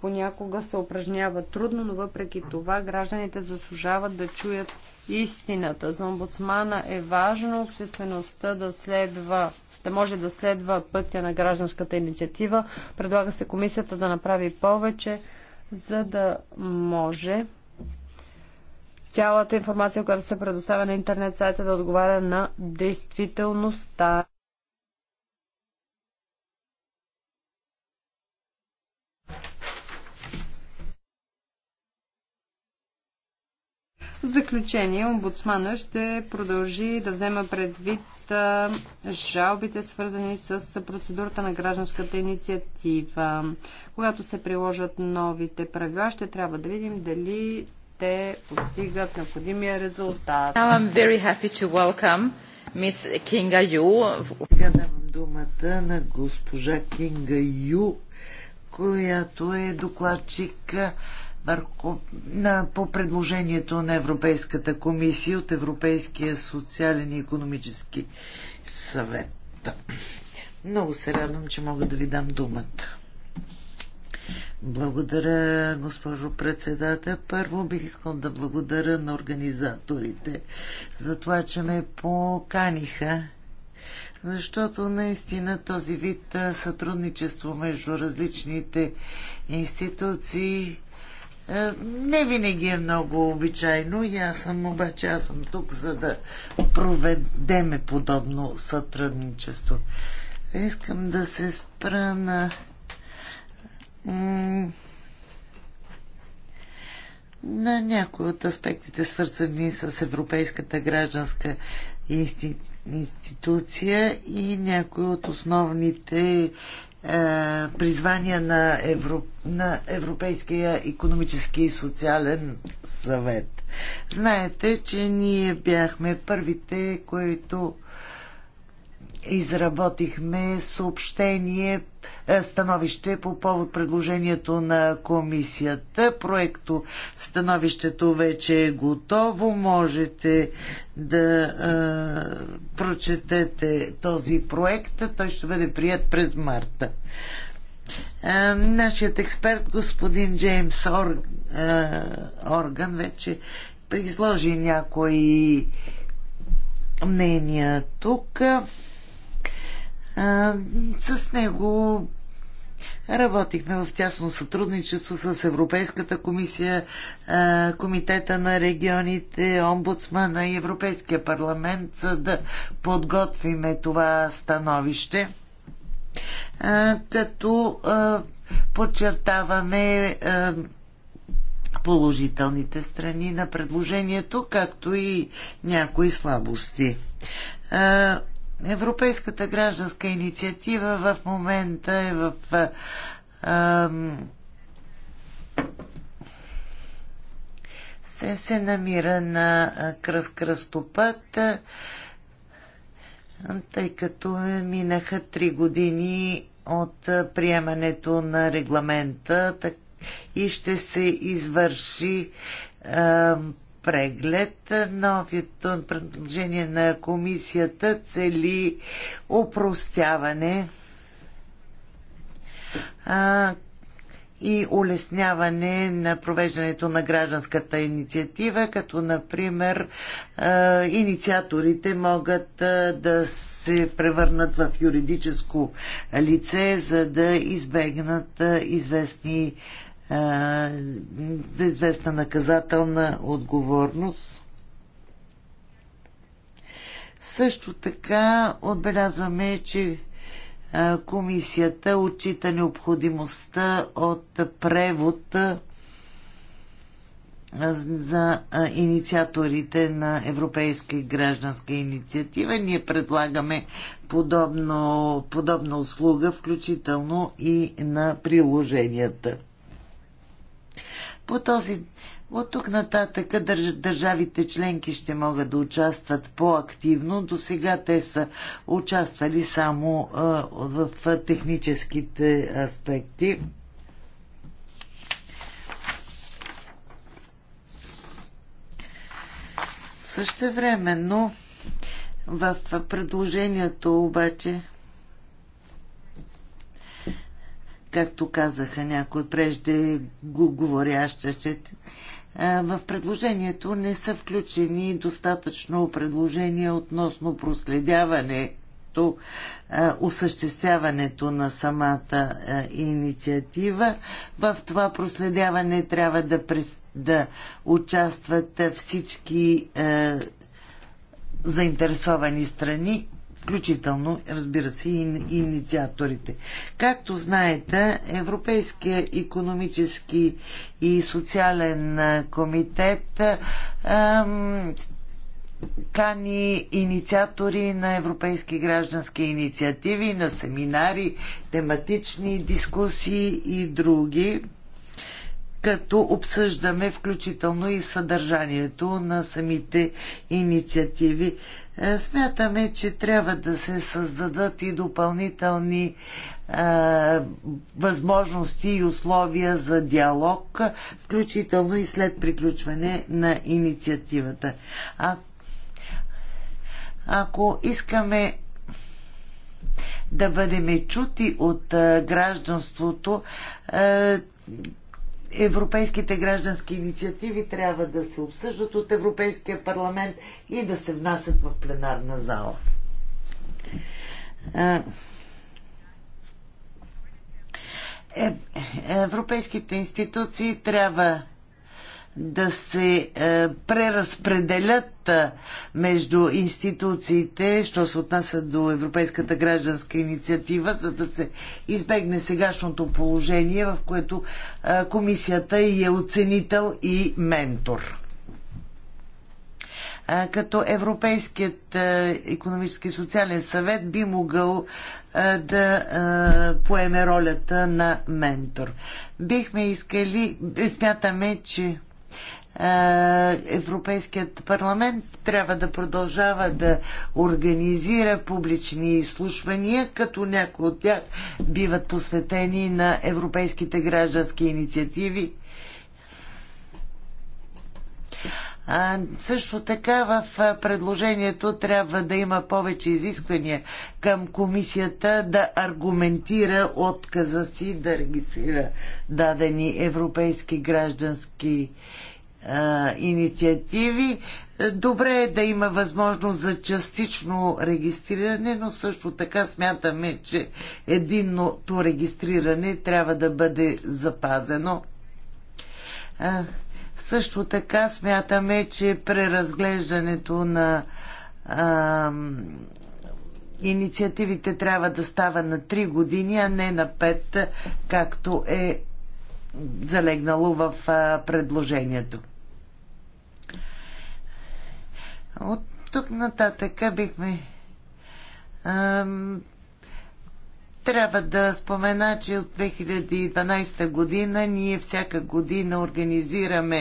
Speaker 2: понякога се упражнява трудно, но въпреки това гражданите заслужават да чуят истината. За омбудсмана е важно обществеността да следва да може да следва пътя на гражданската инициатива. Предлага се комисията да направи повече, за да може цялата информация, която се предоставя на интернет сайта, да отговаря на действителността. В заключение, омбудсмана ще продължи да взема предвид жалбите, свързани с процедурата на гражданската инициатива. Когато се приложат новите правила, ще трябва да видим дали те постигат необходимия резултат. Now I'm very happy to welcome Miss Kinga Yu.
Speaker 3: Сега давам думата на госпожа Кинга Ю, която е докладчика на, по предложението на Европейската комисия от Европейския социален и економически съвет. Много се радвам, че мога да ви дам думата. Благодаря, госпожо председател. Първо бих искал да благодаря на организаторите за това, че ме поканиха защото наистина този вид сътрудничество между различните институции е, не винаги е много обичайно и аз съм, обаче аз съм тук, за да проведеме подобно сътрудничество. Искам да се спра на на някои от аспектите, свързани с Европейската гражданска институция и някои от основните е, призвания на, Евро... на Европейския економически и социален съвет. Знаете, че ние бяхме първите, които изработихме съобщение, е, становище по повод предложението на комисията. Проекто становището вече е готово. Можете да а, е, прочетете този проект. Той ще бъде прият през марта. А, е, нашият експерт, господин Джеймс Ор, а, Орган, вече изложи някои мнения тук. С него Работихме в тясно сътрудничество с Европейската комисия, Комитета на регионите, Омбудсмана и Европейския парламент, за да подготвиме това становище. Като подчертаваме положителните страни на предложението, както и някои слабости. Европейската гражданска инициатива в момента е в се, се намира на кръст кръстопът, тъй като минаха три години от приемането на регламента и ще се извърши преглед. Новото предложение на комисията цели упростяване а, и улесняване на провеждането на гражданската инициатива, като например инициаторите могат да се превърнат в юридическо лице, за да избегнат известни за известна наказателна отговорност. Също така отбелязваме, че комисията отчита необходимостта от превод за инициаторите на Европейска и гражданска инициатива. Ние предлагаме подобно, подобна услуга, включително и на приложенията. По този, от тук нататък държ, държавите членки ще могат да участват по-активно. До сега те са участвали само а, в техническите аспекти. Също Същевременно в предложението обаче както казаха някои прежде говорящи, в предложението не са включени достатъчно предложения относно проследяването, осъществяването на самата инициатива. В това проследяване трябва да, да участват всички заинтересовани страни включително, разбира се, и инициаторите. Както знаете, Европейския економически и социален комитет ам, кани инициатори на европейски граждански инициативи, на семинари, тематични дискусии и други като обсъждаме включително и съдържанието на самите инициативи. Е, смятаме, че трябва да се създадат и допълнителни е, възможности и условия за диалог, включително и след приключване на инициативата. А, ако искаме да бъдем чути от е, гражданството, европейските граждански инициативи трябва да се обсъждат от Европейския парламент и да се внасят в пленарна зала. Е, е, европейските институции трябва да се е, преразпределят е, между институциите, що се отнася до Европейската гражданска инициатива, за да се избегне сегашното положение, в което е, комисията и е оценител и ментор. Е, като Европейският е, економически и социален съвет би могъл да поеме ролята на ментор. Бихме искали, смятаме, че е, Европейският парламент трябва да продължава да организира публични изслушвания, като някои от тях биват посветени на европейските граждански инициативи А, също така в предложението трябва да има повече изисквания към комисията да аргументира отказа си да регистрира дадени европейски граждански а, инициативи. Добре е да има възможност за частично регистриране, но също така смятаме, че единното регистриране трябва да бъде запазено. Също така смятаме, че преразглеждането на а, инициативите трябва да става на 3 години, а не на 5, както е залегнало в а, предложението. От тук нататък бихме трябва да спомена, че от 2012 година ние всяка година организираме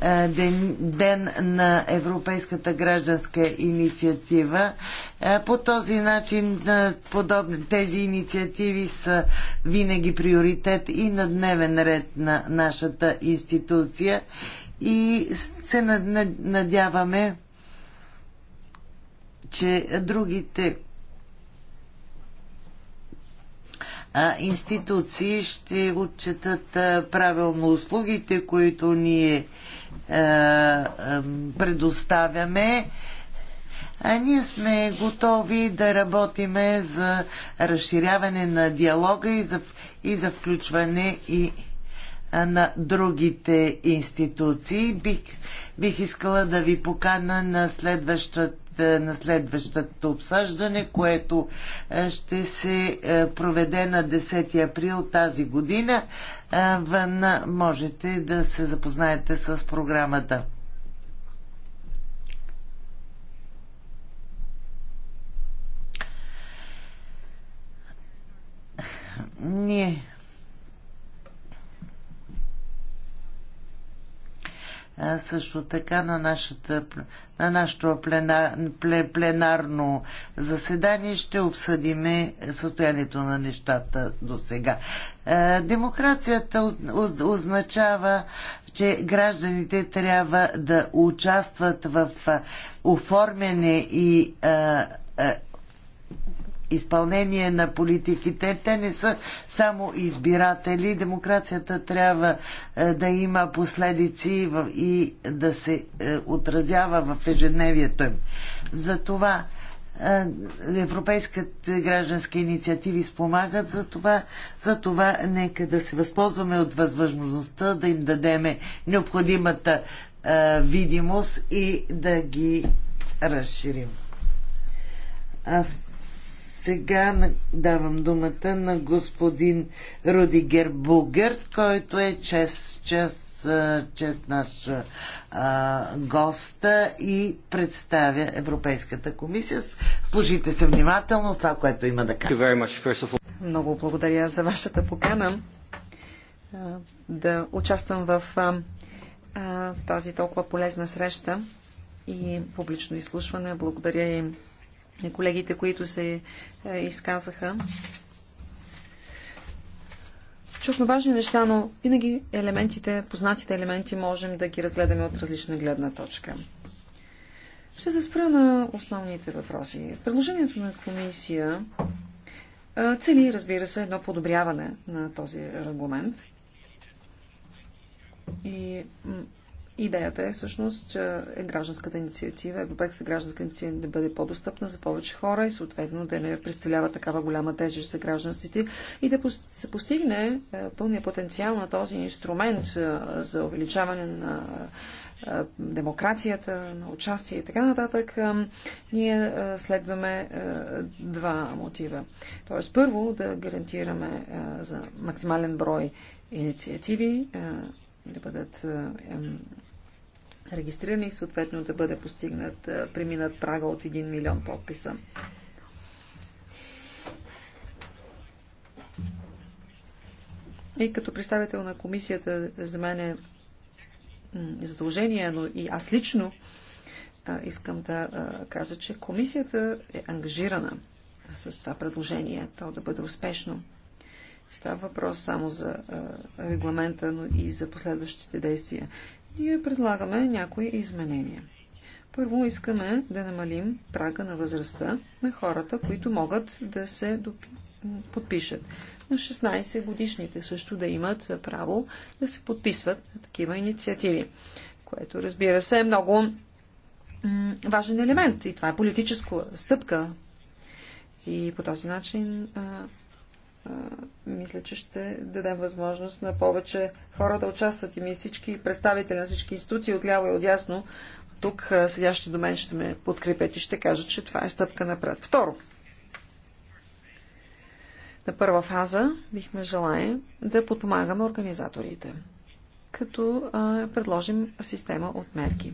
Speaker 3: е, ден, ден на Европейската гражданска инициатива. Е, по този начин е, подобни, тези инициативи са винаги приоритет и на дневен ред на нашата институция и се надяваме, че другите институции ще отчетат правилно услугите, които ние предоставяме. А ние сме готови да работиме за разширяване на диалога и за, и за включване и на другите институции. Бих, бих искала да ви покана на следващата на следващото обсъждане, което ще се проведе на 10 април тази година. Вън можете да се запознаете с програмата. Ние също така на, нашата, на нашето плена, пленарно заседание ще обсъдиме състоянието на нещата до сега. Демокрацията означава, че гражданите трябва да участват в оформяне и изпълнение на политиките. Те не са само избиратели. Демокрацията трябва е, да има последици и да се е, отразява в ежедневието им. Затова е, европейските граждански инициативи спомагат за това, за това нека да се възползваме от възможността да им дадеме необходимата видимост и да ги разширим. Аз сега давам думата на господин Рудигер Бугерт, който е чест, чест, чест наш а, гост и представя Европейската комисия. Служите се внимателно това, което има да кажа. Много благодаря за вашата покана
Speaker 1: да участвам в а, тази толкова полезна среща и публично изслушване. Благодаря им на колегите, които се е, изказаха. Чухме важни неща, но винаги елементите, познатите елементи можем да ги разгледаме от различна гледна точка. Ще се спра на основните въпроси. Предложението на комисия е, цели, разбира се, едно подобряване на този регламент. И Идеята е всъщност е гражданската инициатива, европейската гражданска инициатива да бъде по-достъпна за повече хора и съответно да не представлява такава голяма тежест за гражданските и да се постигне е, пълния потенциал на този инструмент е, за увеличаване на е, демокрацията, на участие и така нататък, ние следваме два мотива. Тоест, първо да гарантираме за максимален брой инициативи, да бъдат регистрирани и съответно да бъде постигнат, преминат прага от 1 милион подписа. И като представител на комисията за мен е задължение, но и аз лично искам да кажа, че комисията е ангажирана с това предложение, то да бъде успешно. Става въпрос само за регламента, но и за последващите действия ние предлагаме някои изменения. Първо искаме да намалим прага на възрастта на хората, които могат да се подпишат. На 16 годишните също да имат право да се подписват на такива инициативи, което разбира се е много важен елемент и това е политическа стъпка. И по този начин мисля, че ще дадем възможност на повече хора да участват и ми всички представители на всички институции от ляво и отясно тук седящи до мен ще ме подкрепят и ще кажат, че това е стъпка напред. Второ, на първа фаза бихме желая да подпомагаме организаторите, като а, предложим система от мерки.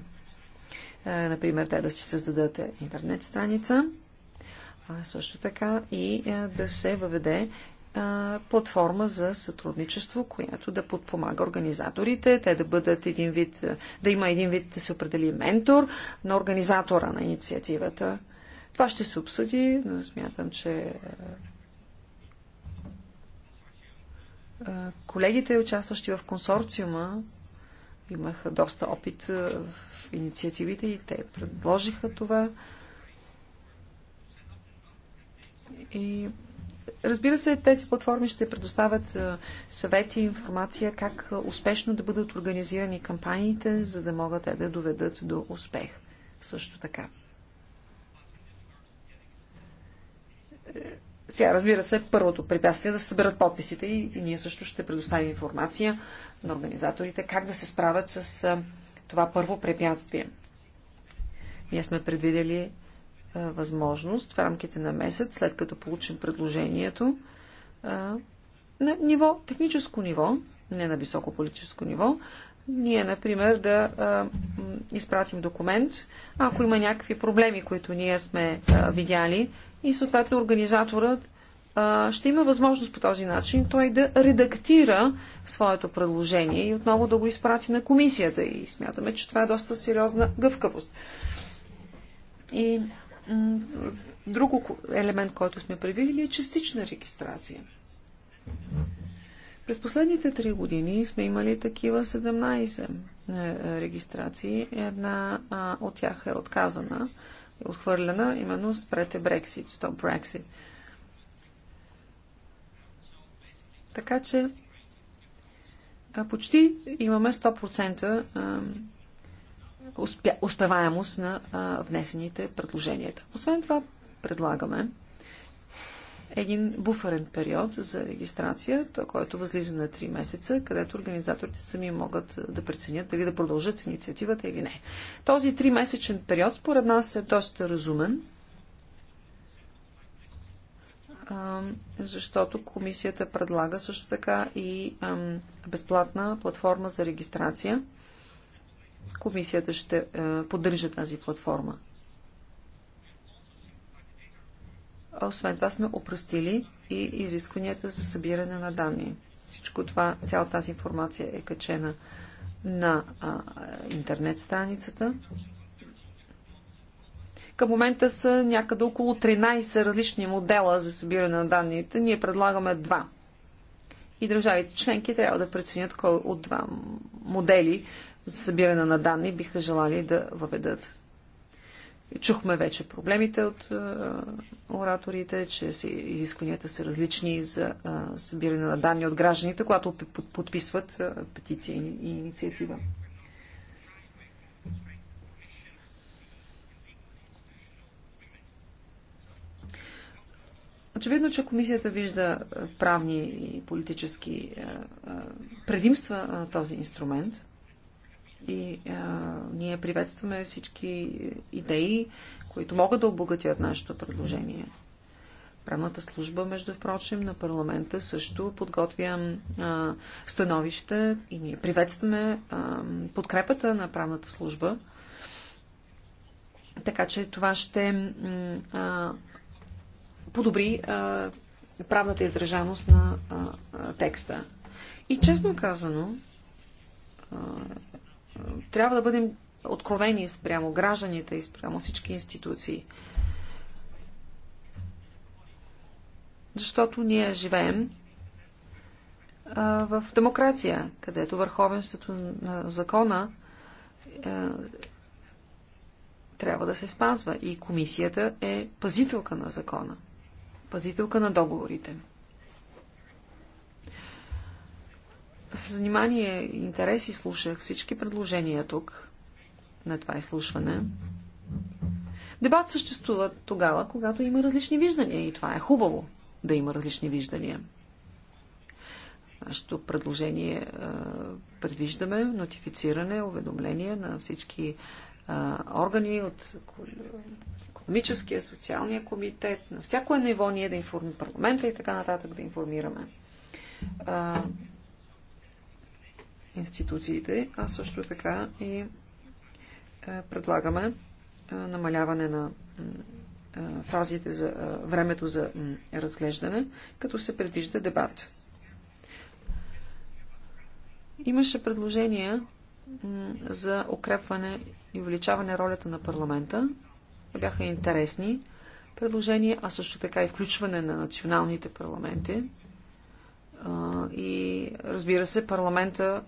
Speaker 1: А, например, те да си създадат интернет страница, а също така и а, да се въведе платформа за сътрудничество, която да подпомага организаторите, те да бъдат един вид, да има един вид да се определи ментор на организатора на инициативата. Това ще се обсъди, но смятам, че колегите, участващи в консорциума, имаха доста опит в инициативите и те предложиха това. И Разбира се, тези платформи ще предоставят съвети, и информация как успешно да бъдат организирани кампаниите, за да могат те да доведат до успех. Също така. Е, сега, разбира се, първото препятствие е да се съберат подписите и, и ние също ще предоставим информация на организаторите как да се справят с а, това първо препятствие. Ние сме предвидели възможност в рамките на месец, след като получим предложението, на ниво, техническо ниво, не на високо политическо ниво, ние, например, да а, изпратим документ, ако има някакви проблеми, които ние сме а, видяли, и съответно организаторът а, ще има възможност по този начин той да редактира своето предложение и отново да го изпрати на комисията. И смятаме, че това е доста сериозна гъвкавост. И Друг елемент, който сме предвидили е частична регистрация. През последните три години сме имали такива 17 е, е, регистрации. Една от тях е отказана, е отхвърлена, именно спрете Брексит, стоп Брексит. Така че почти имаме 100% успя, успеваемост на а, внесените предложенията. Освен това, предлагаме един буферен период за регистрация, който възлиза на 3 месеца, където организаторите сами могат да преценят дали да продължат с инициативата или не. Този 3-месечен период според нас е доста разумен, защото комисията предлага също така и безплатна платформа за регистрация – комисията ще е, поддържа тази платформа. Освен това сме опростили и изискванията за събиране на данни. Всичко това, цялата тази информация е качена на а, интернет страницата. Към момента са някъде около 13 различни модела за събиране на данните. Ние предлагаме два. И държавите членки трябва да преценят кой от два модели за събиране на данни биха желали да въведат. Чухме вече проблемите от е, ораторите, че изискванията са различни за е, събиране на данни от гражданите, когато подписват е, петиция и инициатива. Очевидно, че комисията вижда правни и политически предимства на този инструмент – и а, ние приветстваме всички идеи, които могат да обогатят нашето предложение. Правната служба, между впрочем, на парламента също подготвя а, становище и ние приветстваме а, подкрепата на правната служба. Така че това ще а, подобри а, правната издържаност на а, а, текста. И честно казано, трябва да бъдем откровени спрямо гражданите и спрямо всички институции. Защото ние живеем в демокрация, където върховенството на закона трябва да се спазва и комисията е пазителка на закона, пазителка на договорите. с внимание и интерес и слушах всички предложения тук на това изслушване. Дебат съществува тогава, когато има различни виждания и това е хубаво да има различни виждания. Нашето предложение е, предвиждаме нотифициране, уведомление на всички е, органи от економическия, социалния комитет, на всяко едно ниво ние да информираме парламента и така нататък да информираме. Е, институциите, а също така и е, предлагаме е, намаляване на е, фазите за времето за разглеждане, като се предвижда дебат. Имаше предложения за укрепване и увеличаване ролята на парламента. Бяха интересни предложения, а също така и включване на националните парламенти и разбира се, парламента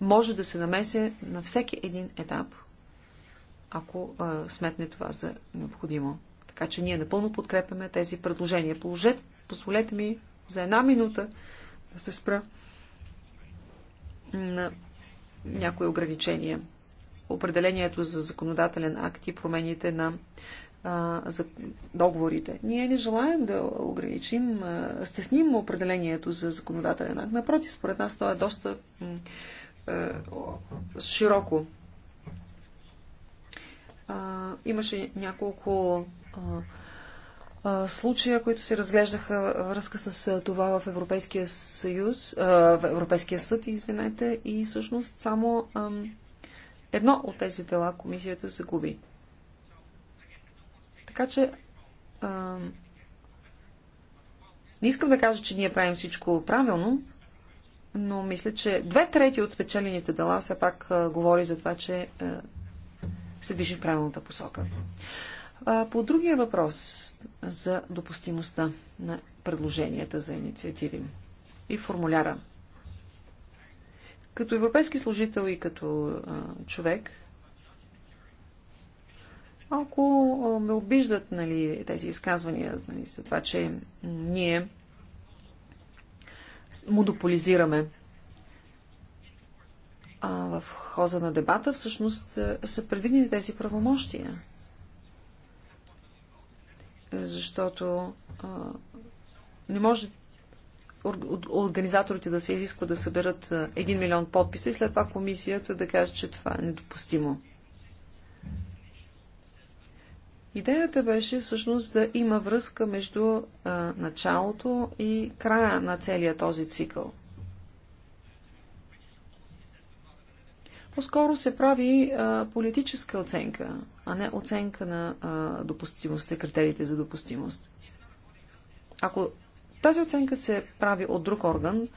Speaker 1: може да се намеси на всеки един етап, ако сметне това за необходимо. Така че ние напълно подкрепяме тези предложения. Положете, позволете ми за една минута да се спра на някои ограничения. Определението за законодателен акт и промените на а, за договорите. Ние не желаем да ограничим, а, стесним определението за законодателен акт. Напротив, според нас то е доста а, широко. А, имаше няколко а, случая, които се разглеждаха връзка с това в Европейския съюз, в Европейския съд, извинете, и всъщност само едно от тези дела комисията загуби. Така че а, не искам да кажа, че ние правим всичко правилно, но мисля, че две трети от спечелените дела все пак а, говори за това, че а, се движи в правилната посока. А, по другия въпрос за допустимостта на предложенията за инициативи и формуляра. Като европейски служител и като а, човек, Малко ме обиждат нали, тези изказвания нали, за това, че ние монополизираме. А в хоза на дебата всъщност са предвидени тези правомощия. Защото а, не може организаторите да се изисква да съберат 1 милион подписа и след това комисията да каже, че това е недопустимо. Идеята беше всъщност да има връзка между а, началото и края на целия този цикъл. По-скоро се прави а, политическа оценка, а не оценка на а, допустимостта, критериите за допустимост. Ако тази оценка се прави от друг орган,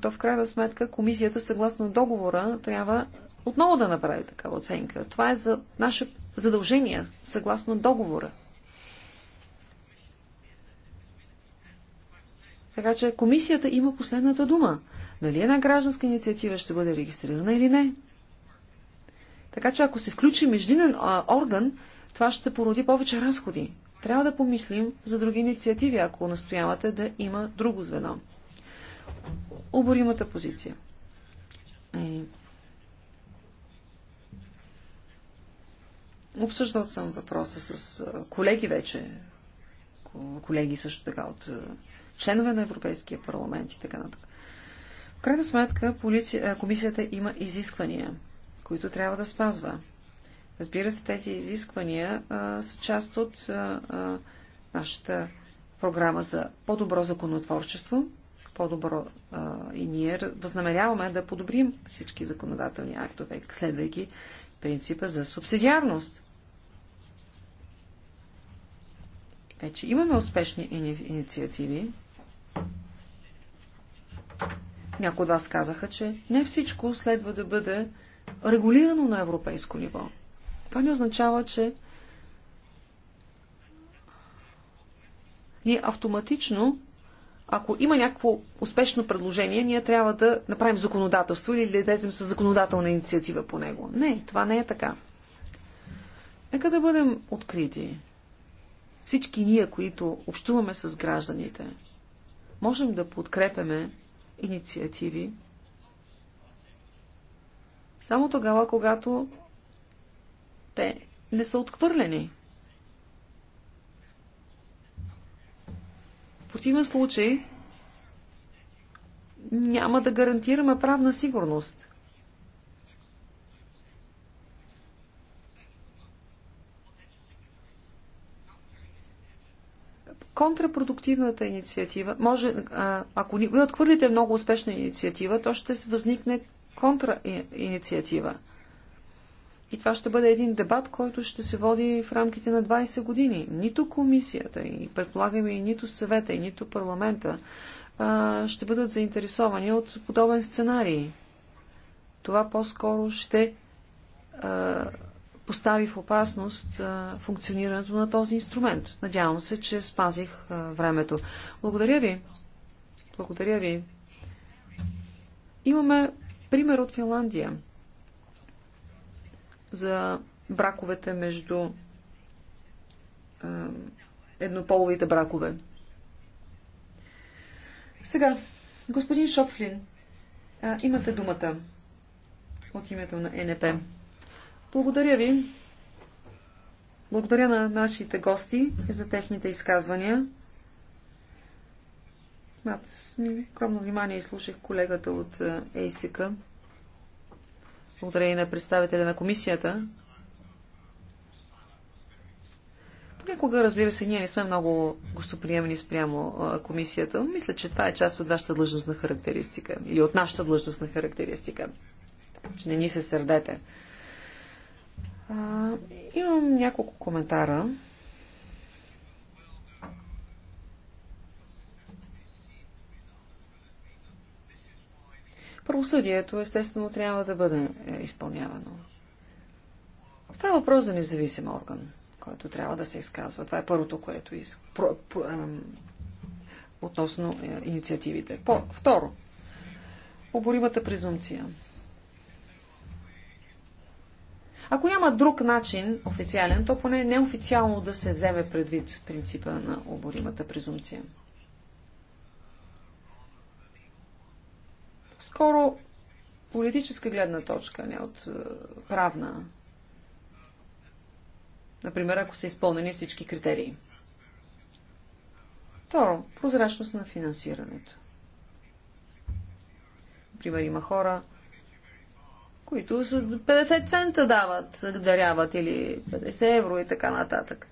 Speaker 1: то в крайна сметка комисията, съгласно договора, трябва отново да направи такава оценка. Това е за наша задължения съгласно договора. Така че комисията има последната дума. Дали една гражданска инициатива ще бъде регистрирана или не? Така че ако се включи междинен орган, това ще породи повече разходи. Трябва да помислим за други инициативи, ако настоявате да има друго звено. Оборимата позиция. Е, Обсъждал съм въпроса с колеги вече, колеги също така от членове на Европейския парламент и така нататък. В крайна сметка комисията има изисквания, които трябва да спазва. Разбира се, тези изисквания а, са част от а, а, нашата програма за по-добро законотворчество, по-добро и ние възнамеряваме да подобрим всички законодателни актове, следвайки принципа за субсидиарност. Вече имаме успешни инициативи. Някои от вас казаха, че не всичко следва да бъде регулирано на европейско ниво. Това не означава, че ние автоматично, ако има някакво успешно предложение, ние трябва да направим законодателство или да излезем с законодателна инициатива по него. Не, това не е така. Нека да бъдем открити всички ние, които общуваме с гражданите, можем да подкрепяме инициативи само тогава, когато те не са отхвърлени. В противен случай няма да гарантираме правна сигурност. контрапродуктивната инициатива, може, ако ви отхвърлите много успешна инициатива, то ще възникне контраинициатива. И това ще бъде един дебат, който ще се води в рамките на 20 години. Нито комисията, и предполагаме и нито съвета, и нито парламента а, ще бъдат заинтересовани от подобен сценарий. Това по-скоро ще а, постави в опасност функционирането на този инструмент. Надявам се, че спазих времето. Благодаря ви. Благодаря ви. Имаме пример от Финландия за браковете между еднополовите бракове. Сега, господин Шопфлин, имате думата от името на НП. Благодаря ви. Благодаря на нашите гости и за техните изказвания. С огромно внимание изслушах колегата от е, ЕСИКА. Благодаря и на представителя на комисията. Понякога, разбира се, ние не сме много гостоприемни спрямо а, е, комисията. Мисля, че това е част от вашата длъжностна характеристика или от нашата длъжностна характеристика. Че не ни се сърдете. А, имам няколко коментара. Правосъдието, естествено, трябва да бъде е, изпълнявано. Става въпрос за независим орган, който трябва да се изказва. Това е първото, което из... про... Про... относно е, инициативите. По... Второ, оборимата презумция. Ако няма друг начин, официален, то поне неофициално да се вземе предвид принципа на оборимата презумпция. Скоро политическа гледна точка, не от е, правна. Например, ако са изпълнени всички критерии. Второ, прозрачност на финансирането. Например, има хора, които с 50 цента дават, даряват или 50 евро и така нататък.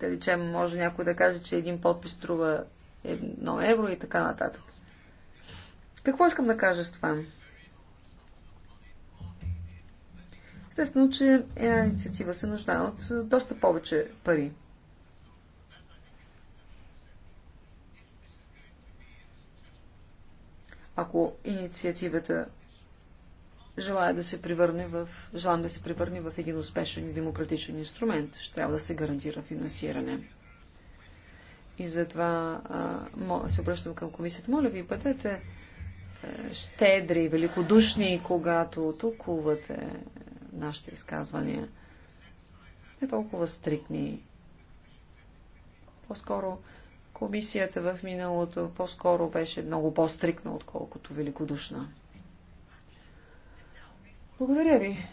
Speaker 1: Да речем, може някой да каже, че един подпис струва 1 евро и така нататък. Какво искам да кажа с това? Естествено, че една инициатива се нуждае от доста повече пари. ако инициативата желая да се превърне в, желаем да се превърне в един успешен и демократичен инструмент, ще трябва да се гарантира финансиране. И затова а, се обръщам към комисията. Моля ви, бъдете щедри, великодушни, когато тълкувате нашите изказвания. Не толкова стрикни. По-скоро Комисията в миналото по-скоро беше много по-стрикна, отколкото великодушна. Благодаря ви.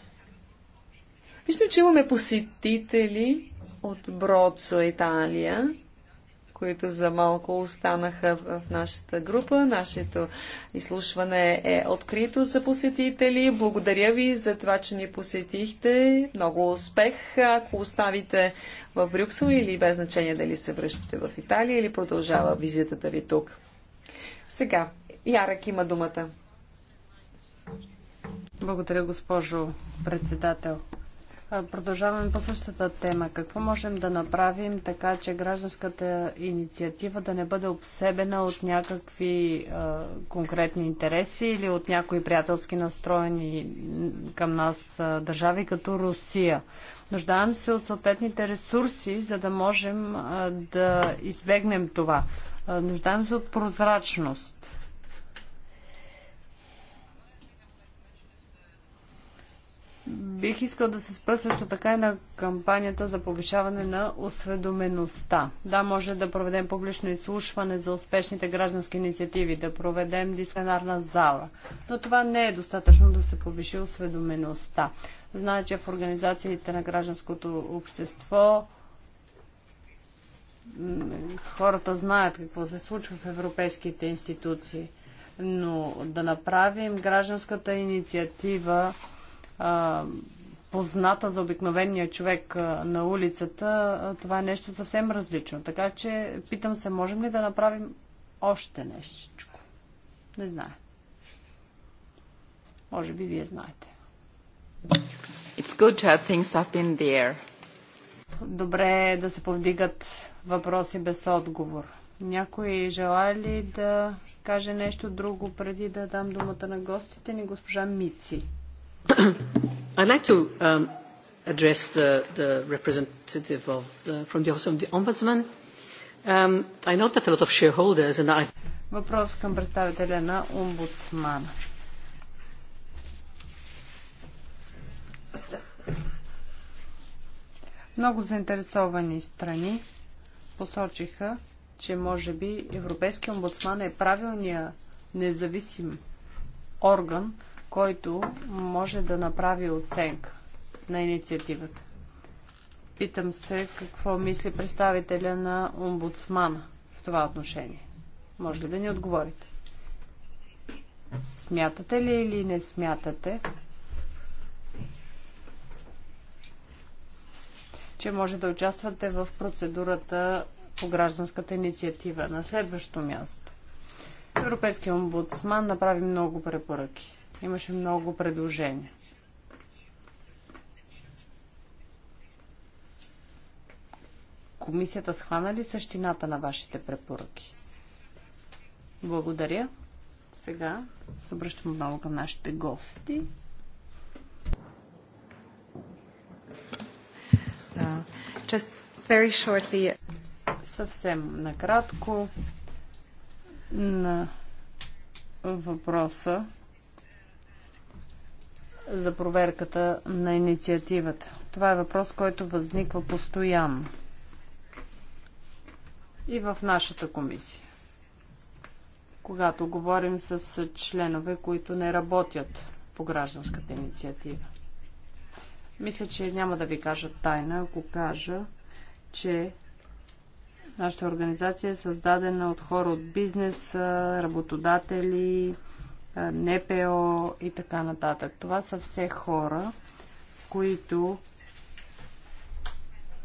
Speaker 1: Виждам, че имаме посетители от Броцо, Италия които за малко останаха в нашата група. Нашето изслушване е открито за посетители. Благодаря ви за това, че ни посетихте. Много успех, ако оставите в Брюксел или без значение дали се връщате в Италия или продължава визитата ви тук. Сега, Ярък има думата. Благодаря,
Speaker 2: госпожо председател. Продължаваме по същата тема. Какво можем да направим така, че гражданската инициатива да не бъде обсебена от някакви е, конкретни интереси или от някои приятелски настроени към нас е, държави, като Русия? Нуждаем се от съответните ресурси, за да можем е, да избегнем това. Е, нуждаем се от прозрачност. Бих искал да се спра също така и на кампанията за повишаване на осведомеността. Да, може да проведем публично изслушване за успешните граждански инициативи, да проведем дисциплинарна зала, но това не е достатъчно да се повиши осведомеността. Знае, че в организациите на гражданското общество хората знаят какво се случва в европейските институции, но да направим гражданската инициатива а, позната за обикновения човек а, на улицата, а, това е нещо съвсем различно. Така че питам се, можем ли да направим още нещо? Не знае. Може би вие знаете. It's good to have things up in the air. Добре е да се повдигат въпроси без отговор. Някой желая ли да каже нещо друго преди да дам думата на гостите ни, госпожа Мици? I'd like to um, address the, the representative of the, from the Office of the Ombudsman. Um, I know that a lot of shareholders and I... Въпрос към представителя на омбудсмана. Много заинтересовани страни посочиха, че може би Европейския омбудсман е правилният независим орган, който може да направи оценка на инициативата. Питам се какво мисли представителя на омбудсмана в това отношение. Може ли да ни отговорите? Смятате ли или не смятате, че може да участвате в процедурата по гражданската инициатива? На следващо място. Европейския омбудсман направи много препоръки. Имаше много предложения. Комисията схвана ли същината на вашите препоръки? Благодаря. Сега се обръщам отново към нашите гости. Uh, just very shortly. Съвсем накратко на въпроса за проверката на инициативата? Това е въпрос, който възниква постоянно. И в нашата комисия. Когато говорим с членове, които не работят по гражданската инициатива. Мисля, че няма да ви кажа тайна, ако кажа, че нашата организация е създадена от хора от бизнеса, работодатели, НПО и така нататък. Това са все хора, които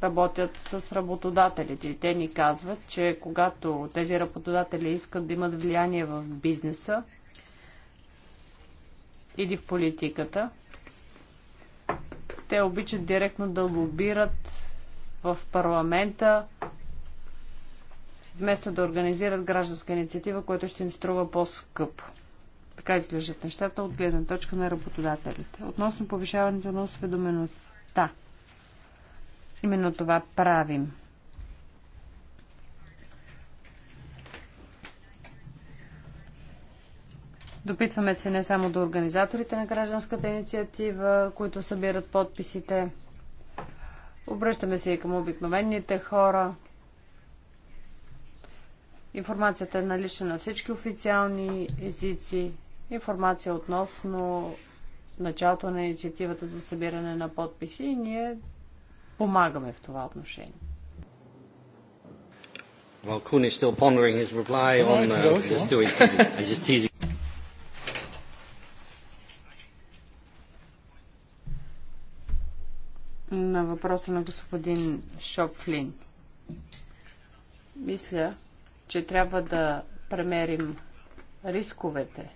Speaker 2: работят с работодателите. те ни казват, че когато тези работодатели искат да имат влияние в бизнеса или в политиката, те обичат директно да лобират в парламента, вместо да организират гражданска инициатива, което ще им струва по-скъпо. Така изглеждат нещата от гледна точка на работодателите. Относно повишаването на осведомеността. Именно това правим. Допитваме се не само до организаторите на гражданската инициатива, които събират подписите. Обръщаме се и към обикновените хора. Информацията е налична на всички официални езици информация относно началото на инициативата за събиране на подписи и ние помагаме в това отношение.
Speaker 4: Kuhn is still pondering his reply on uh, just doing teasing. just teasing.
Speaker 2: На въпроса на господин Шопфлин. Мисля, че трябва да премерим рисковете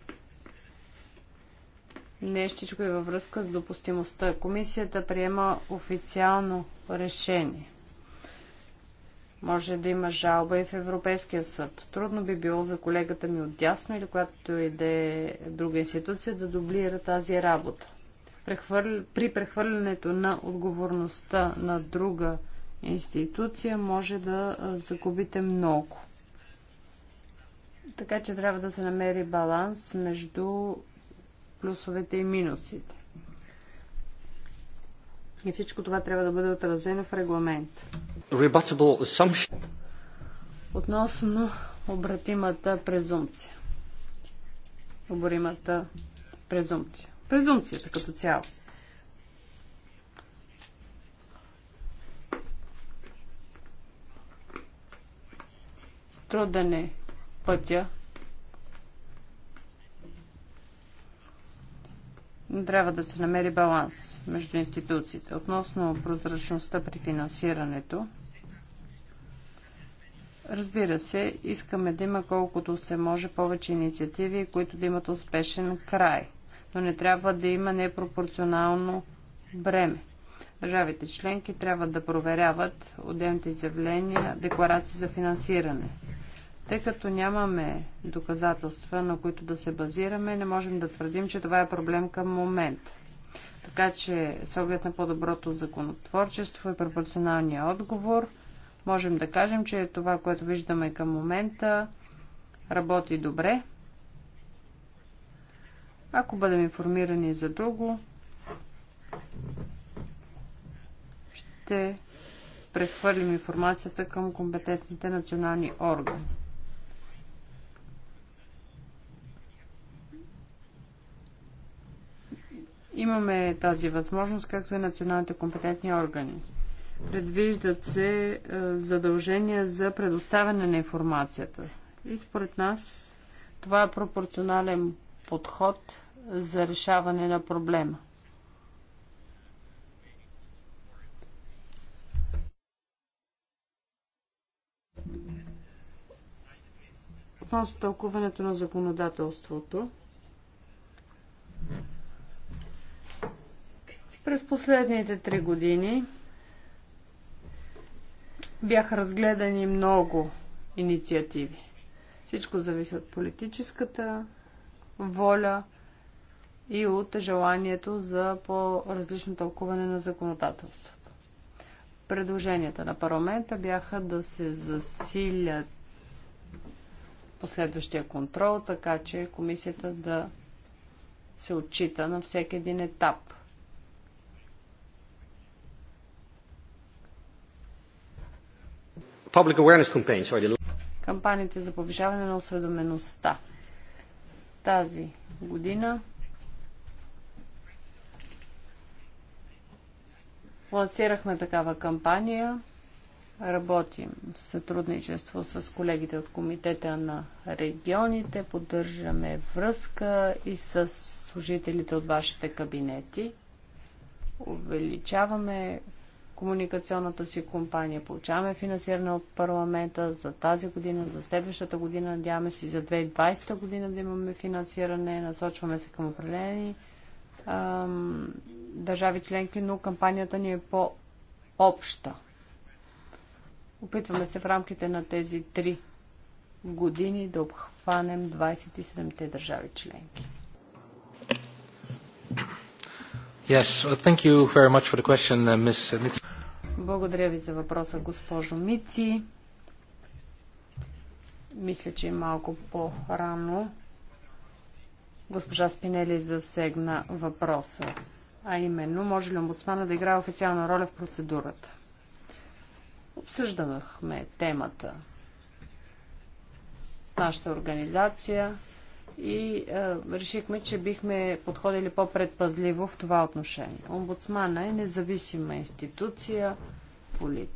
Speaker 2: нещичко е и е във връзка с допустимостта. Комисията приема официално решение. Може да има жалба и в Европейския съд. Трудно би било за колегата ми от дясно или която и да е друга институция да дублира тази работа. При прехвърлянето на отговорността на друга институция може да загубите много. Така че трябва да се намери баланс между плюсовете и минусите. И всичко това трябва да бъде отразено в регламент. Относно обратимата презумпция. Оборимата презумпция. Презумпцията като цяло. Труден е пътя трябва да се намери баланс между институциите. Относно прозрачността при финансирането, разбира се, искаме да има колкото се може повече инициативи, които да имат успешен край, но не трябва да има непропорционално бреме. Държавите членки трябва да проверяват отделните изявления, декларации за финансиране. Тъй като нямаме доказателства, на които да се базираме, не можем да твърдим, че това е проблем към момента. Така че, с оглед на по-доброто законотворчество и пропорционалния отговор, можем да кажем, че това, което виждаме към момента, работи добре. Ако бъдем информирани за друго, ще прехвърлим информацията към компетентните национални органи. Имаме тази възможност, както и националните компетентни органи. Предвиждат се е, задължения за предоставяне на информацията. И според нас това е пропорционален подход за решаване на проблема. Относно тълкуването на законодателството, През последните три години бяха разгледани много инициативи. Всичко зависи от политическата воля и от желанието за по-различно тълкуване на законодателството. Предложенията на парламента бяха да се засилят последващия контрол, така че комисията да се отчита на всеки един етап –
Speaker 4: public awareness campaigns are the...
Speaker 2: Кампаниите за повишаване на осведомеността. Тази година лансирахме такава кампания. Работим в сътрудничество с колегите от Комитета на регионите, поддържаме връзка и с служителите от вашите кабинети. Увеличаваме комуникационната си компания. Получаваме финансиране от парламента за тази година, за следващата година, надяваме се за 2020 година да имаме финансиране, насочваме се към определени ам, държави членки, но кампанията ни е по-обща. Опитваме се в рамките на тези три години да обхванем 27-те държави членки.
Speaker 4: Yes, thank you very much for the question, uh, Ms.
Speaker 2: Благодаря ви за въпроса, госпожо Мици. Мисля, че е малко по-рано госпожа Спинели засегна въпроса. А именно, може ли омбудсмана да играе официална роля в процедурата? Обсъждахме темата. Нашата организация и а, е, решихме, че бихме подходили по-предпазливо в това отношение. Омбудсмана е независима институция, полит...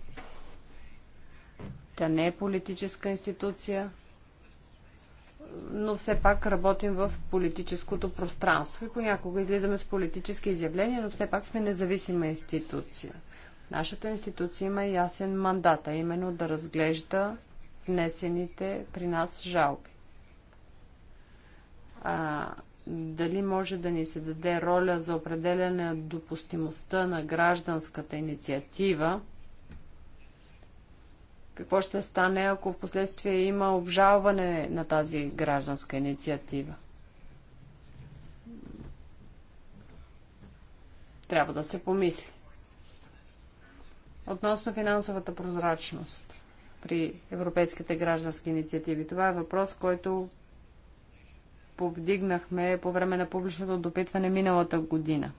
Speaker 2: тя не е политическа институция, но все пак работим в политическото пространство и понякога излизаме с политически изявления, но все пак сме независима институция. Нашата институция има ясен мандат, а именно да разглежда внесените при нас жалби а, дали може да ни се даде роля за определяне на допустимостта на гражданската инициатива. Какво ще стане, ако в последствие има обжалване на тази гражданска инициатива? Трябва да се помисли. Относно финансовата прозрачност при европейските граждански инициативи. Това е въпрос, който повдигнахме по време на публичното допитване миналата година.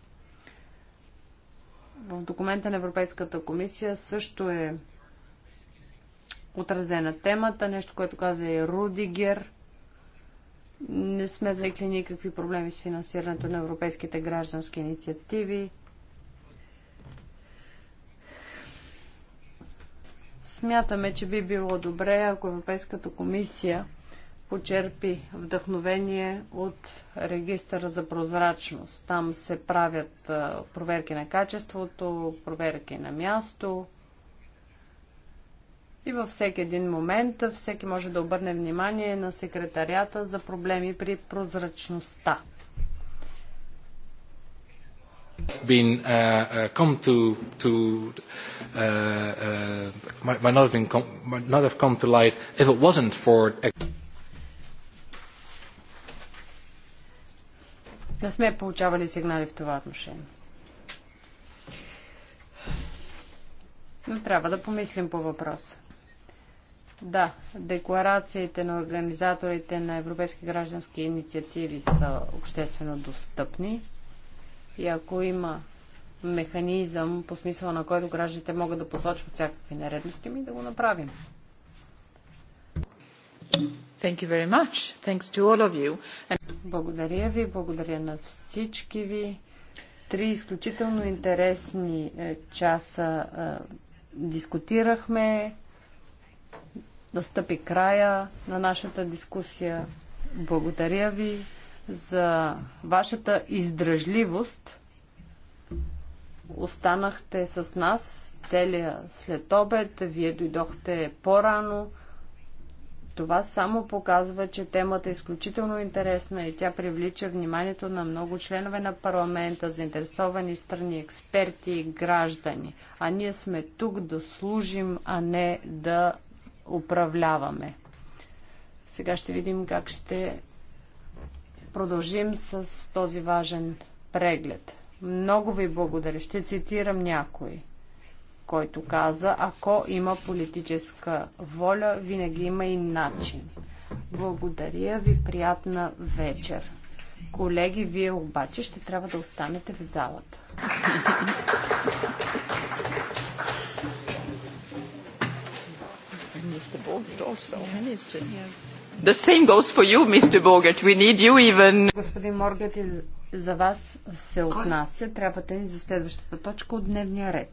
Speaker 2: В документа на Европейската комисия също е отразена темата, нещо, което каза и Рудигер. Не сме заекли никакви проблеми с финансирането на европейските граждански инициативи. Смятаме, че би било добре, ако Европейската комисия почерпи вдъхновение от регистъра за прозрачност. Там се правят проверки на качеството, проверки на място. И във всеки един момент всеки може да обърне внимание на секретарията за проблеми при прозрачността.
Speaker 4: Been, uh, uh come to, to uh, uh, might, might not have been come, might not have come to light if it wasn't for
Speaker 2: Не сме получавали сигнали в това отношение. Но трябва да помислим по въпроса. Да, декларациите на организаторите на европейски граждански инициативи са обществено достъпни. И ако има механизъм, по смисъла на който гражданите могат да посочват всякакви нередности, ми да го направим. Thank you very much. Thanks to all of you. Благодаря ви, благодаря на всички ви. Три изключително интересни е, часа е, дискутирахме. настъпи края на нашата дискусия. Благодаря ви за вашата издръжливост. Останахте с нас целия след обед. Вие дойдохте по-рано това само показва, че темата е изключително интересна и тя привлича вниманието на много членове на парламента, заинтересовани страни, експерти и граждани. А ние сме тук да служим, а не да управляваме. Сега ще видим как ще продължим с този важен преглед. Много ви благодаря. Ще цитирам някои който каза, ако има политическа воля, винаги има и начин. Благодаря ви, приятна вечер. Колеги, вие обаче ще трябва да останете в залата.
Speaker 1: The same goes for you, Mr. Bogart. We need you even.
Speaker 2: Господин Моргет, за вас се отнася. Трябвате ни за следващата точка от дневния ред.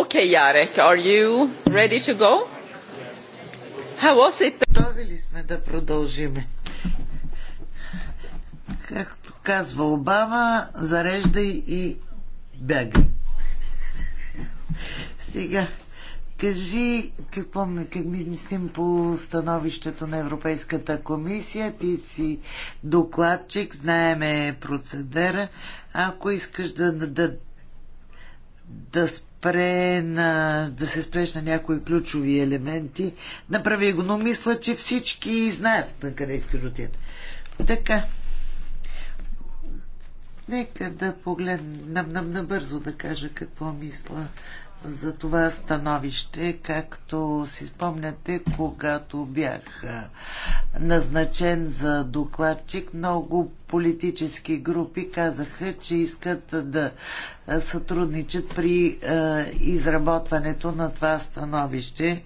Speaker 1: Okay,
Speaker 3: Jarek, are you ready to go? How was it? Готовили сме да продължиме? Както казва Обама, зареждай и бягай. Сега, кажи какво как мислим по становището на Европейската комисия. Ти си докладчик, знаеме процедера. Ако искаш да, да, да спре на, да се спреш на някои ключови елементи. Направи го, но мисля, че всички знаят на къде да отидат. Така. Нека да погледнем набързо да кажа какво мисля за това становище, както си спомняте, когато бях назначен за докладчик, много политически групи казаха, че искат да сътрудничат при изработването на това становище.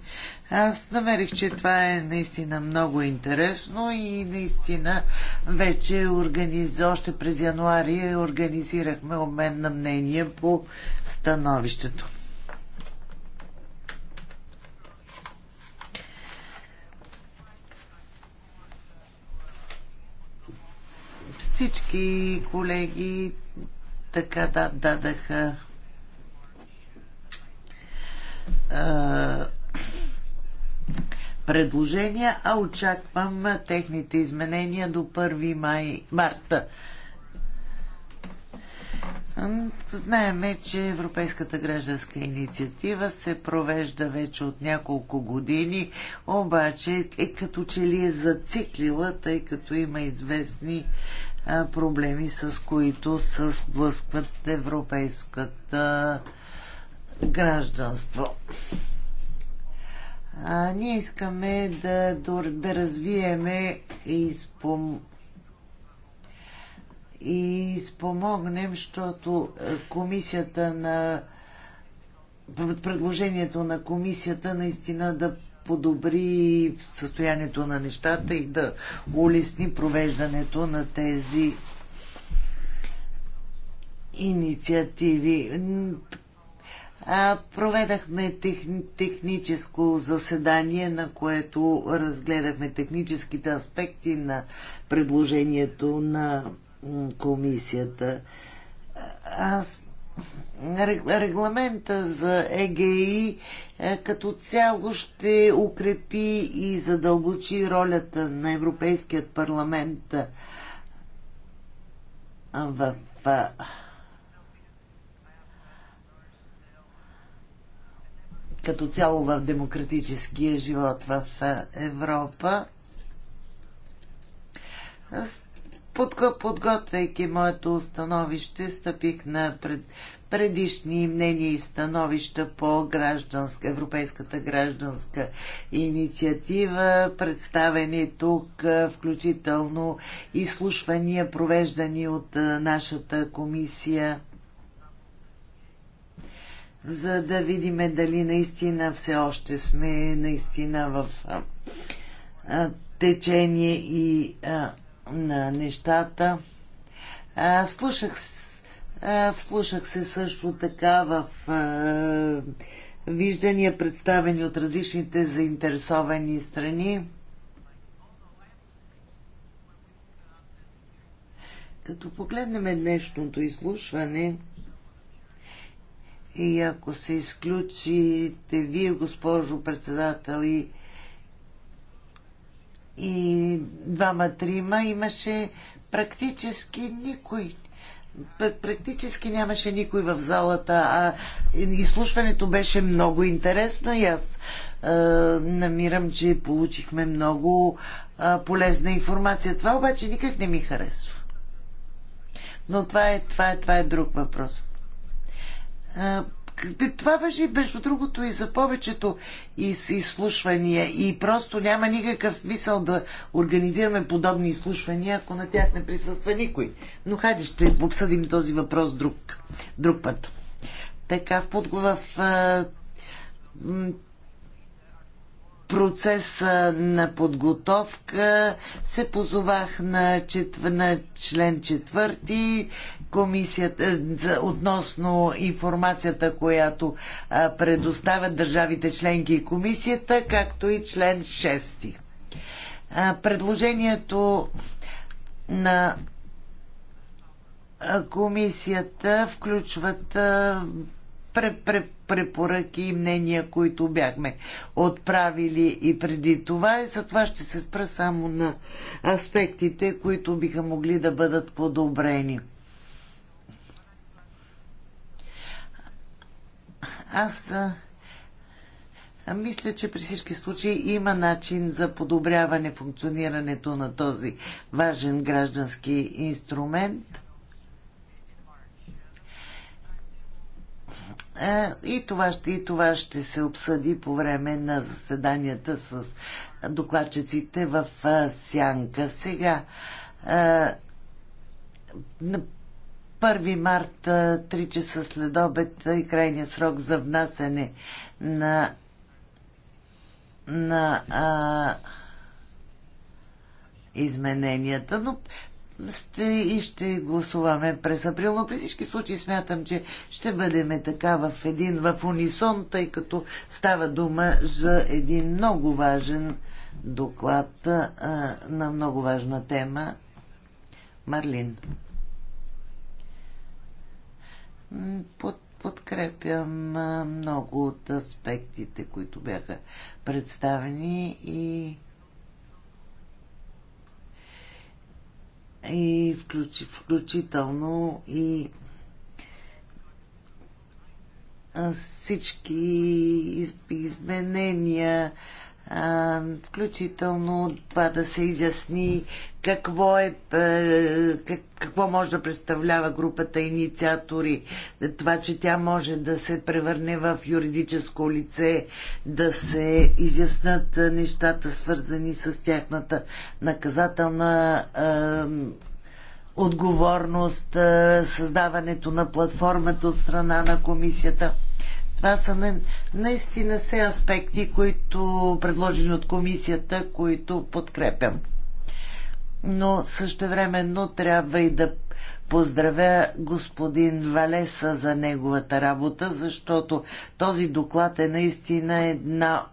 Speaker 3: Аз намерих, че това е наистина много интересно и наистина вече организ... още през януари организирахме обмен на мнение по становището. Всички колеги така да, дадаха а, предложения, а очаквам техните изменения до 1 май, марта. Знаеме, че Европейската гражданска инициатива се провежда вече от няколко години, обаче е като че ли е зациклила, тъй като има известни проблеми, с които се сблъскват европейската гражданство. А, ние искаме да, да развиеме и, спом... и спомогнем, защото комисията на предложението на комисията наистина да подобри състоянието на нещата и да улесни провеждането на тези инициативи. Проведахме техни, техническо заседание, на което разгледахме техническите аспекти на предложението на комисията. Аз регламента за ЕГИ е, като цяло ще укрепи и задълбочи ролята на Европейският парламент е, в е, като цяло в демократическия живот в Европа подготвяйки моето установище, стъпих на пред, предишни мнения и становища по гражданска, Европейската гражданска инициатива, представени тук, включително изслушвания, провеждани от нашата комисия за да видим дали наистина все още сме наистина в течение и а, на нещата. А, вслушах, а, вслушах се също така в а, виждания, представени от различните заинтересовани страни. Като погледнем днешното изслушване, и ако се изключите вие, госпожо председател, и и двама-трима имаше практически никой. Практически нямаше никой в залата, а изслушването беше много интересно и аз е, намирам, че получихме много е, полезна информация. Това обаче никак не ми харесва. Но това е, това е, това е друг въпрос. Е, това въжи, между другото, и за повечето изслушвания. И просто няма никакъв смисъл да организираме подобни изслушвания, ако на тях не присъства никой. Но хайде ще обсъдим този въпрос друг, друг път. Така, в подгова в процеса на подготовка се позовах на, четв... на член четвърти комисията е, относно информацията, която е, предоставят държавите членки и комисията, както и член 6. Е, предложението на комисията включват препоръки и мнения, които бяхме отправили и преди това. И затова ще се спра само на аспектите, които биха могли да бъдат подобрени. Аз мисля, че при всички случаи има начин за подобряване функционирането на този важен граждански инструмент. И това, ще, и това ще се обсъди по време на заседанията с докладчиците в Сянка. Сега, 1 март 3 часа след обед и е крайния срок за внасене на на а, измененията, но ще, и ще гласуваме през април. Но при всички случаи смятам, че ще бъдем така в един, в унисон, тъй като става дума за един много важен доклад а, на много важна тема. Марлин под, подкрепям много от аспектите, които бяха представени и и включ, включително и всички изменения, включително това да се изясни какво, е, е какво може да представлява групата инициатори, това, че тя може да се превърне в юридическо лице, да се изяснат нещата, свързани с тяхната наказателна е, отговорност, е, създаването на платформата от страна на комисията. Това са на, наистина все аспекти, които предложени от комисията, които подкрепям. Но същевременно трябва и да поздравя господин Валеса за неговата работа, защото този доклад е наистина една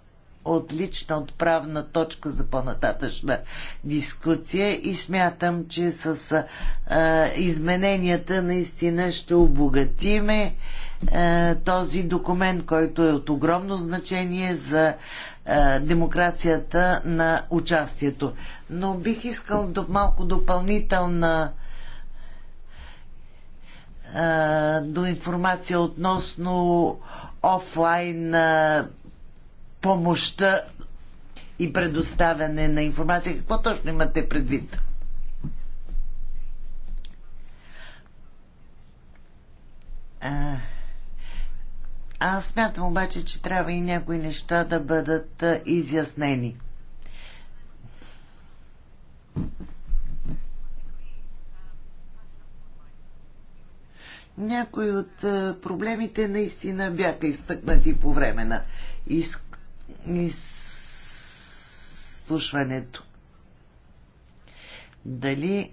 Speaker 3: отлична отправна точка за по-нататъчна дискусия и смятам, че с а, измененията наистина ще обогатиме е, този документ, който е от огромно значение за е, демокрацията на участието. Но бих искал до малко допълнителна е, до информация относно офлайн помощта и предоставяне на информация. Какво точно имате предвид? А... Аз смятам обаче, че трябва и някои неща да бъдат изяснени. Някои от проблемите наистина бяха изтъкнати по време на из... изслушването. Дали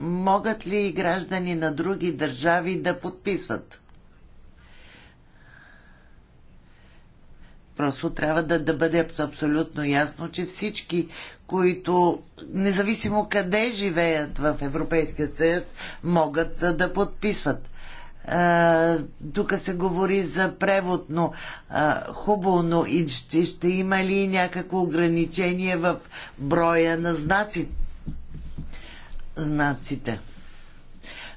Speaker 3: могат ли граждани на други държави да подписват? Просто трябва да, да бъде абсолютно ясно, че всички, които, независимо къде живеят в Европейския съюз, могат да подписват. Тук се говори за превод, но а, хубаво, но и ще, ще има ли някакво ограничение в броя на знаци, знаците?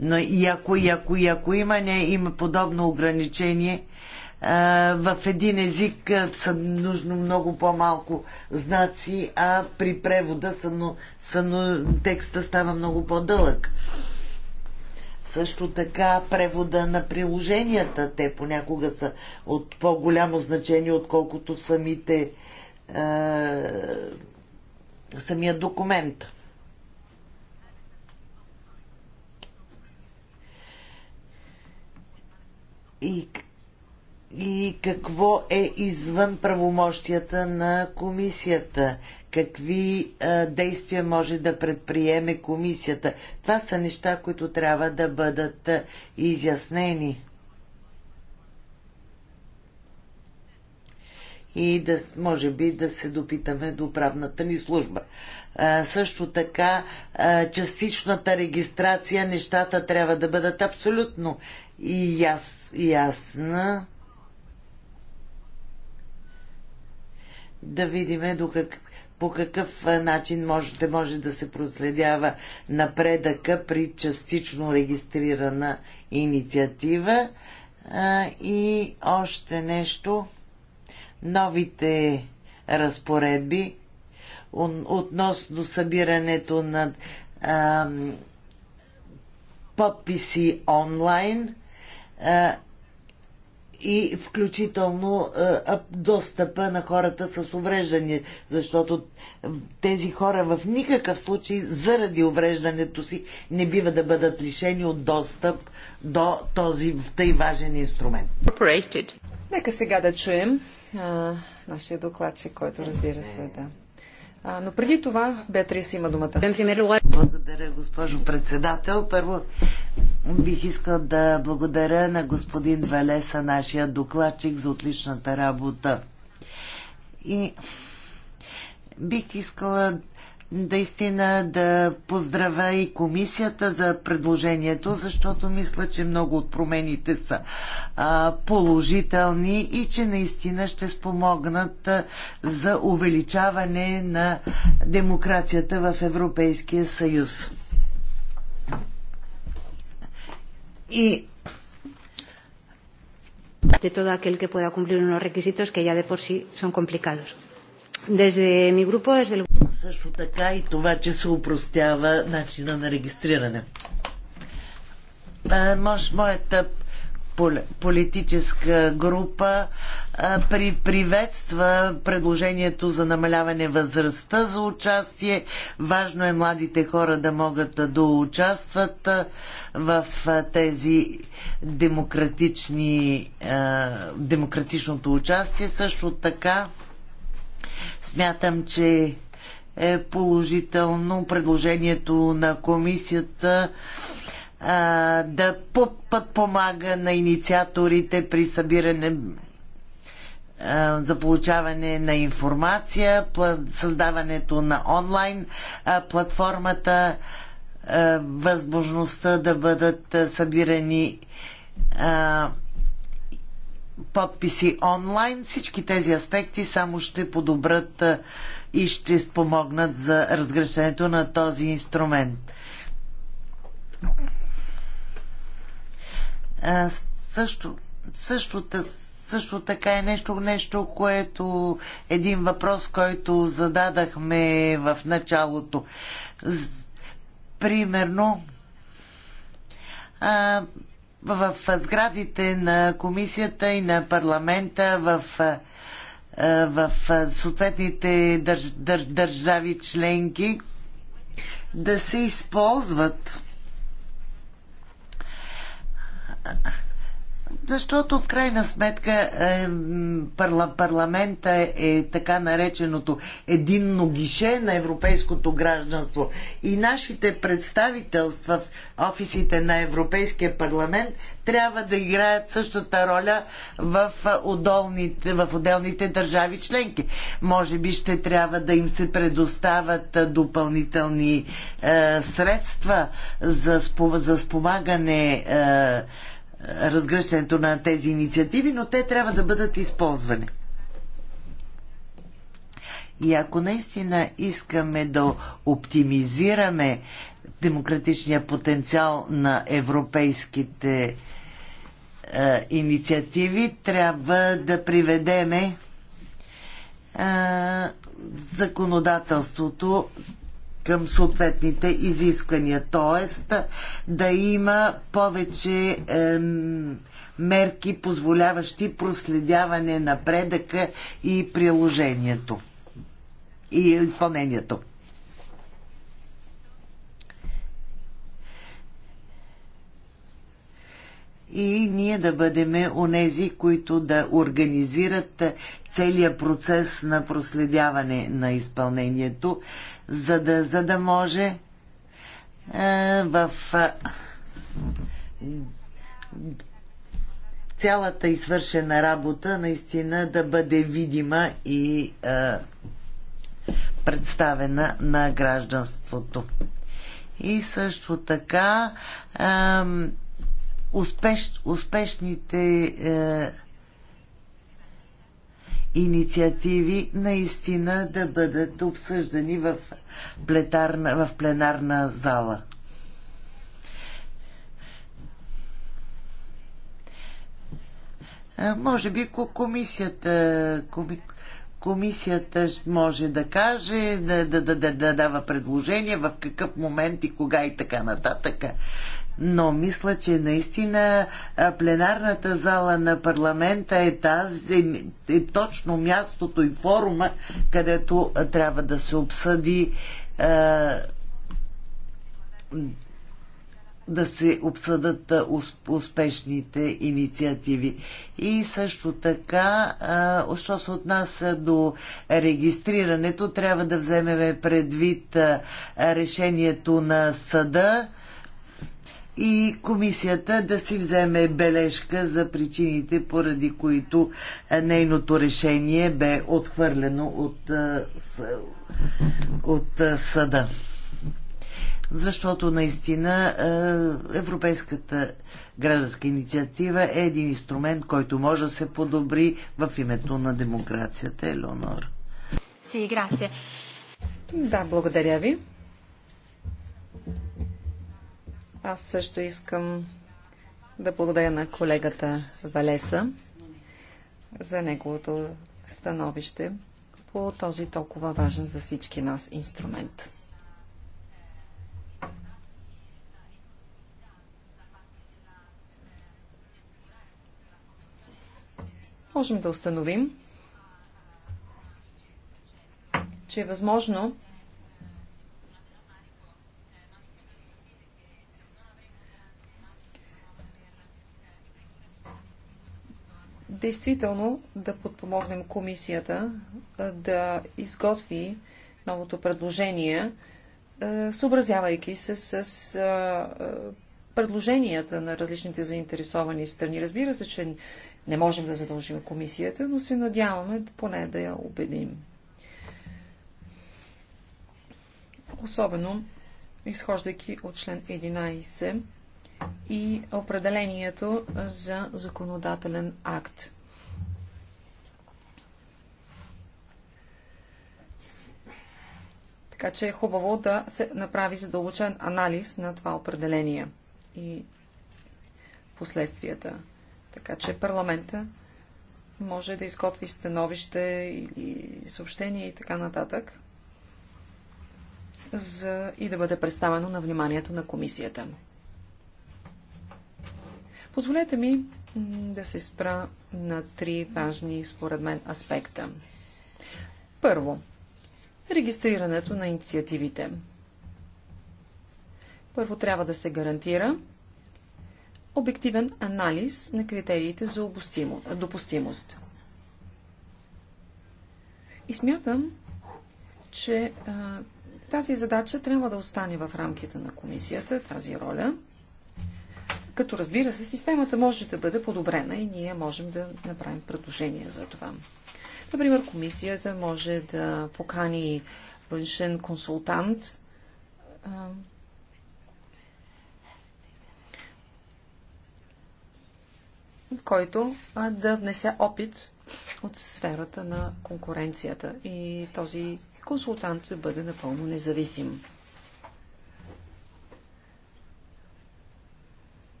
Speaker 3: Но и ако, и ако, и ако има, не, има подобно ограничение, в един език са нужно много по-малко знаци, а при превода са, но, са, но, текста става много по-дълъг. Също така превода на приложенията, те понякога са от по-голямо значение, отколкото самите е, самия документ. И и какво е извън правомощията на комисията? Какви а, действия може да предприеме комисията? Това са неща, които трябва да бъдат а, изяснени. И да, може би да се допитаме до правната ни служба. А, също така, а, частичната регистрация, нещата трябва да бъдат абсолютно и яс, ясна да видим до как, по какъв начин можете, може да се проследява напредъка при частично регистрирана инициатива. А, и още нещо. Новите разпоредби относно събирането на а, подписи онлайн. А, и включително е, достъпа на хората с увреждане, защото тези хора в никакъв случай заради увреждането си не бива да бъдат лишени от достъп до този тъй важен инструмент.
Speaker 1: Нека сега да чуем а, нашия докладчик, който разбира се да а, но
Speaker 3: преди това Беатрис има думата. Благодаря, госпожо председател. Първо бих искал да благодаря на господин Валеса, нашия докладчик, за отличната работа. И бих искала наистина да поздравя и комисията за предложението, защото мисля, че много от промените са а, положителни и че наистина ще спомогнат а, за увеличаване на демокрацията в Европейския съюз. И de todo aquel que pueda
Speaker 2: cumplir unos requisitos que ya de por sí son complicados. Desde mi grupo, desde el...
Speaker 3: Също така и това, че се упростява начина на регистриране. Може моята политическа група при приветства предложението за намаляване възрастта за участие. Важно е младите хора да могат да участват в тези демократични, демократичното участие. Също така Смятам, че е положително предложението на комисията а, да подпомага на инициаторите при събиране за получаване на информация, създаването на онлайн платформата, възможността да бъдат събирани подписи онлайн. Всички тези аспекти само ще подобрат и ще спомогнат за разгрешението на този инструмент. също, също, също така е нещо, нещо, което един въпрос, който зададахме в началото. Примерно, а, в сградите на комисията и на парламента в, в съответните държ, държ, държави членки да се използват защото в крайна сметка е, парламента е така нареченото единно гише на европейското гражданство и нашите представителства в офисите на Европейския парламент трябва да играят същата роля в, е, в отделните държави членки. Може би ще трябва да им се предоставят е, допълнителни е, средства за, за спомагане е, разгръщането на тези инициативи, но те трябва да бъдат използвани. И ако наистина искаме да оптимизираме демократичния потенциал на европейските е, инициативи, трябва да приведеме е, законодателството към съответните изисквания. т.е. да има повече е, мерки, позволяващи проследяване напредъка и приложението и изпълнението. и ние да бъдеме онези, които да организират целият процес на проследяване на изпълнението за да, за да може е, в е, цялата извършена работа наистина да бъде видима и е, представена на гражданството. И също така е, успеш, успешните е, инициативи наистина да бъдат обсъждани в пленарна, в пленарна зала. Може би комисията, коми, комисията може да каже, да, да, да, да, да дава предложение в какъв момент и кога и така нататък но мисля, че наистина пленарната зала на парламента е, тази, е точно мястото и форума, където трябва да се обсъди е, да се обсъдат успешните инициативи. И също така, що се отнася до регистрирането, трябва да вземем предвид решението на съда и комисията да си вземе бележка за причините, поради които е, нейното решение бе отхвърлено от, е, от е, съда. Защото наистина Европейската гражданска инициатива е един инструмент, който може да се подобри в името на демокрацията. Елеонор.
Speaker 1: Си, грация. Да, благодаря ви. Аз също искам да благодаря на колегата Валеса за неговото становище по този толкова важен за всички нас инструмент. Можем да установим, че е възможно действително да подпомогнем комисията да изготви новото предложение, съобразявайки се с предложенията на различните заинтересовани страни. Разбира се, че не можем да задължим комисията, но се надяваме поне да я убедим. Особено изхождайки от член 11 и определението за законодателен акт. Така че е хубаво да се направи задълбочен анализ на това определение и последствията. Така че парламента може да изготви становище или съобщение и така нататък за и да бъде представено на вниманието на комисията. Позволете ми да се спра на три важни, според мен, аспекта. Първо, регистрирането на инициативите. Първо трябва да се гарантира обективен анализ на критериите за допустимост. И смятам, че а, тази задача трябва да остане в рамките на комисията, тази роля – като разбира се, системата може да бъде подобрена и ние можем да направим предложения за това. Например, комисията може да покани външен консултант, който да внесе опит от сферата на конкуренцията и този консултант да бъде напълно независим.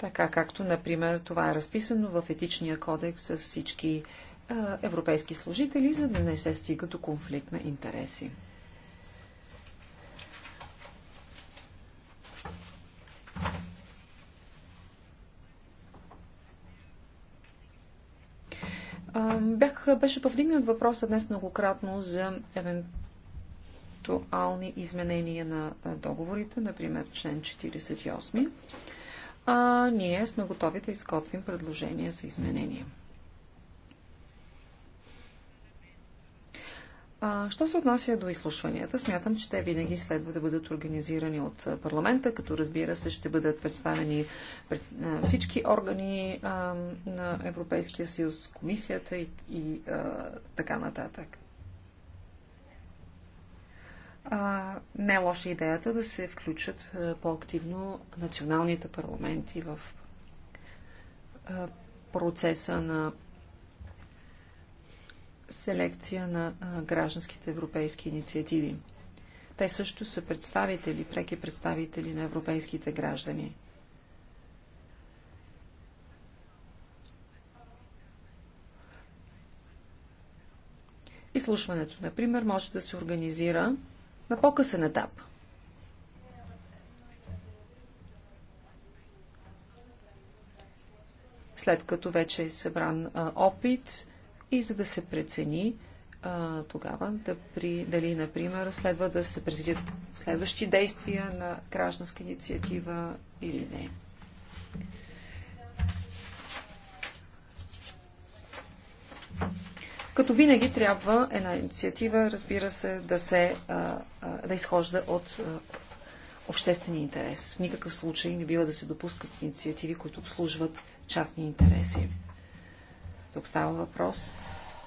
Speaker 1: така както, например, това е разписано в етичния кодекс за всички е, европейски служители, за да не се стига до конфликт на интереси. Бях, беше повдигнат въпроса днес многократно за евентуални изменения на договорите, например член 48 а, ние сме готови да изготвим предложения за изменения. А, що се отнася до изслушванията, смятам, че те винаги следва да бъдат организирани от парламента, като разбира се ще бъдат представени пред, а, всички органи а, на Европейския съюз, комисията и, и а, така нататък не е лоша идеята да се включат по-активно националните парламенти в процеса на селекция на гражданските европейски инициативи. Те също са представители, преки представители на европейските граждани. Изслушването, например, може да се организира на по-късен етап. След като вече е събран а, опит и за да се прецени а, тогава да при, дали, например, следва да се предвидят следващи действия на гражданска инициатива или не. Като винаги трябва една инициатива, разбира се, да, се, да изхожда от обществения интерес. В никакъв случай не бива да се допускат инициативи, които обслужват частни интереси. Тук става въпрос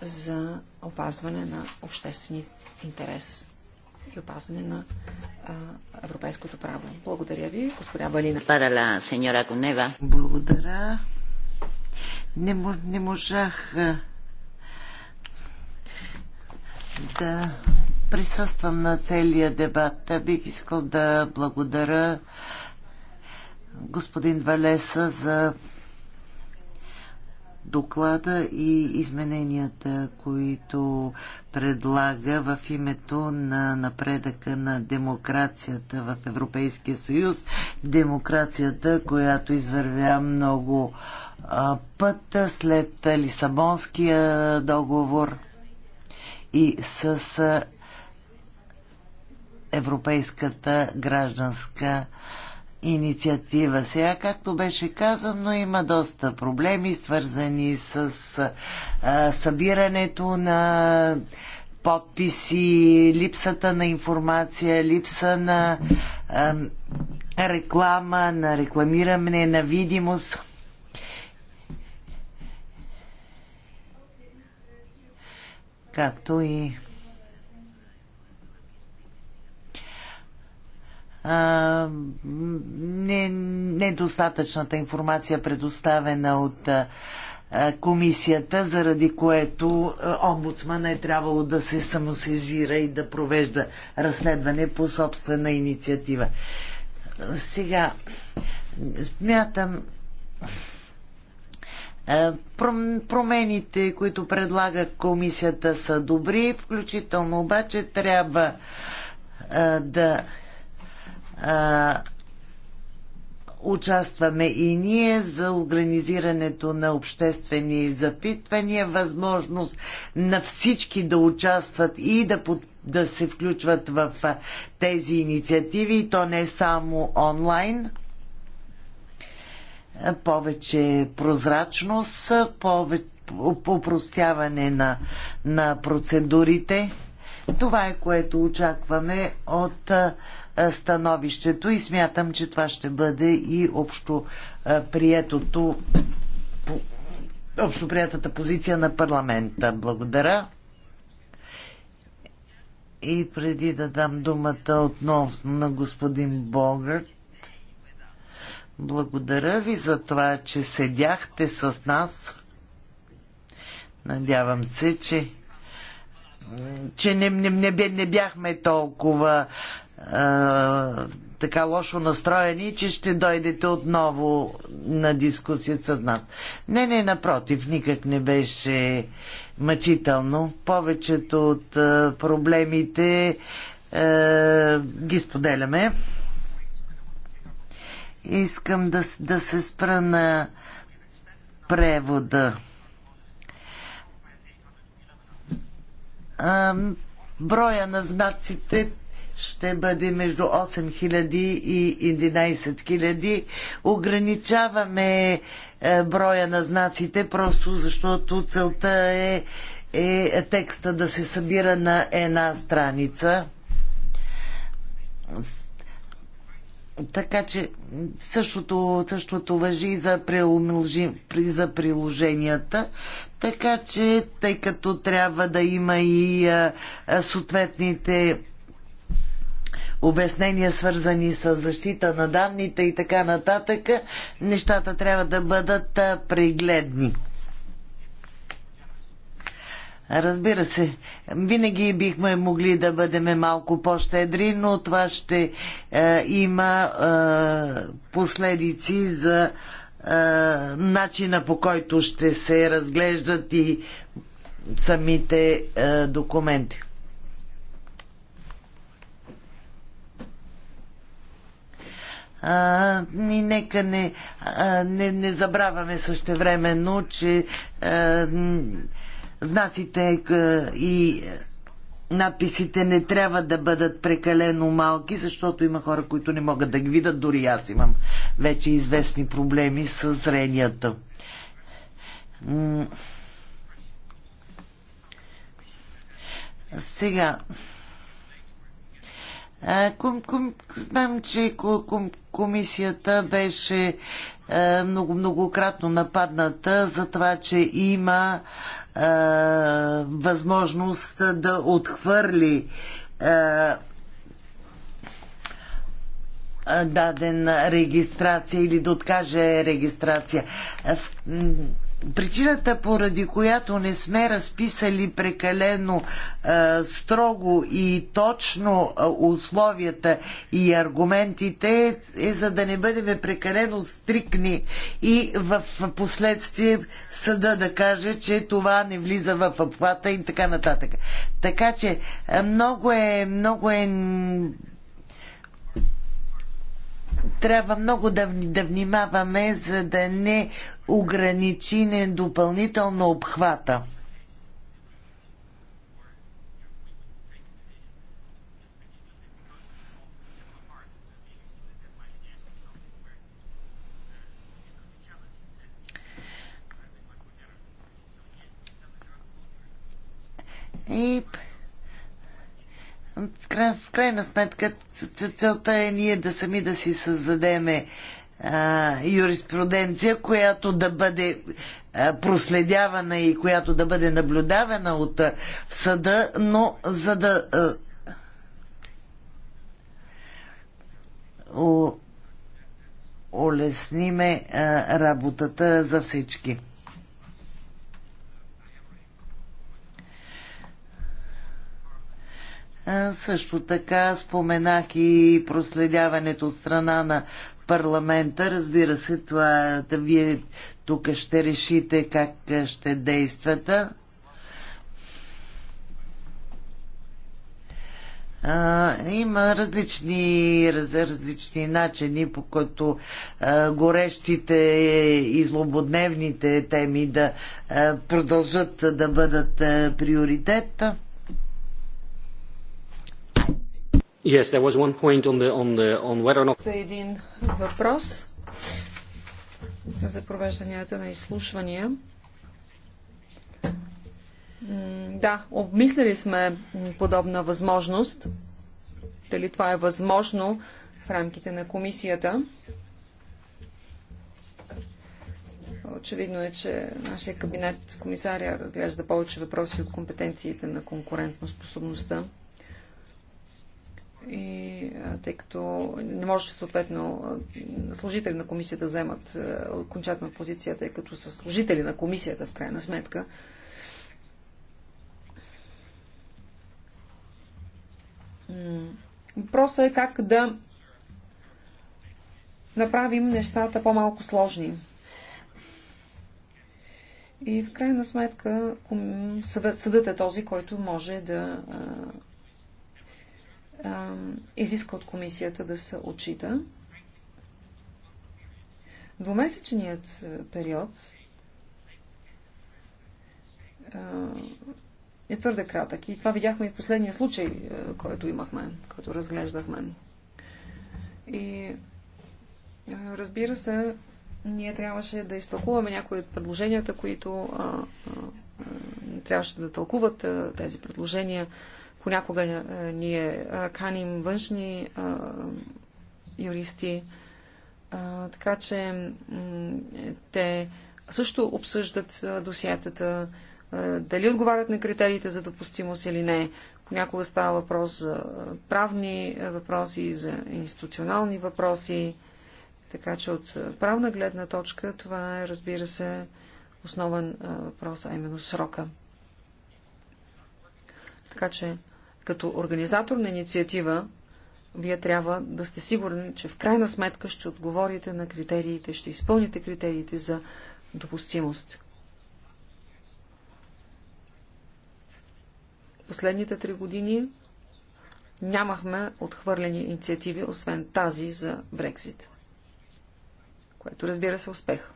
Speaker 1: за опазване на обществения интерес и опазване на а, европейското право. Благодаря
Speaker 3: ви, господа Балина. Парала, сеньора Гунева. Благодаря. Не, не можах да присъствам на целия дебат. Бих искал да благодаря господин Валеса за доклада и измененията, които предлага в името на напредъка на демокрацията в Европейския съюз. Демокрацията, която извървя много път след Лисабонския договор и с Европейската гражданска инициатива. Сега, както беше казано, има доста проблеми, свързани с а, събирането на подписи, липсата на информация, липса на а, реклама, на рекламиране, на видимост. както и недостатъчната не информация предоставена от комисията, заради което омбудсмана е трябвало да се самосезира и да провежда разследване по собствена инициатива. Сега, смятам, е, промените, които предлага комисията са добри, включително обаче трябва е, да е, участваме и ние за организирането на обществени запитвания, възможност на всички да участват и да да се включват в тези инициативи и то не само онлайн повече прозрачност, повече упростяване на, на процедурите. Това е което очакваме от становището и смятам, че това ще бъде и общо приетото общоприятата позиция на парламента. Благодаря. И преди да дам думата отново на господин Богърт, благодаря ви за това, че седяхте с нас. Надявам се, че, че не, не, не, не бяхме толкова а, така лошо настроени, че ще дойдете отново на дискусия с нас. Не, не, напротив, никак не беше мъчително. Повечето от а, проблемите а, ги споделяме. Искам да, да се спра на превода. броя на знаците ще бъде между 8000 и 11 000. Ограничаваме е, броя на знаците, просто защото целта е, е текста да се събира на една страница. Така че същото, същото въжи за, за приложенията. Така че, тъй като трябва да има и а, съответните обяснения, свързани с защита на данните и така нататък, нещата трябва да бъдат прегледни. Разбира се, винаги бихме могли да бъдем малко по-щедри, но това ще е, има е, последици за е, начина по който ще се разглеждат и самите е, документи. А, и нека не, а, не, не забравяме същевременно, че а, е, знаците е, и е, надписите не трябва да бъдат прекалено малки, защото има хора, които не могат да ги видят. Дори аз имам вече известни проблеми с зренията. Сега. Ком, ком, знам, че ком, комисията беше много многократно нападната за това, че има е, възможност да отхвърли е, дадена регистрация или да откаже регистрация. Причината, поради която не сме разписали прекалено е, строго и точно е, условията и аргументите, е за да не бъдем прекалено стрикни и в последствие съда да каже, че това не влиза в обхвата и така нататък. Така че е, много е, много е трябва много да, да внимаваме, за да не ограничи не допълнително обхвата. И в, край, в крайна сметка целта е ние да сами да си създадеме а, юриспруденция, която да бъде а, проследявана и която да бъде наблюдавана от а, съда, но за да. А, о, улесниме а, работата за всички. Също така споменах и проследяването от страна на парламента. Разбира се, това да вие тук ще решите как ще действате. има различни, раз, различни начини, по които горещите и злободневните теми да продължат да бъдат приоритета. приоритет.
Speaker 4: Yes, there was one point on the, on the, on whether or not...
Speaker 1: Един въпрос за провежданията на изслушвания. Да, обмислили сме подобна възможност. Дали това е възможно в рамките на комисията? Очевидно е, че нашия кабинет комисаря разглежда повече въпроси от компетенциите на конкурентно способността и тъй като не може съответно служители на комисията вземат окончателна позиция, тъй като са служители на комисията в крайна сметка. Въпросът е как да направим нещата по-малко сложни. И в крайна сметка съдът е този, който може да изиска от комисията да се отчита. Двумесечният е, период е твърде кратък. И това видяхме и в последния случай, е, който имахме, който разглеждахме. И е, разбира се, ние трябваше да изтълкуваме някои от предложенията, които а, а, трябваше да тълкуват а, тези предложения Понякога е, ние е, каним външни е, юристи, така че те също обсъждат досиетата, дали отговарят на критериите за допустимост или не. Понякога става въпрос за правни въпроси, за институционални въпроси. Така че от правна гледна точка това е, разбира се, основен въпрос, а именно срока. Така че като организатор на инициатива, вие трябва да сте сигурни, че в крайна сметка ще отговорите на критериите, ще изпълните критериите за допустимост. Последните три години нямахме отхвърлени инициативи, освен тази за Брекзит, което разбира се е успех.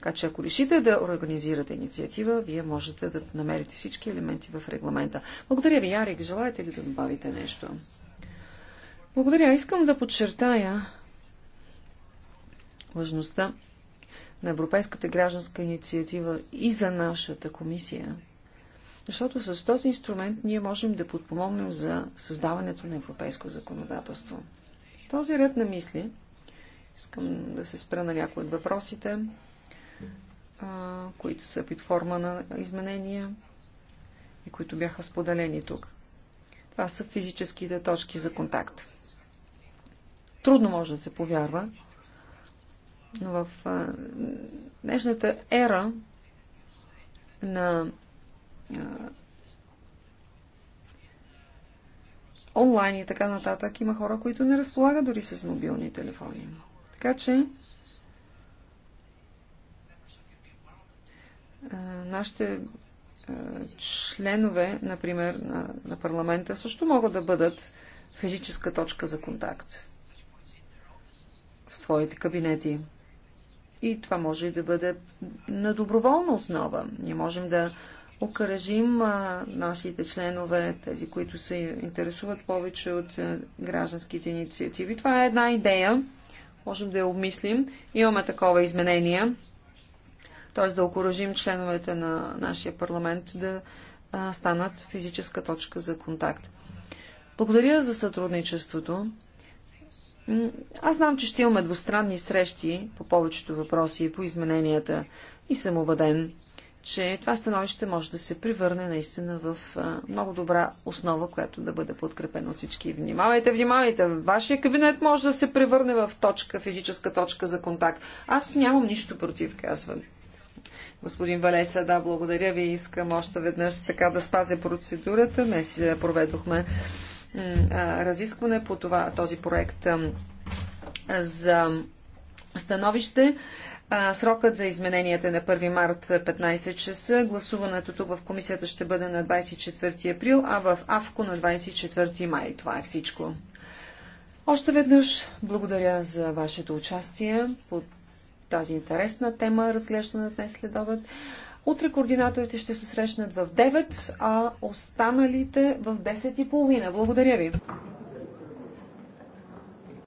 Speaker 1: Така че ако решите да организирате инициатива, вие можете да намерите всички елементи в регламента. Благодаря ви, Ярик. Желаете ли да добавите нещо? Благодаря. Искам да подчертая важността на Европейската гражданска инициатива и за нашата комисия. Защото с този инструмент ние можем да подпомогнем за създаването на европейско законодателство. Този ред на мисли, искам да се спра на някои от въпросите, които са под форма на изменения и които бяха споделени тук. Това са физическите точки за контакт. Трудно може да се повярва, но в днешната ера на онлайн и така нататък, има хора, които не разполагат дори с мобилни телефони. Така че нашите членове, например, на, на парламента, също могат да бъдат физическа точка за контакт в своите кабинети. И това може да бъде на доброволна основа. Ние можем да окаражим нашите членове, тези, които се интересуват повече от гражданските инициативи. Това е една идея. Можем да я обмислим. Имаме такова изменение т.е. да окоръжим членовете на нашия парламент да станат физическа точка за контакт. Благодаря за сътрудничеството. Аз знам, че ще имаме двустранни срещи по повечето въпроси и по измененията и съм убеден, че това становище може да се превърне наистина в много добра основа, която да бъде подкрепена от всички. Внимавайте, внимавайте! Вашия кабинет може да се превърне в точка, физическа точка за контакт. Аз нямам нищо против, казвам господин Валеса. Да, благодаря ви. Искам още веднъж така да спазя процедурата. Днес проведохме разискване по това, този проект за становище. Срокът за измененията е на 1 март 15 часа. Гласуването тук в комисията ще бъде на 24 април, а в АВКО на 24 май. Това е всичко. Още веднъж благодаря за вашето участие тази интересна тема, разглеждана днес след обед. Утре координаторите ще се срещнат в 9, а останалите в 10.30. Благодаря ви!